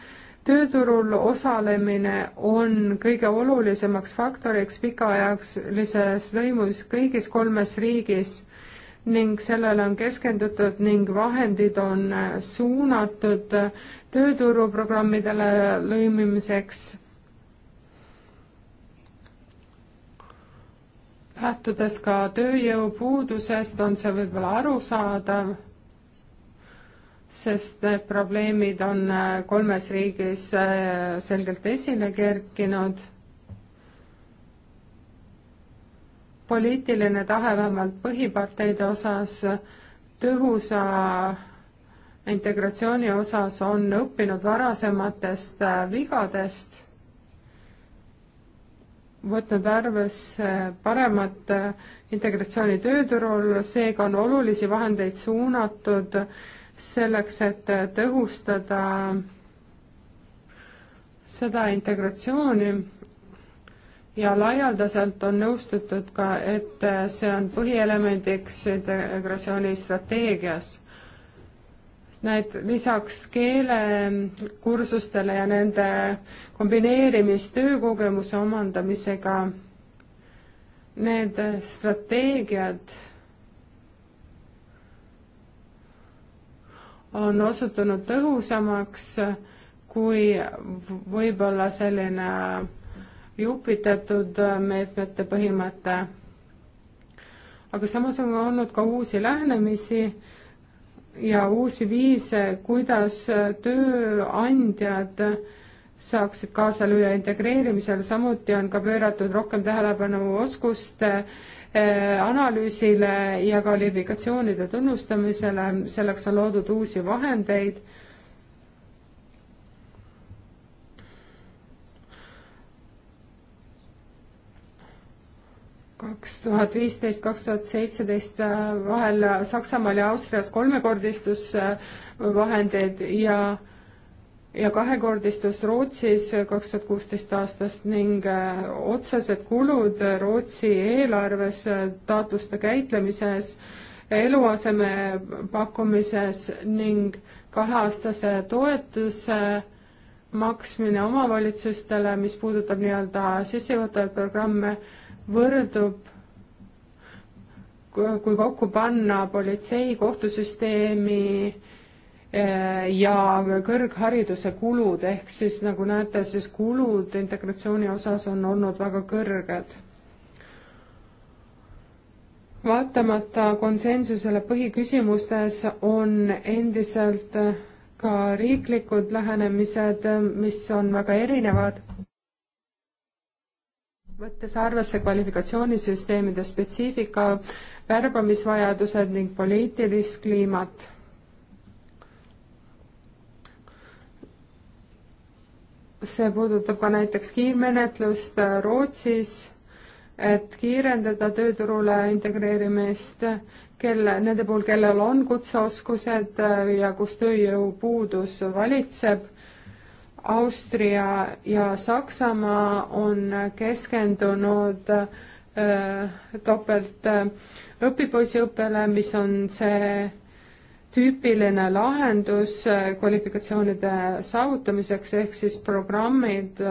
tööturul osalemine on kõige olulisemaks faktoriks pikaajalises lõimus kõigis kolmes riigis ning sellele on keskendutud ning vahendid on äh, suunatud äh, tööturuprogrammidele lõimimiseks. lähtudes ka tööjõupuudusest, on see võib-olla arusaadav, sest need probleemid on äh, kolmes riigis selgelt esile kerkinud poliitiline tahe vähemalt põhiparteide osas tõhusa integratsiooni osas on õppinud varasematest äh, vigadest, võtnud arvesse paremat äh, integratsiooni tööturul, seega on olulisi vahendeid suunatud selleks, et äh, tõhustada seda integratsiooni ja laialdaselt on nõustutud ka, et see on põhielemendiks integratsioonistrateegias. Need lisaks keelekursustele ja nende kombineerimistöökogemuse omandamisega, need strateegiad on osutunud tõhusamaks kui võib-olla selline jupitatud äh, meetmete põhimõte. aga samas on olnud ka uusi lähenemisi ja uusi viise, kuidas äh, tööandjad saaksid kaasa lüüa integreerimisel, samuti on ka pööratud rohkem tähelepanu oskuste äh, analüüsile ja kvalifikatsioonide tunnustamisele, selleks on loodud uusi vahendeid kaks tuhat viisteist, kaks tuhat seitseteist äh, vahel Saksamaal ja Austrias kolmekordistus vahendeid ja ja kahekordistus Rootsis kaks tuhat kuusteist aastast ning äh, otsesed kulud Rootsi eelarves äh, taotluste käitlemises, eluaseme pakkumises ning kaheaastase toetuse maksmine omavalitsustele, mis puudutab nii-öelda sissejuhatavaid programme võrdub kui kokku panna politsei, kohtusüsteemi eh, ja kõrghariduse kulud, ehk siis nagu näete, siis kulud integratsiooni osas on olnud väga kõrged. vaatamata konsensusele põhiküsimustes on endiselt ka riiklikud lähenemised, mis on väga erinevad võttes arvesse kvalifikatsioonisüsteemide spetsiifika, värbamisvajadused ning poliitilist kliimat. see puudutab ka näiteks kiirmenetlust Rootsis, et kiirendada tööturule integreerimist, kelle, nende puhul, kellel on kutseoskused ja kus tööjõupuudus valitseb Austria ja Saksamaa on keskendunud äh, topelt äh, õpipoisiõppele, mis on see tüüpiline lahendus äh, kvalifikatsioonide saavutamiseks, ehk siis programmid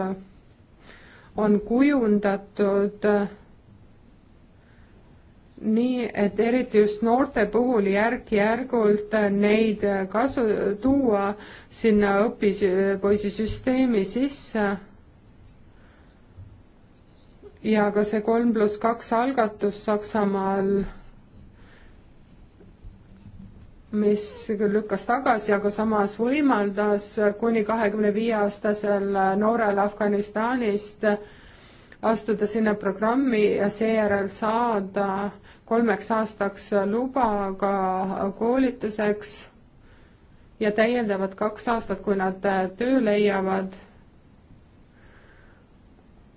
on kujundatud äh, nii et eriti just noorte puhul järk-järgult neid kasu, tuua sinna õpipoisisüsteemi sisse. ja ka see kolm pluss kaks algatus Saksamaal, mis küll lükkas tagasi, aga samas võimaldas kuni kahekümne viie aastasel noorel Afganistanist astuda sinna programmi ja seejärel saada äh, kolmeks aastaks luba ka koolituseks ja täiendavad kaks aastat, kui nad töö leiavad.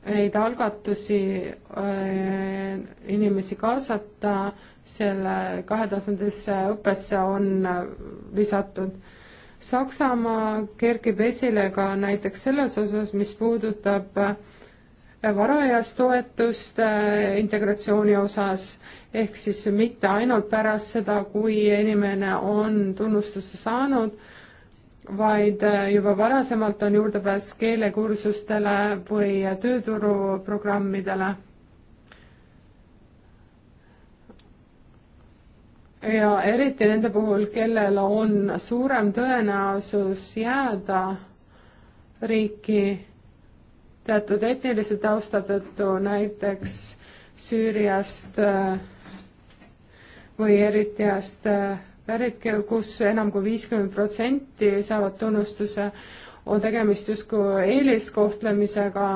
Neid algatusi äh, inimesi kaasata selle kahetasandisse õppesse on lisatud. Saksamaa kerkib esile ka näiteks selles osas, mis puudutab äh, varajast toetust äh, integratsiooni osas, ehk siis mitte ainult pärast seda, kui inimene on tunnustuse saanud, vaid äh, juba varasemalt on juurdepääs keelekursustele või tööturuprogrammidele. ja eriti nende puhul, kellel on suurem tõenäosus jääda riiki teatud etnilise tausta tõttu, näiteks Süüriast äh, või Eritiast äh, pärit, kus enam kui viiskümmend protsenti saavad tunnustuse, on tegemist justkui eeliskohtlemisega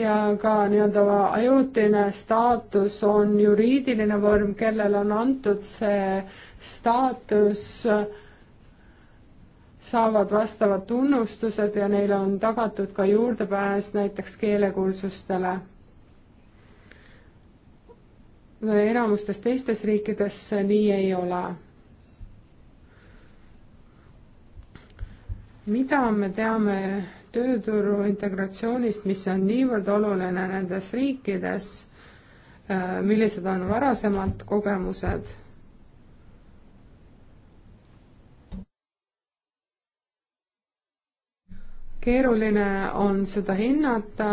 ja ka nii-öelda ajutine staatus on juriidiline vorm, kellele on antud see staatus, saavad vastavad tunnustused ja neile on tagatud ka juurdepääs näiteks keelekursustele. enamustes teistes riikides see nii ei ole mida me teame tööturu integratsioonist, mis on niivõrd oluline nendes riikides, äh, millised on varasemad kogemused keeruline on seda hinnata,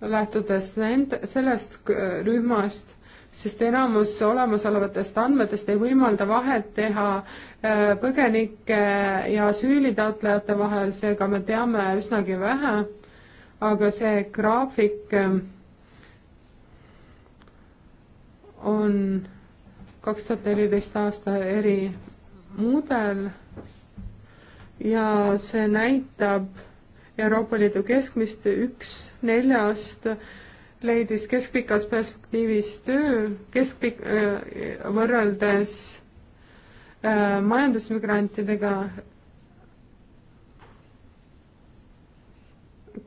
lähtudes nend-, sellest rühmast, sest enamus olemasolevatest andmetest ei võimalda vahet teha Äh, põgenike ja asüülitaotlejate vahel, seega me teame üsnagi vähe, aga see graafik ähm, on kaks tuhat neliteist aasta eri mudel ja see näitab Euroopa Liidu keskmist, üks neljast leidis keskpikas perspektiivis töö, keskpik-, äh, võrreldes Äh, majandusmigrantidega,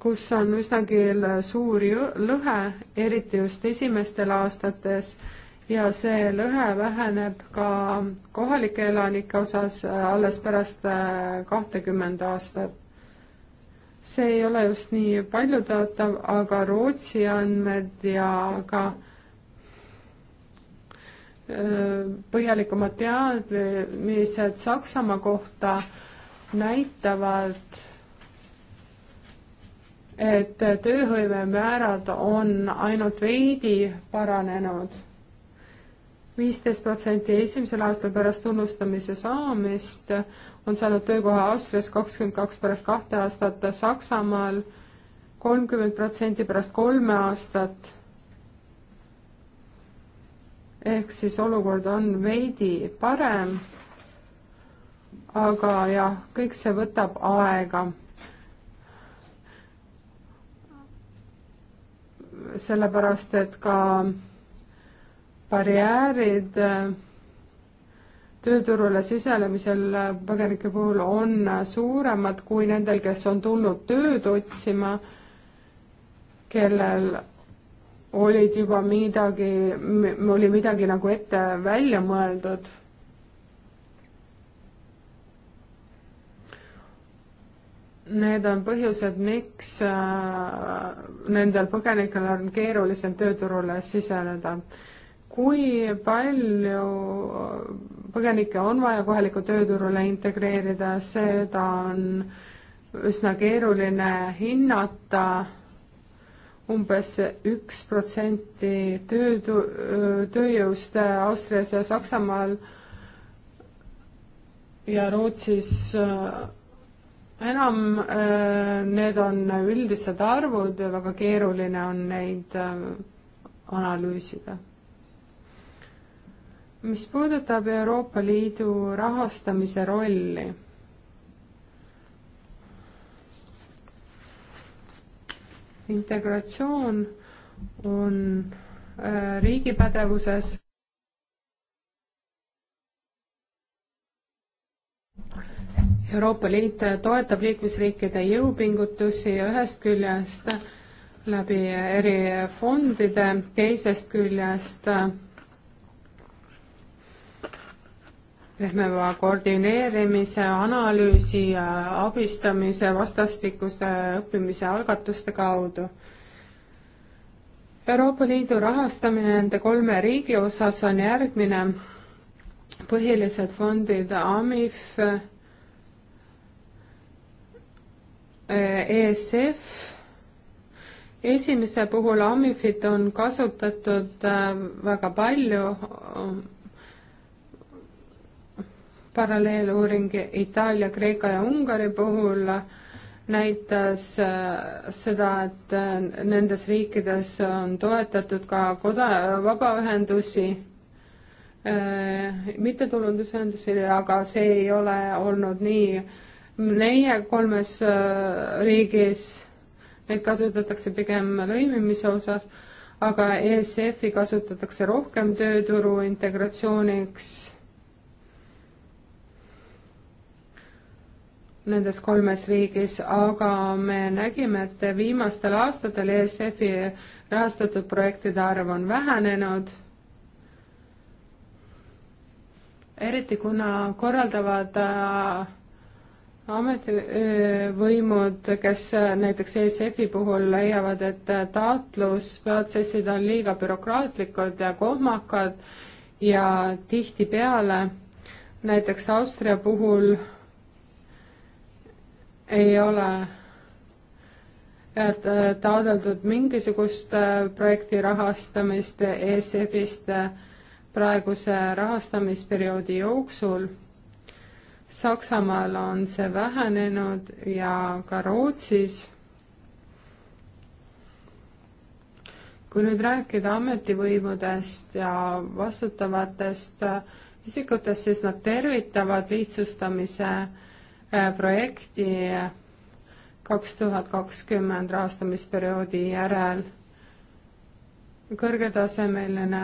kus on üsnagi suur lõhe, eriti just esimestel aastates, ja see lõhe väheneb ka kohalike elanike osas äh, alles pärast äh, kahtekümmend aastat. see ei ole just nii paljutõotav, aga Rootsi andmed ja ka äh, põhjalikumad teadmised Saksamaa kohta näitavad, et tööhõivemäärad on ainult veidi paranenud. viisteist protsenti esimesel aastal pärast tunnustamise saamist on saanud töökoha Austrias, kakskümmend kaks pärast kahte aastat Saksamaal, kolmkümmend protsenti pärast kolme aastat ehk siis olukord on veidi parem, aga jah, kõik see võtab aega. sellepärast, et ka barjäärid äh, tööturule sisenemisel äh, põgenike puhul on äh, suuremad kui nendel, kes on tulnud tööd otsima, kellel olid juba midagi, oli midagi nagu ette välja mõeldud. Need on põhjused, miks äh, nendel põgenikel on keerulisem tööturule siseneda. kui palju põgenikke on vaja kohalikku tööturule integreerida, seda on üsna keeruline hinnata umbes üks protsenti töö, tööjõust Austrias ja Saksamaal ja Rootsis äh, enam, äh, need on üldised arvud ja väga keeruline on neid äh, analüüsida. mis puudutab Euroopa Liidu rahastamise rolli integratsioon on äh, riigi pädevuses. Euroopa Liit toetab liikmesriikide jõupingutusi ühest küljest läbi eri fondide, teisest küljest äh, lähme koordineerimise, analüüsi ja abistamise vastastikuse õppimise algatuste kaudu. Euroopa Liidu rahastamine nende kolme riigi osas on järgmine. põhilised fondid AMIF, ESF, eh, e esimese puhul AMIF-it on kasutatud eh, väga palju paralleeluuring Itaalia, Kreeka ja Ungari puhul näitas äh, seda, et äh, nendes riikides on toetatud ka koda-, vabaühendusi, äh, mittetulundusühendusi, aga see ei ole olnud nii meie kolmes riigis, neid kasutatakse pigem lõimimise osas, aga ESF-i kasutatakse rohkem tööturu integratsiooniks nendes kolmes riigis, aga me nägime, et viimastel aastatel ESF-i rahastatud projektide arv on vähenenud, eriti kuna korraldavad äh, ametivõimud, kes äh, näiteks ESF-i puhul leiavad, et äh, taotlusprotsessid on liiga bürokraatlikud ja kohmakad ja tihtipeale näiteks Austria puhul ei ole äh, taodeldud mingisugust äh, projekti rahastamist ESF-ist äh, praeguse rahastamisperioodi jooksul. Saksamaal on see vähenenud ja ka Rootsis. kui nüüd rääkida ametivõimudest ja vastutavatest isikutest, siis nad tervitavad lihtsustamise äh, projekti kaks tuhat kakskümmend rahastamisperioodi järel. kõrgetasemeline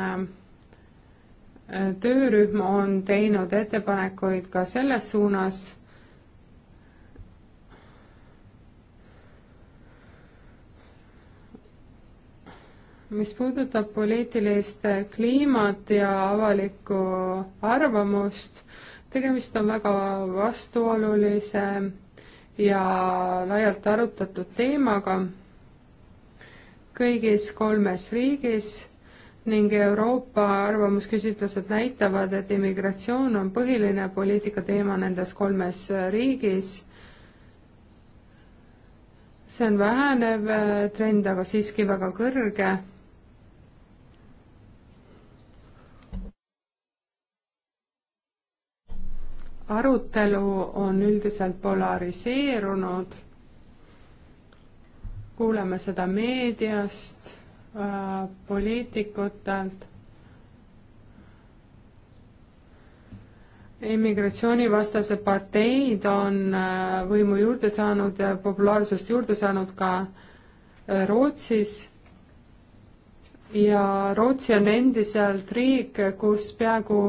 äh, töörühm on teinud ettepanekuid ka selles suunas mis puudutab poliitilist kliimat ja avalikku arvamust, tegemist on väga vastuolulise ja laialt arutatud teemaga kõigis kolmes riigis ning Euroopa arvamusküsitlused näitavad, et immigratsioon on põhiline poliitikateema nendes kolmes riigis. see on vähenev trend, aga siiski väga kõrge arutelu on üldiselt polariseerunud, kuuleme seda meediast, äh, poliitikutelt, immigratsioonivastase parteid on äh, võimu juurde saanud ja populaarsust juurde saanud ka äh, Rootsis ja Rootsi on endiselt riik, kus peaaegu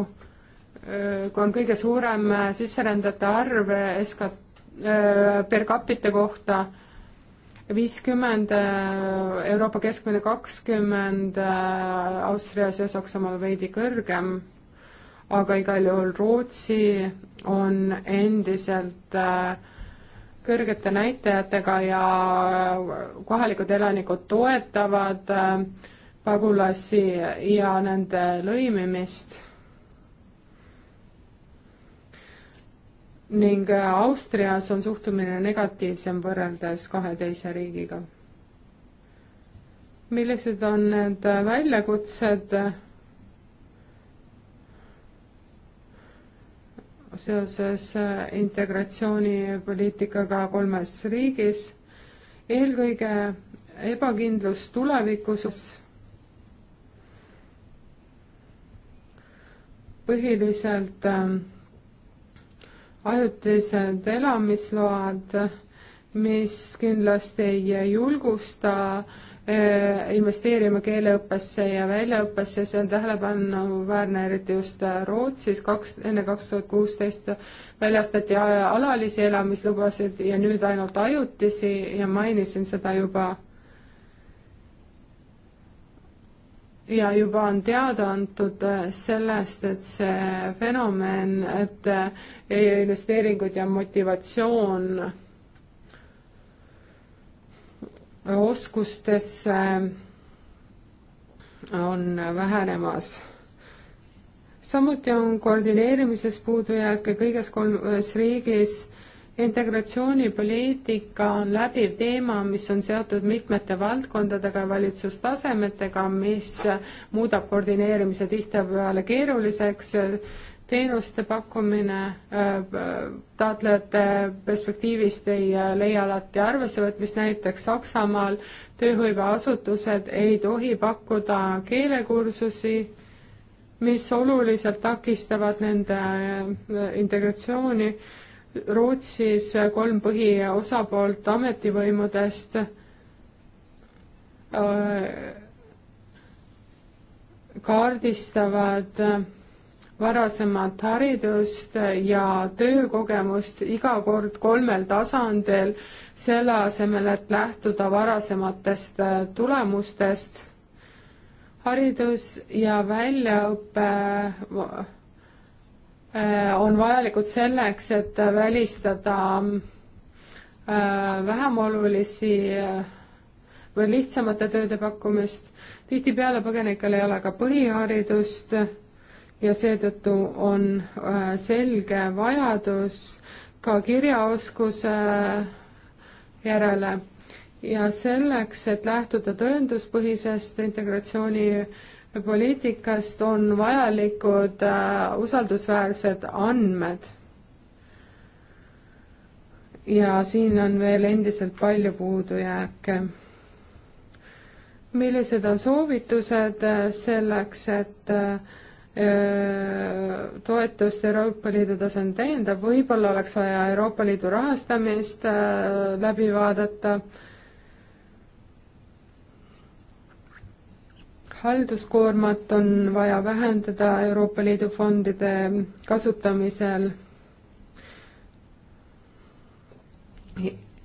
kui on kõige suurem äh, sisserändajate arv äh, SK-, äh, per capita kohta, viiskümmend Euroopa keskmine, kakskümmend Austrias ja Saksamaal veidi kõrgem, aga igal juhul Rootsi on endiselt kõrgete näitajatega ja kohalikud elanikud toetavad pagulasi ja nende lõimimist ning äh, Austrias on suhtumine negatiivsem võrreldes kahe teise riigiga. millised on need äh, väljakutsed äh, seoses integratsioonipoliitikaga kolmes riigis, eelkõige ebakindlus tulevikus, põhiliselt äh, ajutised elamisload, mis kindlasti ei julgusta eh, investeerima keeleõppesse ja väljaõppesse, see on tähelepanuväärne, eriti just Rootsis, kaks, enne kaks tuhat kuusteist väljastati alalisi elamislubasid ja nüüd ainult ajutisi ja mainisin seda juba ja juba on teada antud äh, sellest, et see fenomen, et äh, investeeringud ja motivatsioon äh, oskustesse on vähenemas. samuti on koordineerimises puudujääke kõiges kolmes riigis integratsioonipoliitika on läbiv teema, mis on seotud mitmete valdkondadega ja valitsustasemetega, mis muudab koordineerimise tihtipeale keeruliseks, teenuste pakkumine äh, taotlejate perspektiivist ei äh, leia alati arvessevõtmist, näiteks Saksamaal tööhõiveasutused ei tohi pakkuda keelekursusi, mis oluliselt takistavad nende äh, integratsiooni Rootsis kolm põhiosapoolt ametivõimudest äh, kaardistavad varasemat haridust ja töökogemust iga kord kolmel tasandil, selle asemel, et lähtuda varasematest äh, tulemustest. haridus ja väljaõpe Äh, on vajalikud selleks, et välistada äh, vähem olulisi äh, või lihtsamate tööde pakkumist. tihtipeale põgenikel ei ole ka põhiharidust ja seetõttu on selge vajadus ka kirjaoskuse järele ja selleks, et lähtuda tõenduspõhisest integratsiooni poliitikast on vajalikud äh, usaldusväärsed andmed. ja siin on veel endiselt palju puudujääke. millised on soovitused äh, selleks, et äh, toetust Euroopa Liidu tasandil täiendab, võib-olla oleks vaja Euroopa Liidu rahastamist läbi vaadata halduskoormat on vaja vähendada Euroopa Liidu fondide kasutamisel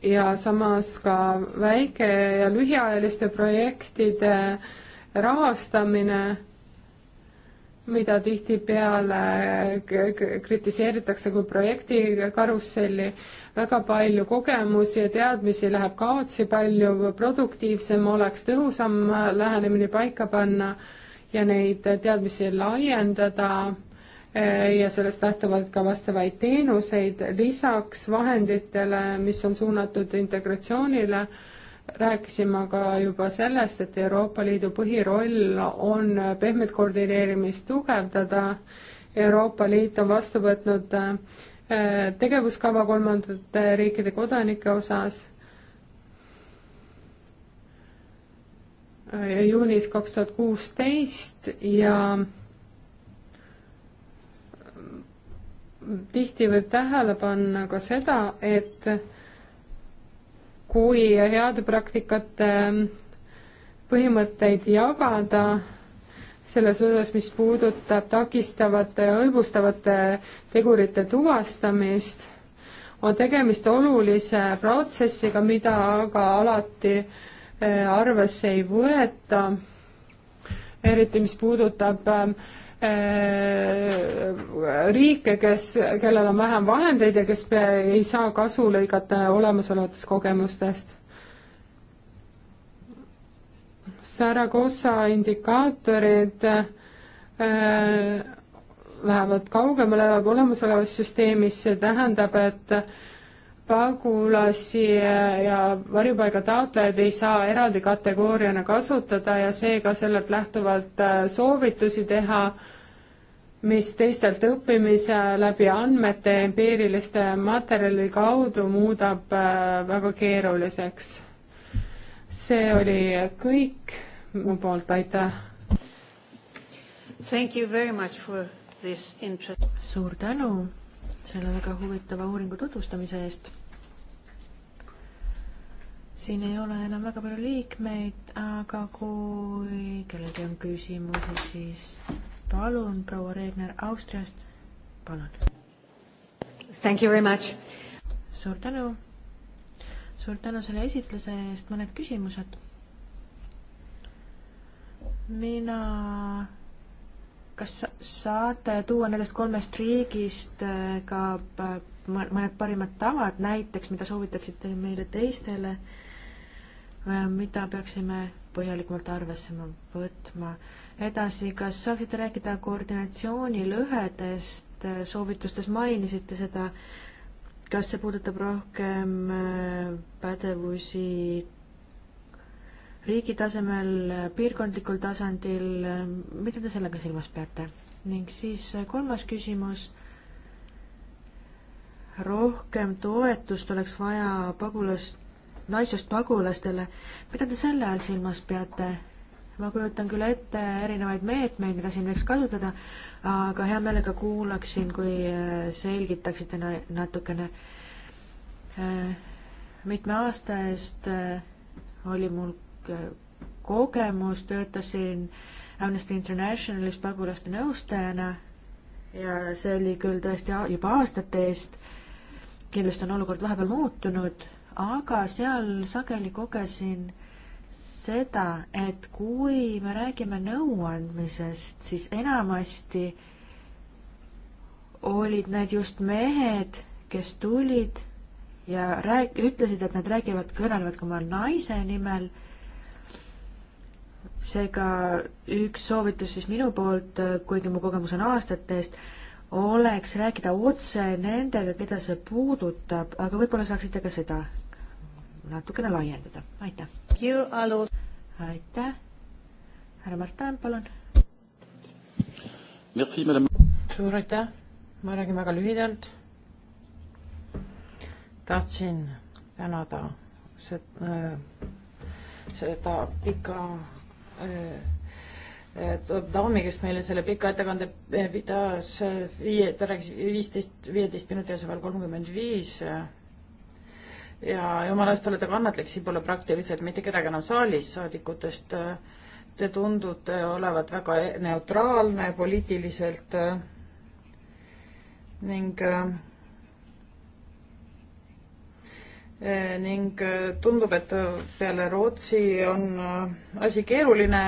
ja samas ka väike- ja lühiajaliste projektide rahastamine, mida tihtipeale kritiseeritakse kui projekti karusselli, väga palju kogemusi ja teadmisi läheb kaotsi, palju produktiivsem oleks tõhusam lähenemine paika panna ja neid teadmisi laiendada eh, ja sellest lähtuvalt ka vastavaid teenuseid, lisaks vahenditele, mis on suunatud integratsioonile, rääkisime ka juba sellest, et Euroopa Liidu põhiroll on pehmet koordineerimist tugevdada, Euroopa Liit on vastu võtnud äh, Äh, tegevuskava kolmandate riikide kodanike osas äh, juunis kaks tuhat kuusteist ja tihti võib tähele panna ka seda, et kui heade praktikate põhimõtteid jagada, selles osas, mis puudutab takistavate ja hõlbustavate tegurite tuvastamist, on tegemist olulise protsessiga, mida aga alati eh, arvesse ei võeta, eriti mis puudutab ähm, eh, riike, kes, kellel on vähem vahendeid ja kes eh, ei saa kasu lõigata olemasolevatest kogemustest Saragossa indikaatorid äh, lähevad kaugemale olemasolevast süsteemist, see tähendab, et pagulasi ja varjupaiga taotlejaid ei saa eraldi kategooriana kasutada ja seega sellelt lähtuvalt äh, soovitusi teha, mis teistelt õppimise läbi andmete empiiriliste materjali kaudu muudab äh, väga keeruliseks see oli kõik mu poolt, aitäh. Thank you very much for this interest. suur tänu selle väga huvitava uuringu tutvustamise eest. siin ei ole enam väga palju liikmeid, aga kui kellelgi on küsimusi, siis palun, proua Reegner Austriast, palun. Thank you very much. suur tänu suur tänu selle esitluse eest, mõned küsimused. mina, kas saate tuua nendest kolmest riigist äh, ka äh, mõned parimad tavad näiteks, mida soovitaksite meile teistele, äh, mida peaksime põhjalikumalt arvesse võtma? edasi, kas saaksite rääkida koordinatsioonilõhedest, soovitustes mainisite seda, kas see puudutab rohkem äh, pädevusi riigi tasemel, piirkondlikul tasandil, mida te sellega silmas peate? ning siis äh, kolmas küsimus, rohkem toetust oleks vaja pagulast, naisest pagulastele, mida te selle all silmas peate ma kujutan küll ette erinevaid meetmeid, mida siin võiks kasutada, aga hea meelega kuulaksin, kui äh, selgitaksite natukene. Äh, mitme aasta eest äh, oli mul kogemus, töötasin Amnesty Internationalis pagulaste nõustajana ja see oli küll tõesti juba aastate eest. kindlasti on olukord vahepeal muutunud, aga seal sageli kogesin äh, seda, et kui me räägime nõuandmisest, siis enamasti olid need just mehed, kes tulid ja rääk-, ütlesid, et nad räägivad, kõnelevad ka oma naise nimel. seega üks soovitus siis minu poolt, kuigi mu kogemus on aastatest, oleks rääkida otse nendega, keda see puudutab, aga võib-olla saaksite ka seda natukene laiendada, aitäh. aitäh, härra Martin, palun. suur aitäh, ma räägin väga lühidalt. tahtsin tänada seda, äh, seda pika äh, daami, kes meile selle pika ettekande pidas, viie, ta rääkis viisteist, viieteist minuti asemel kolmkümmend viis äh, ja jumala eest olete kannatlik, siin pole praktiliselt mitte kedagi enam saalis saadikutest. Äh, te tundute olevat väga e-, neutraalne poliitiliselt äh, ning äh, ning tundub, et peale Rootsi on asi keeruline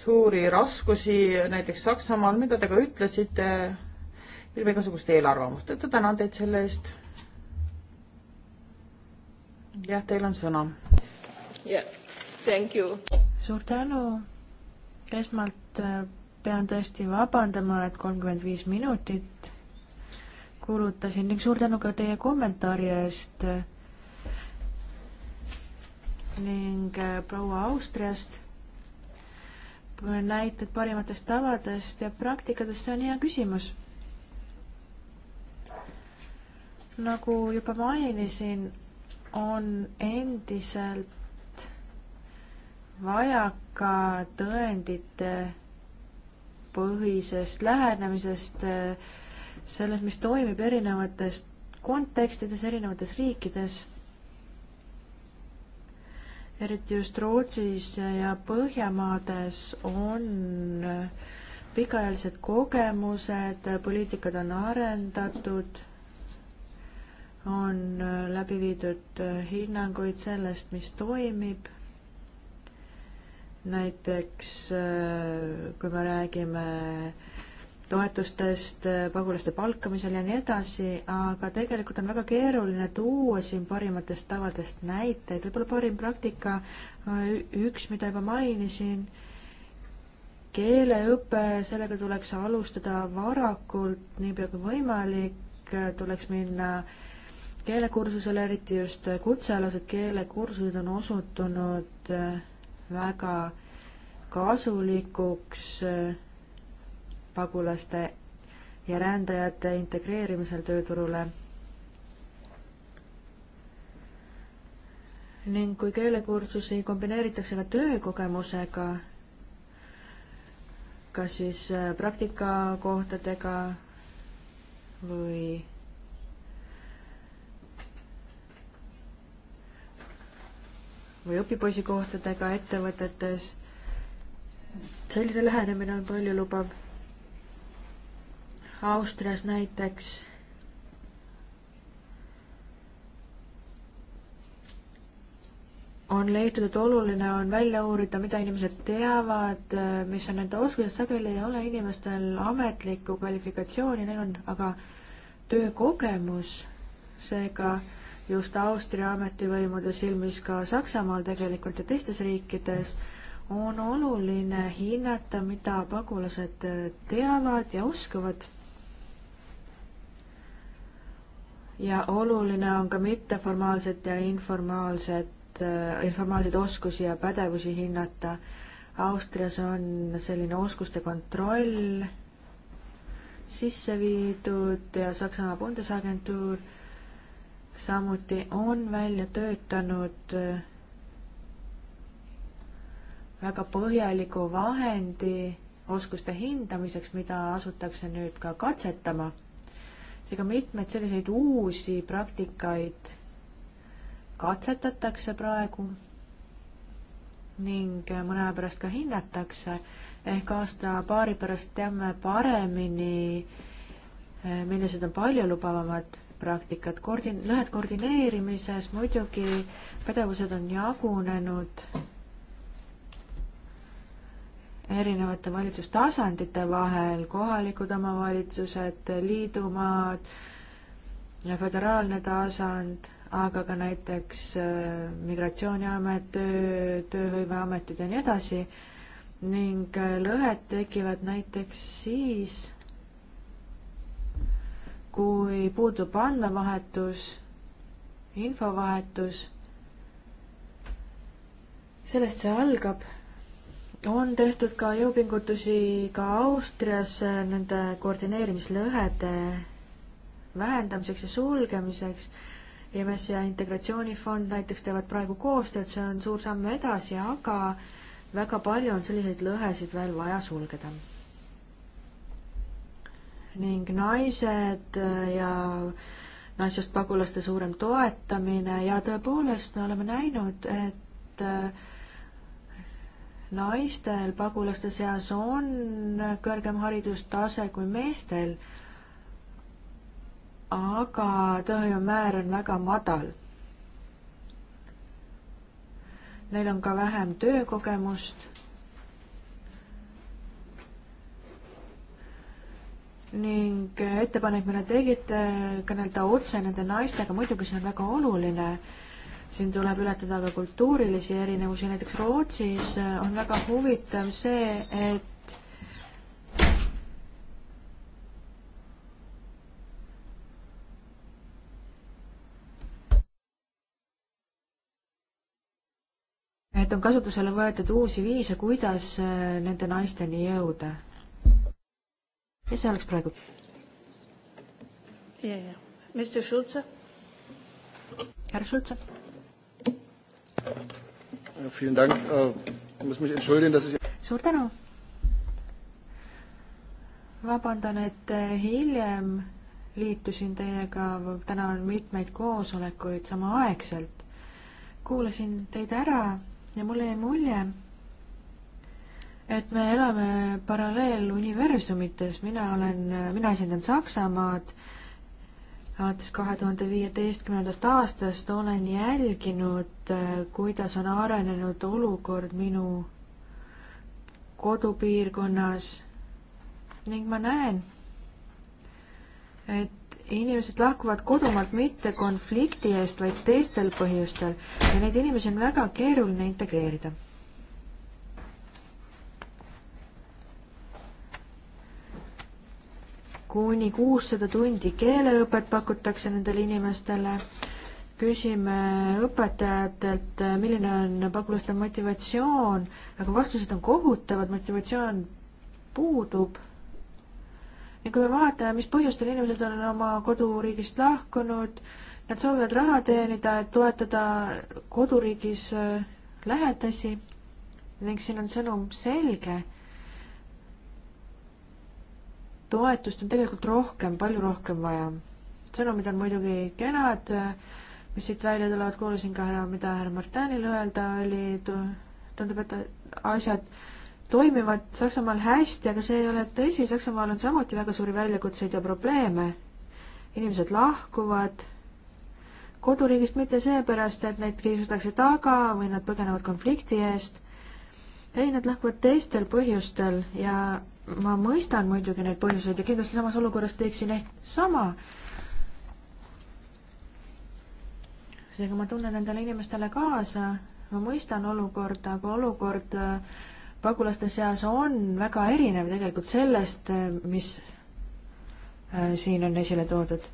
suuri raskusi näiteks Saksamaal, mida te ka ütlesite, ilma igasugust eelarvamust, et tänan teid selle eest. jah, teil on sõna. jah yeah., thank you. suur tänu. esmalt äh, pean tõesti vabandama, et kolmkümmend viis minutit kulutasin ning suur tänu ka teie kommentaari eest. ning äh, proua Austriast näited parimatest tavadest ja praktikatest, see on hea küsimus nagu juba mainisin, on endiselt vajaka tõendite põhisest lähenemisest, sellest, mis toimib erinevates kontekstides, erinevates riikides, eriti just Rootsis ja Põhjamaades on pikaajalised kogemused, poliitikad on arendatud on äh, läbi viidud äh, hinnanguid sellest, mis toimib. näiteks äh, kui me räägime toetustest, pagulaste palkamisel ja nii edasi, aga tegelikult on väga keeruline tuua siin parimatest tavadest näiteid, võib-olla parim praktika, üks, mida juba mainisin, keeleõpe, sellega tuleks alustada varakult, niipea kui võimalik, tuleks minna äh, keelekursusele, eriti just kutsealased keelekursused on osutunud äh, väga kasulikuks äh, pagulaste ja rändajate integreerimisel tööturule. ning kui keelekursusi kombineeritakse ka töökogemusega, kas siis äh, praktikakohtadega või või õpipoisikohtadega ettevõtetes. selline lähenemine on paljulubav. Austrias näiteks on leitud, et oluline on välja uurida, mida inimesed teavad, mis on nende oskused, sageli ei ole inimestel ametlikku kvalifikatsiooni, neil on aga töökogemus, seega mm just Austria ametivõimude silmis ka Saksamaal tegelikult ja teistes riikides, on oluline hinnata, mida pagulased teavad ja oskavad. ja oluline on ka mitteformaalset ja informaalset, informaalseid oskusi ja pädevusi hinnata. Austrias on selline oskuste kontroll sisse viidud ja Saksamaa Bundesagentuur samuti on välja töötanud äh, väga põhjaliku vahendi oskuste hindamiseks, mida asutakse nüüd ka katsetama. seega mitmeid selliseid uusi praktikaid katsetatakse praegu ning äh, mõne aja pärast ka hinnatakse. ehk aasta-paari pärast teame paremini, äh, millised on paljulubavamad praktikat. Koordin-, lõhed koordineerimises muidugi pädevused on jagunenud erinevate valitsustasandite vahel, kohalikud omavalitsused, liidumaad, föderaalne tasand, aga ka näiteks äh, Migratsiooniamet, töö, tööhõiveametid ja nii edasi ning äh, lõhed tekivad näiteks siis, kui puudub andmevahetus, infovahetus, sellest see algab. on tehtud ka jõupingutusi ka Austrias nende koordineerimislõhede vähendamiseks ja sulgemiseks. EMS ja Integratsioonifond näiteks teevad praegu koostööd, see on suur samm edasi, aga väga palju on selliseid lõhesid veel vaja sulgeda ning naised ja naisest pagulaste suurem toetamine ja tõepoolest me oleme näinud, et äh, naistel pagulaste seas on kõrgem haridustase kui meestel, aga tööjõumäär on väga madal. Neil on ka vähem töökogemust ning ettepanek, mille tegite, kõnelda otse nende naistega, muidugi see on väga oluline. siin tuleb ületada ka kultuurilisi erinevusi, näiteks Rootsis on väga huvitav see, et et on kasutusele võetud uusi viise, kuidas nende naisteni jõuda ja see oleks praegu. ja, ja, Mr Schulze. härra Schulze. Vielen Dank. Äh, ich muss mich entschuldigen, dass ich. Suur tänu. vabandan, et äh, hiljem liitusin teiega, täna on mitmeid koosolekuid samaaegselt. kuulasin teid ära ja mulle jäi mulje et me elame paralleeluniversumites, mina olen, mina esindan Saksamaad, alates kahe tuhande viieteistkümnendast aastast olen jälginud, kuidas on arenenud olukord minu kodupiirkonnas ning ma näen, et inimesed lahkuvad kodumaalt mitte konflikti eest, vaid teistel põhjustel ja neid inimesi on väga keeruline integreerida kuni kuussada tundi keeleõpet pakutakse nendele inimestele. küsime õpetajatelt, milline on pagulaste motivatsioon, aga vastused on kohutavad, motivatsioon puudub. ja kui me vaatame, mis põhjustel inimesed on oma koduriigist lahkunud, nad soovivad raha teenida, et toetada koduriigis äh, lähedasi ning siin on sõnum selge toetust on tegelikult rohkem, palju rohkem vaja. sõnumid on muidugi kenad, mis siit välja tulevad, kuulasin ka, mida härra Martinil öelda oli, tundub, et asjad toimivad Saksamaal hästi, aga see ei ole tõsi, Saksamaal on samuti väga suuri väljakutseid ja probleeme. inimesed lahkuvad koduriigist mitte seepärast, et neid kiusatakse taga või nad põgenevad konflikti eest, ei, nad lahkuvad teistel põhjustel ja ma mõistan muidugi neid põhjuseid ja kindlasti samas olukorras teeksin ehk sama. seega ma tunnen nendele inimestele kaasa, ma mõistan olukorda, aga olukord äh, pagulaste seas on väga erinev tegelikult sellest, äh, mis äh, siin on esile toodud.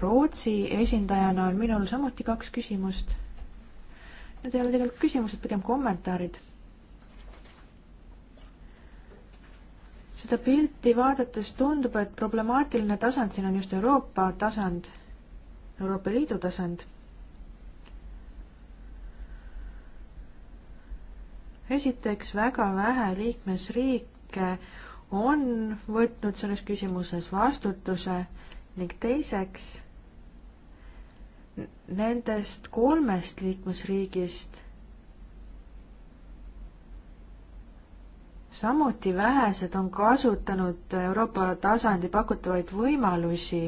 Rootsi esindajana on minul samuti kaks küsimust. Need ei ole tegelikult küsimused, pigem kommentaarid seda pilti vaadates tundub, et problemaatiline tasand siin on just Euroopa tasand, Euroopa Liidu tasand. esiteks, väga vähe liikmesriike on võtnud selles küsimuses vastutuse ning teiseks, nendest kolmest liikmesriigist samuti vähesed on kasutanud Euroopa tasandi pakutavaid võimalusi,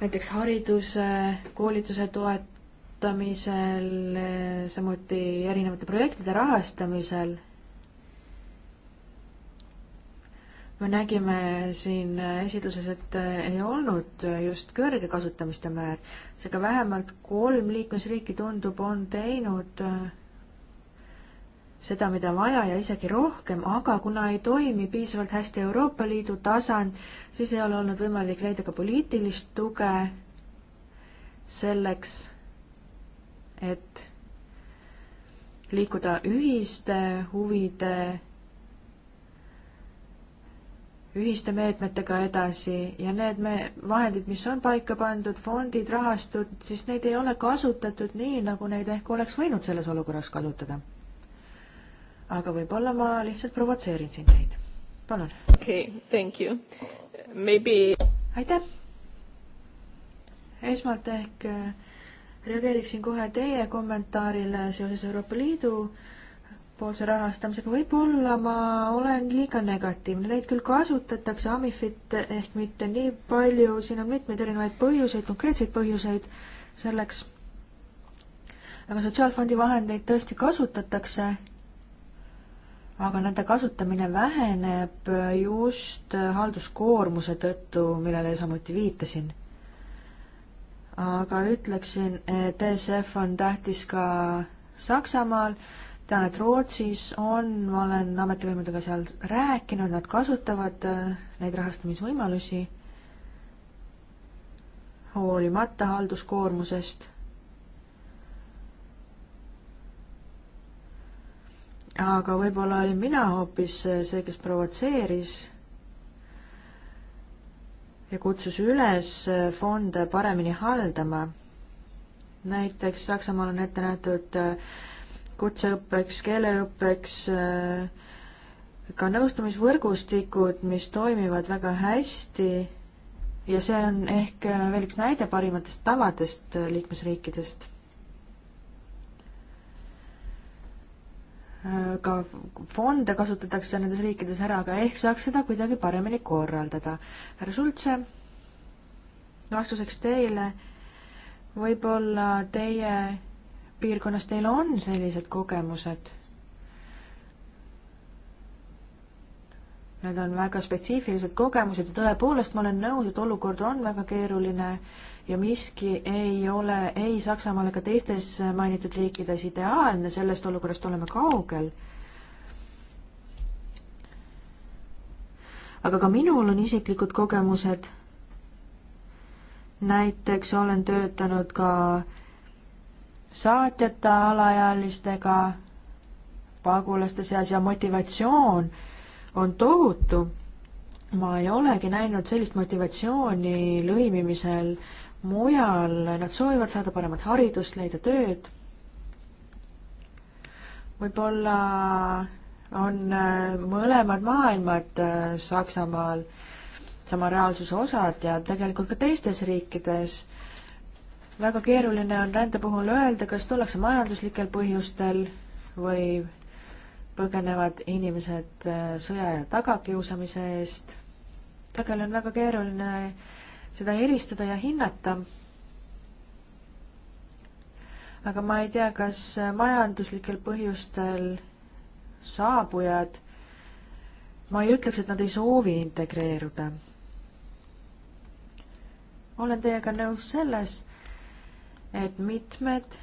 näiteks hariduse, koolituse toetamisel, samuti erinevate projektide rahastamisel me nägime siin esitluses, et ei olnud just kõrge kasutamiste määr, seega vähemalt kolm liikmesriiki tundub, on teinud äh, seda, mida vaja ja isegi rohkem, aga kuna ei toimi piisavalt hästi Euroopa Liidu tasand, siis ei ole olnud võimalik leida ka poliitilist tuge selleks, et liikuda ühiste huvide, ühiste meetmetega edasi ja need me-, vahendid, mis on paika pandud, fondid, rahastud, siis neid ei ole kasutatud nii, nagu neid ehk oleks võinud selles olukorras kasutada aga võib-olla ma lihtsalt provotseerin siin teid. palun. okei okay,, thank you. Maybe. aitäh. esmalt ehk äh, reageeriksin kohe teie kommentaarile seoses Euroopa Liidu poolse rahastamisega. võib-olla ma olen liiga negatiivne, neid küll kasutatakse, Amifit ehk mitte nii palju, siin on mitmeid erinevaid põhjuseid, konkreetseid põhjuseid selleks. aga sotsiaalfondi vahendeid tõesti kasutatakse aga nende kasutamine väheneb just halduskoormuse tõttu, millele samuti viitasin. aga ütleksin, et ESF on tähtis ka Saksamaal, tean, et Rootsis on, ma olen ametivõimudega seal rääkinud, nad kasutavad äh, neid rahastamisvõimalusi hoolimata halduskoormusest aga võib-olla olin mina hoopis see, kes provotseeris ja kutsus üles fonde paremini haldama. näiteks Saksamaal on ette nähtud äh, kutseõppeks, keeleõppeks äh, ka nõustumisvõrgustikud, mis toimivad väga hästi ja see on ehk äh, veel üks näide parimatest tavadest liikmesriikidest Äh, ka fonde kasutatakse nendes riikides ära, aga ehk saaks seda kuidagi paremini korraldada. härra Sultse, vastuseks teile, võib-olla teie piirkonnas teil on sellised kogemused? Need on väga spetsiifilised kogemused ja tõepoolest ma olen nõus, et olukord on väga keeruline ja miski ei ole ei Saksamaal ega teistes mainitud riikides ideaalne, sellest olukorrast oleme kaugel. aga ka minul on isiklikud kogemused. näiteks olen töötanud ka saatjate alaealistega pagulaste seas ja motivatsioon on tohutu ma ei olegi näinud sellist motivatsiooni lõimimisel mujal, nad soovivad saada paremat haridust, leida tööd. võib-olla on äh, mõlemad maailmad äh, Saksamaal sama reaalsuse osad ja tegelikult ka teistes riikides. väga keeruline on rände puhul öelda, kas tullakse majanduslikel põhjustel või põgenevad inimesed äh, sõja ja tagakiusamise eest. sageli on väga keeruline seda eristada ja hinnata. aga ma ei tea, kas majanduslikel põhjustel saabujad, ma ei ütleks, et nad ei soovi integreeruda. olen teiega nõus selles, et mitmed,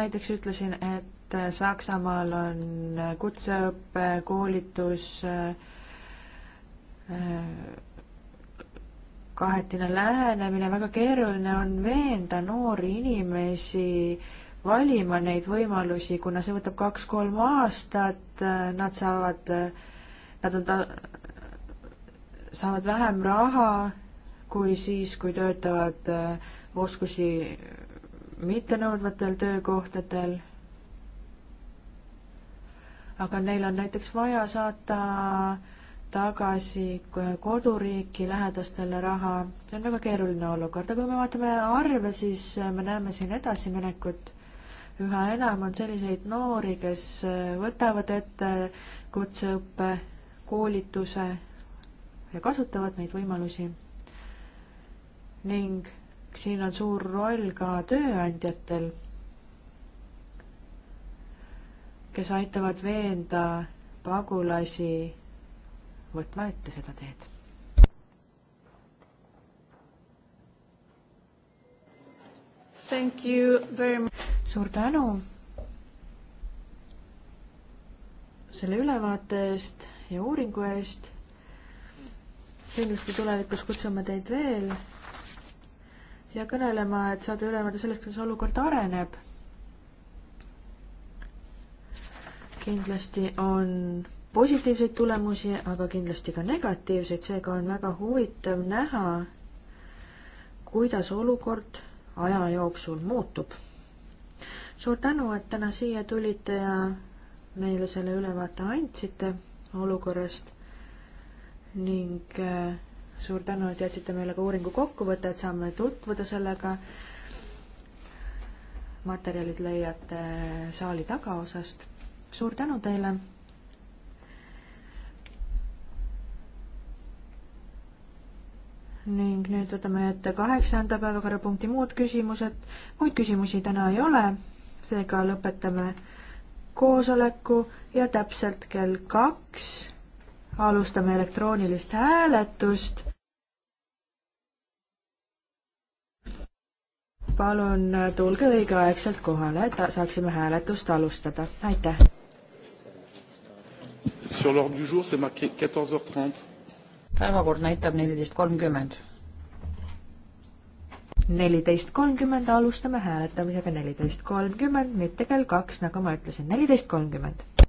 näiteks ütlesin, et Saksamaal on kutseõppe, koolitus äh,, kahetine lähenemine, väga keeruline on veenda noori inimesi valima neid võimalusi, kuna see võtab kaks-kolm aastat, nad saavad, nad on ta-, saavad vähem raha kui siis, kui töötavad äh, oskusi mittenõudvatel töökohtadel. aga neil on näiteks vaja saata äh, tagasi koduriiki lähedastele raha, see on väga keeruline olukord, aga kui me vaatame arve, siis me näeme siin edasiminekut. üha enam on selliseid noori, kes võtavad ette kutseõppe, koolituse ja kasutavad neid võimalusi. ning siin on suur roll ka tööandjatel, kes aitavad veenda pagulasi võtma ette seda teed. Thank you very much. suur tänu selle ülevaate eest ja uuringu eest. kindlasti tulevikus kutsume teid veel siia kõnelema, et saada ülevaade sellest, kuidas olukord areneb. kindlasti on positiivseid tulemusi, aga kindlasti ka negatiivseid, seega on väga huvitav näha, kuidas olukord aja jooksul muutub. suur tänu, et täna siia tulite ja meile selle ülevaate andsite olukorrast ning äh, suur tänu, et jätsite meile ka uuringu kokkuvõtte, et saame tutvuda sellega. materjalid leiate saali tagaosast. suur tänu teile ning nüüd võtame ette kaheksanda päevakorrapunkti muud küsimused. muid küsimusi täna ei ole, seega lõpetame koosoleku ja täpselt kell kaks alustame elektroonilist hääletust. palun tulge õigeaegselt kohale, et saaksime hääletust alustada. aitäh. Sur l'ordre du jour, c'est marqué 14h30 päevakord näitab neliteist kolmkümmend. neliteist kolmkümmend, alustame hääletamisega neliteist kolmkümmend, mitte kell kaks, nagu ma ütlesin, neliteist kolmkümmend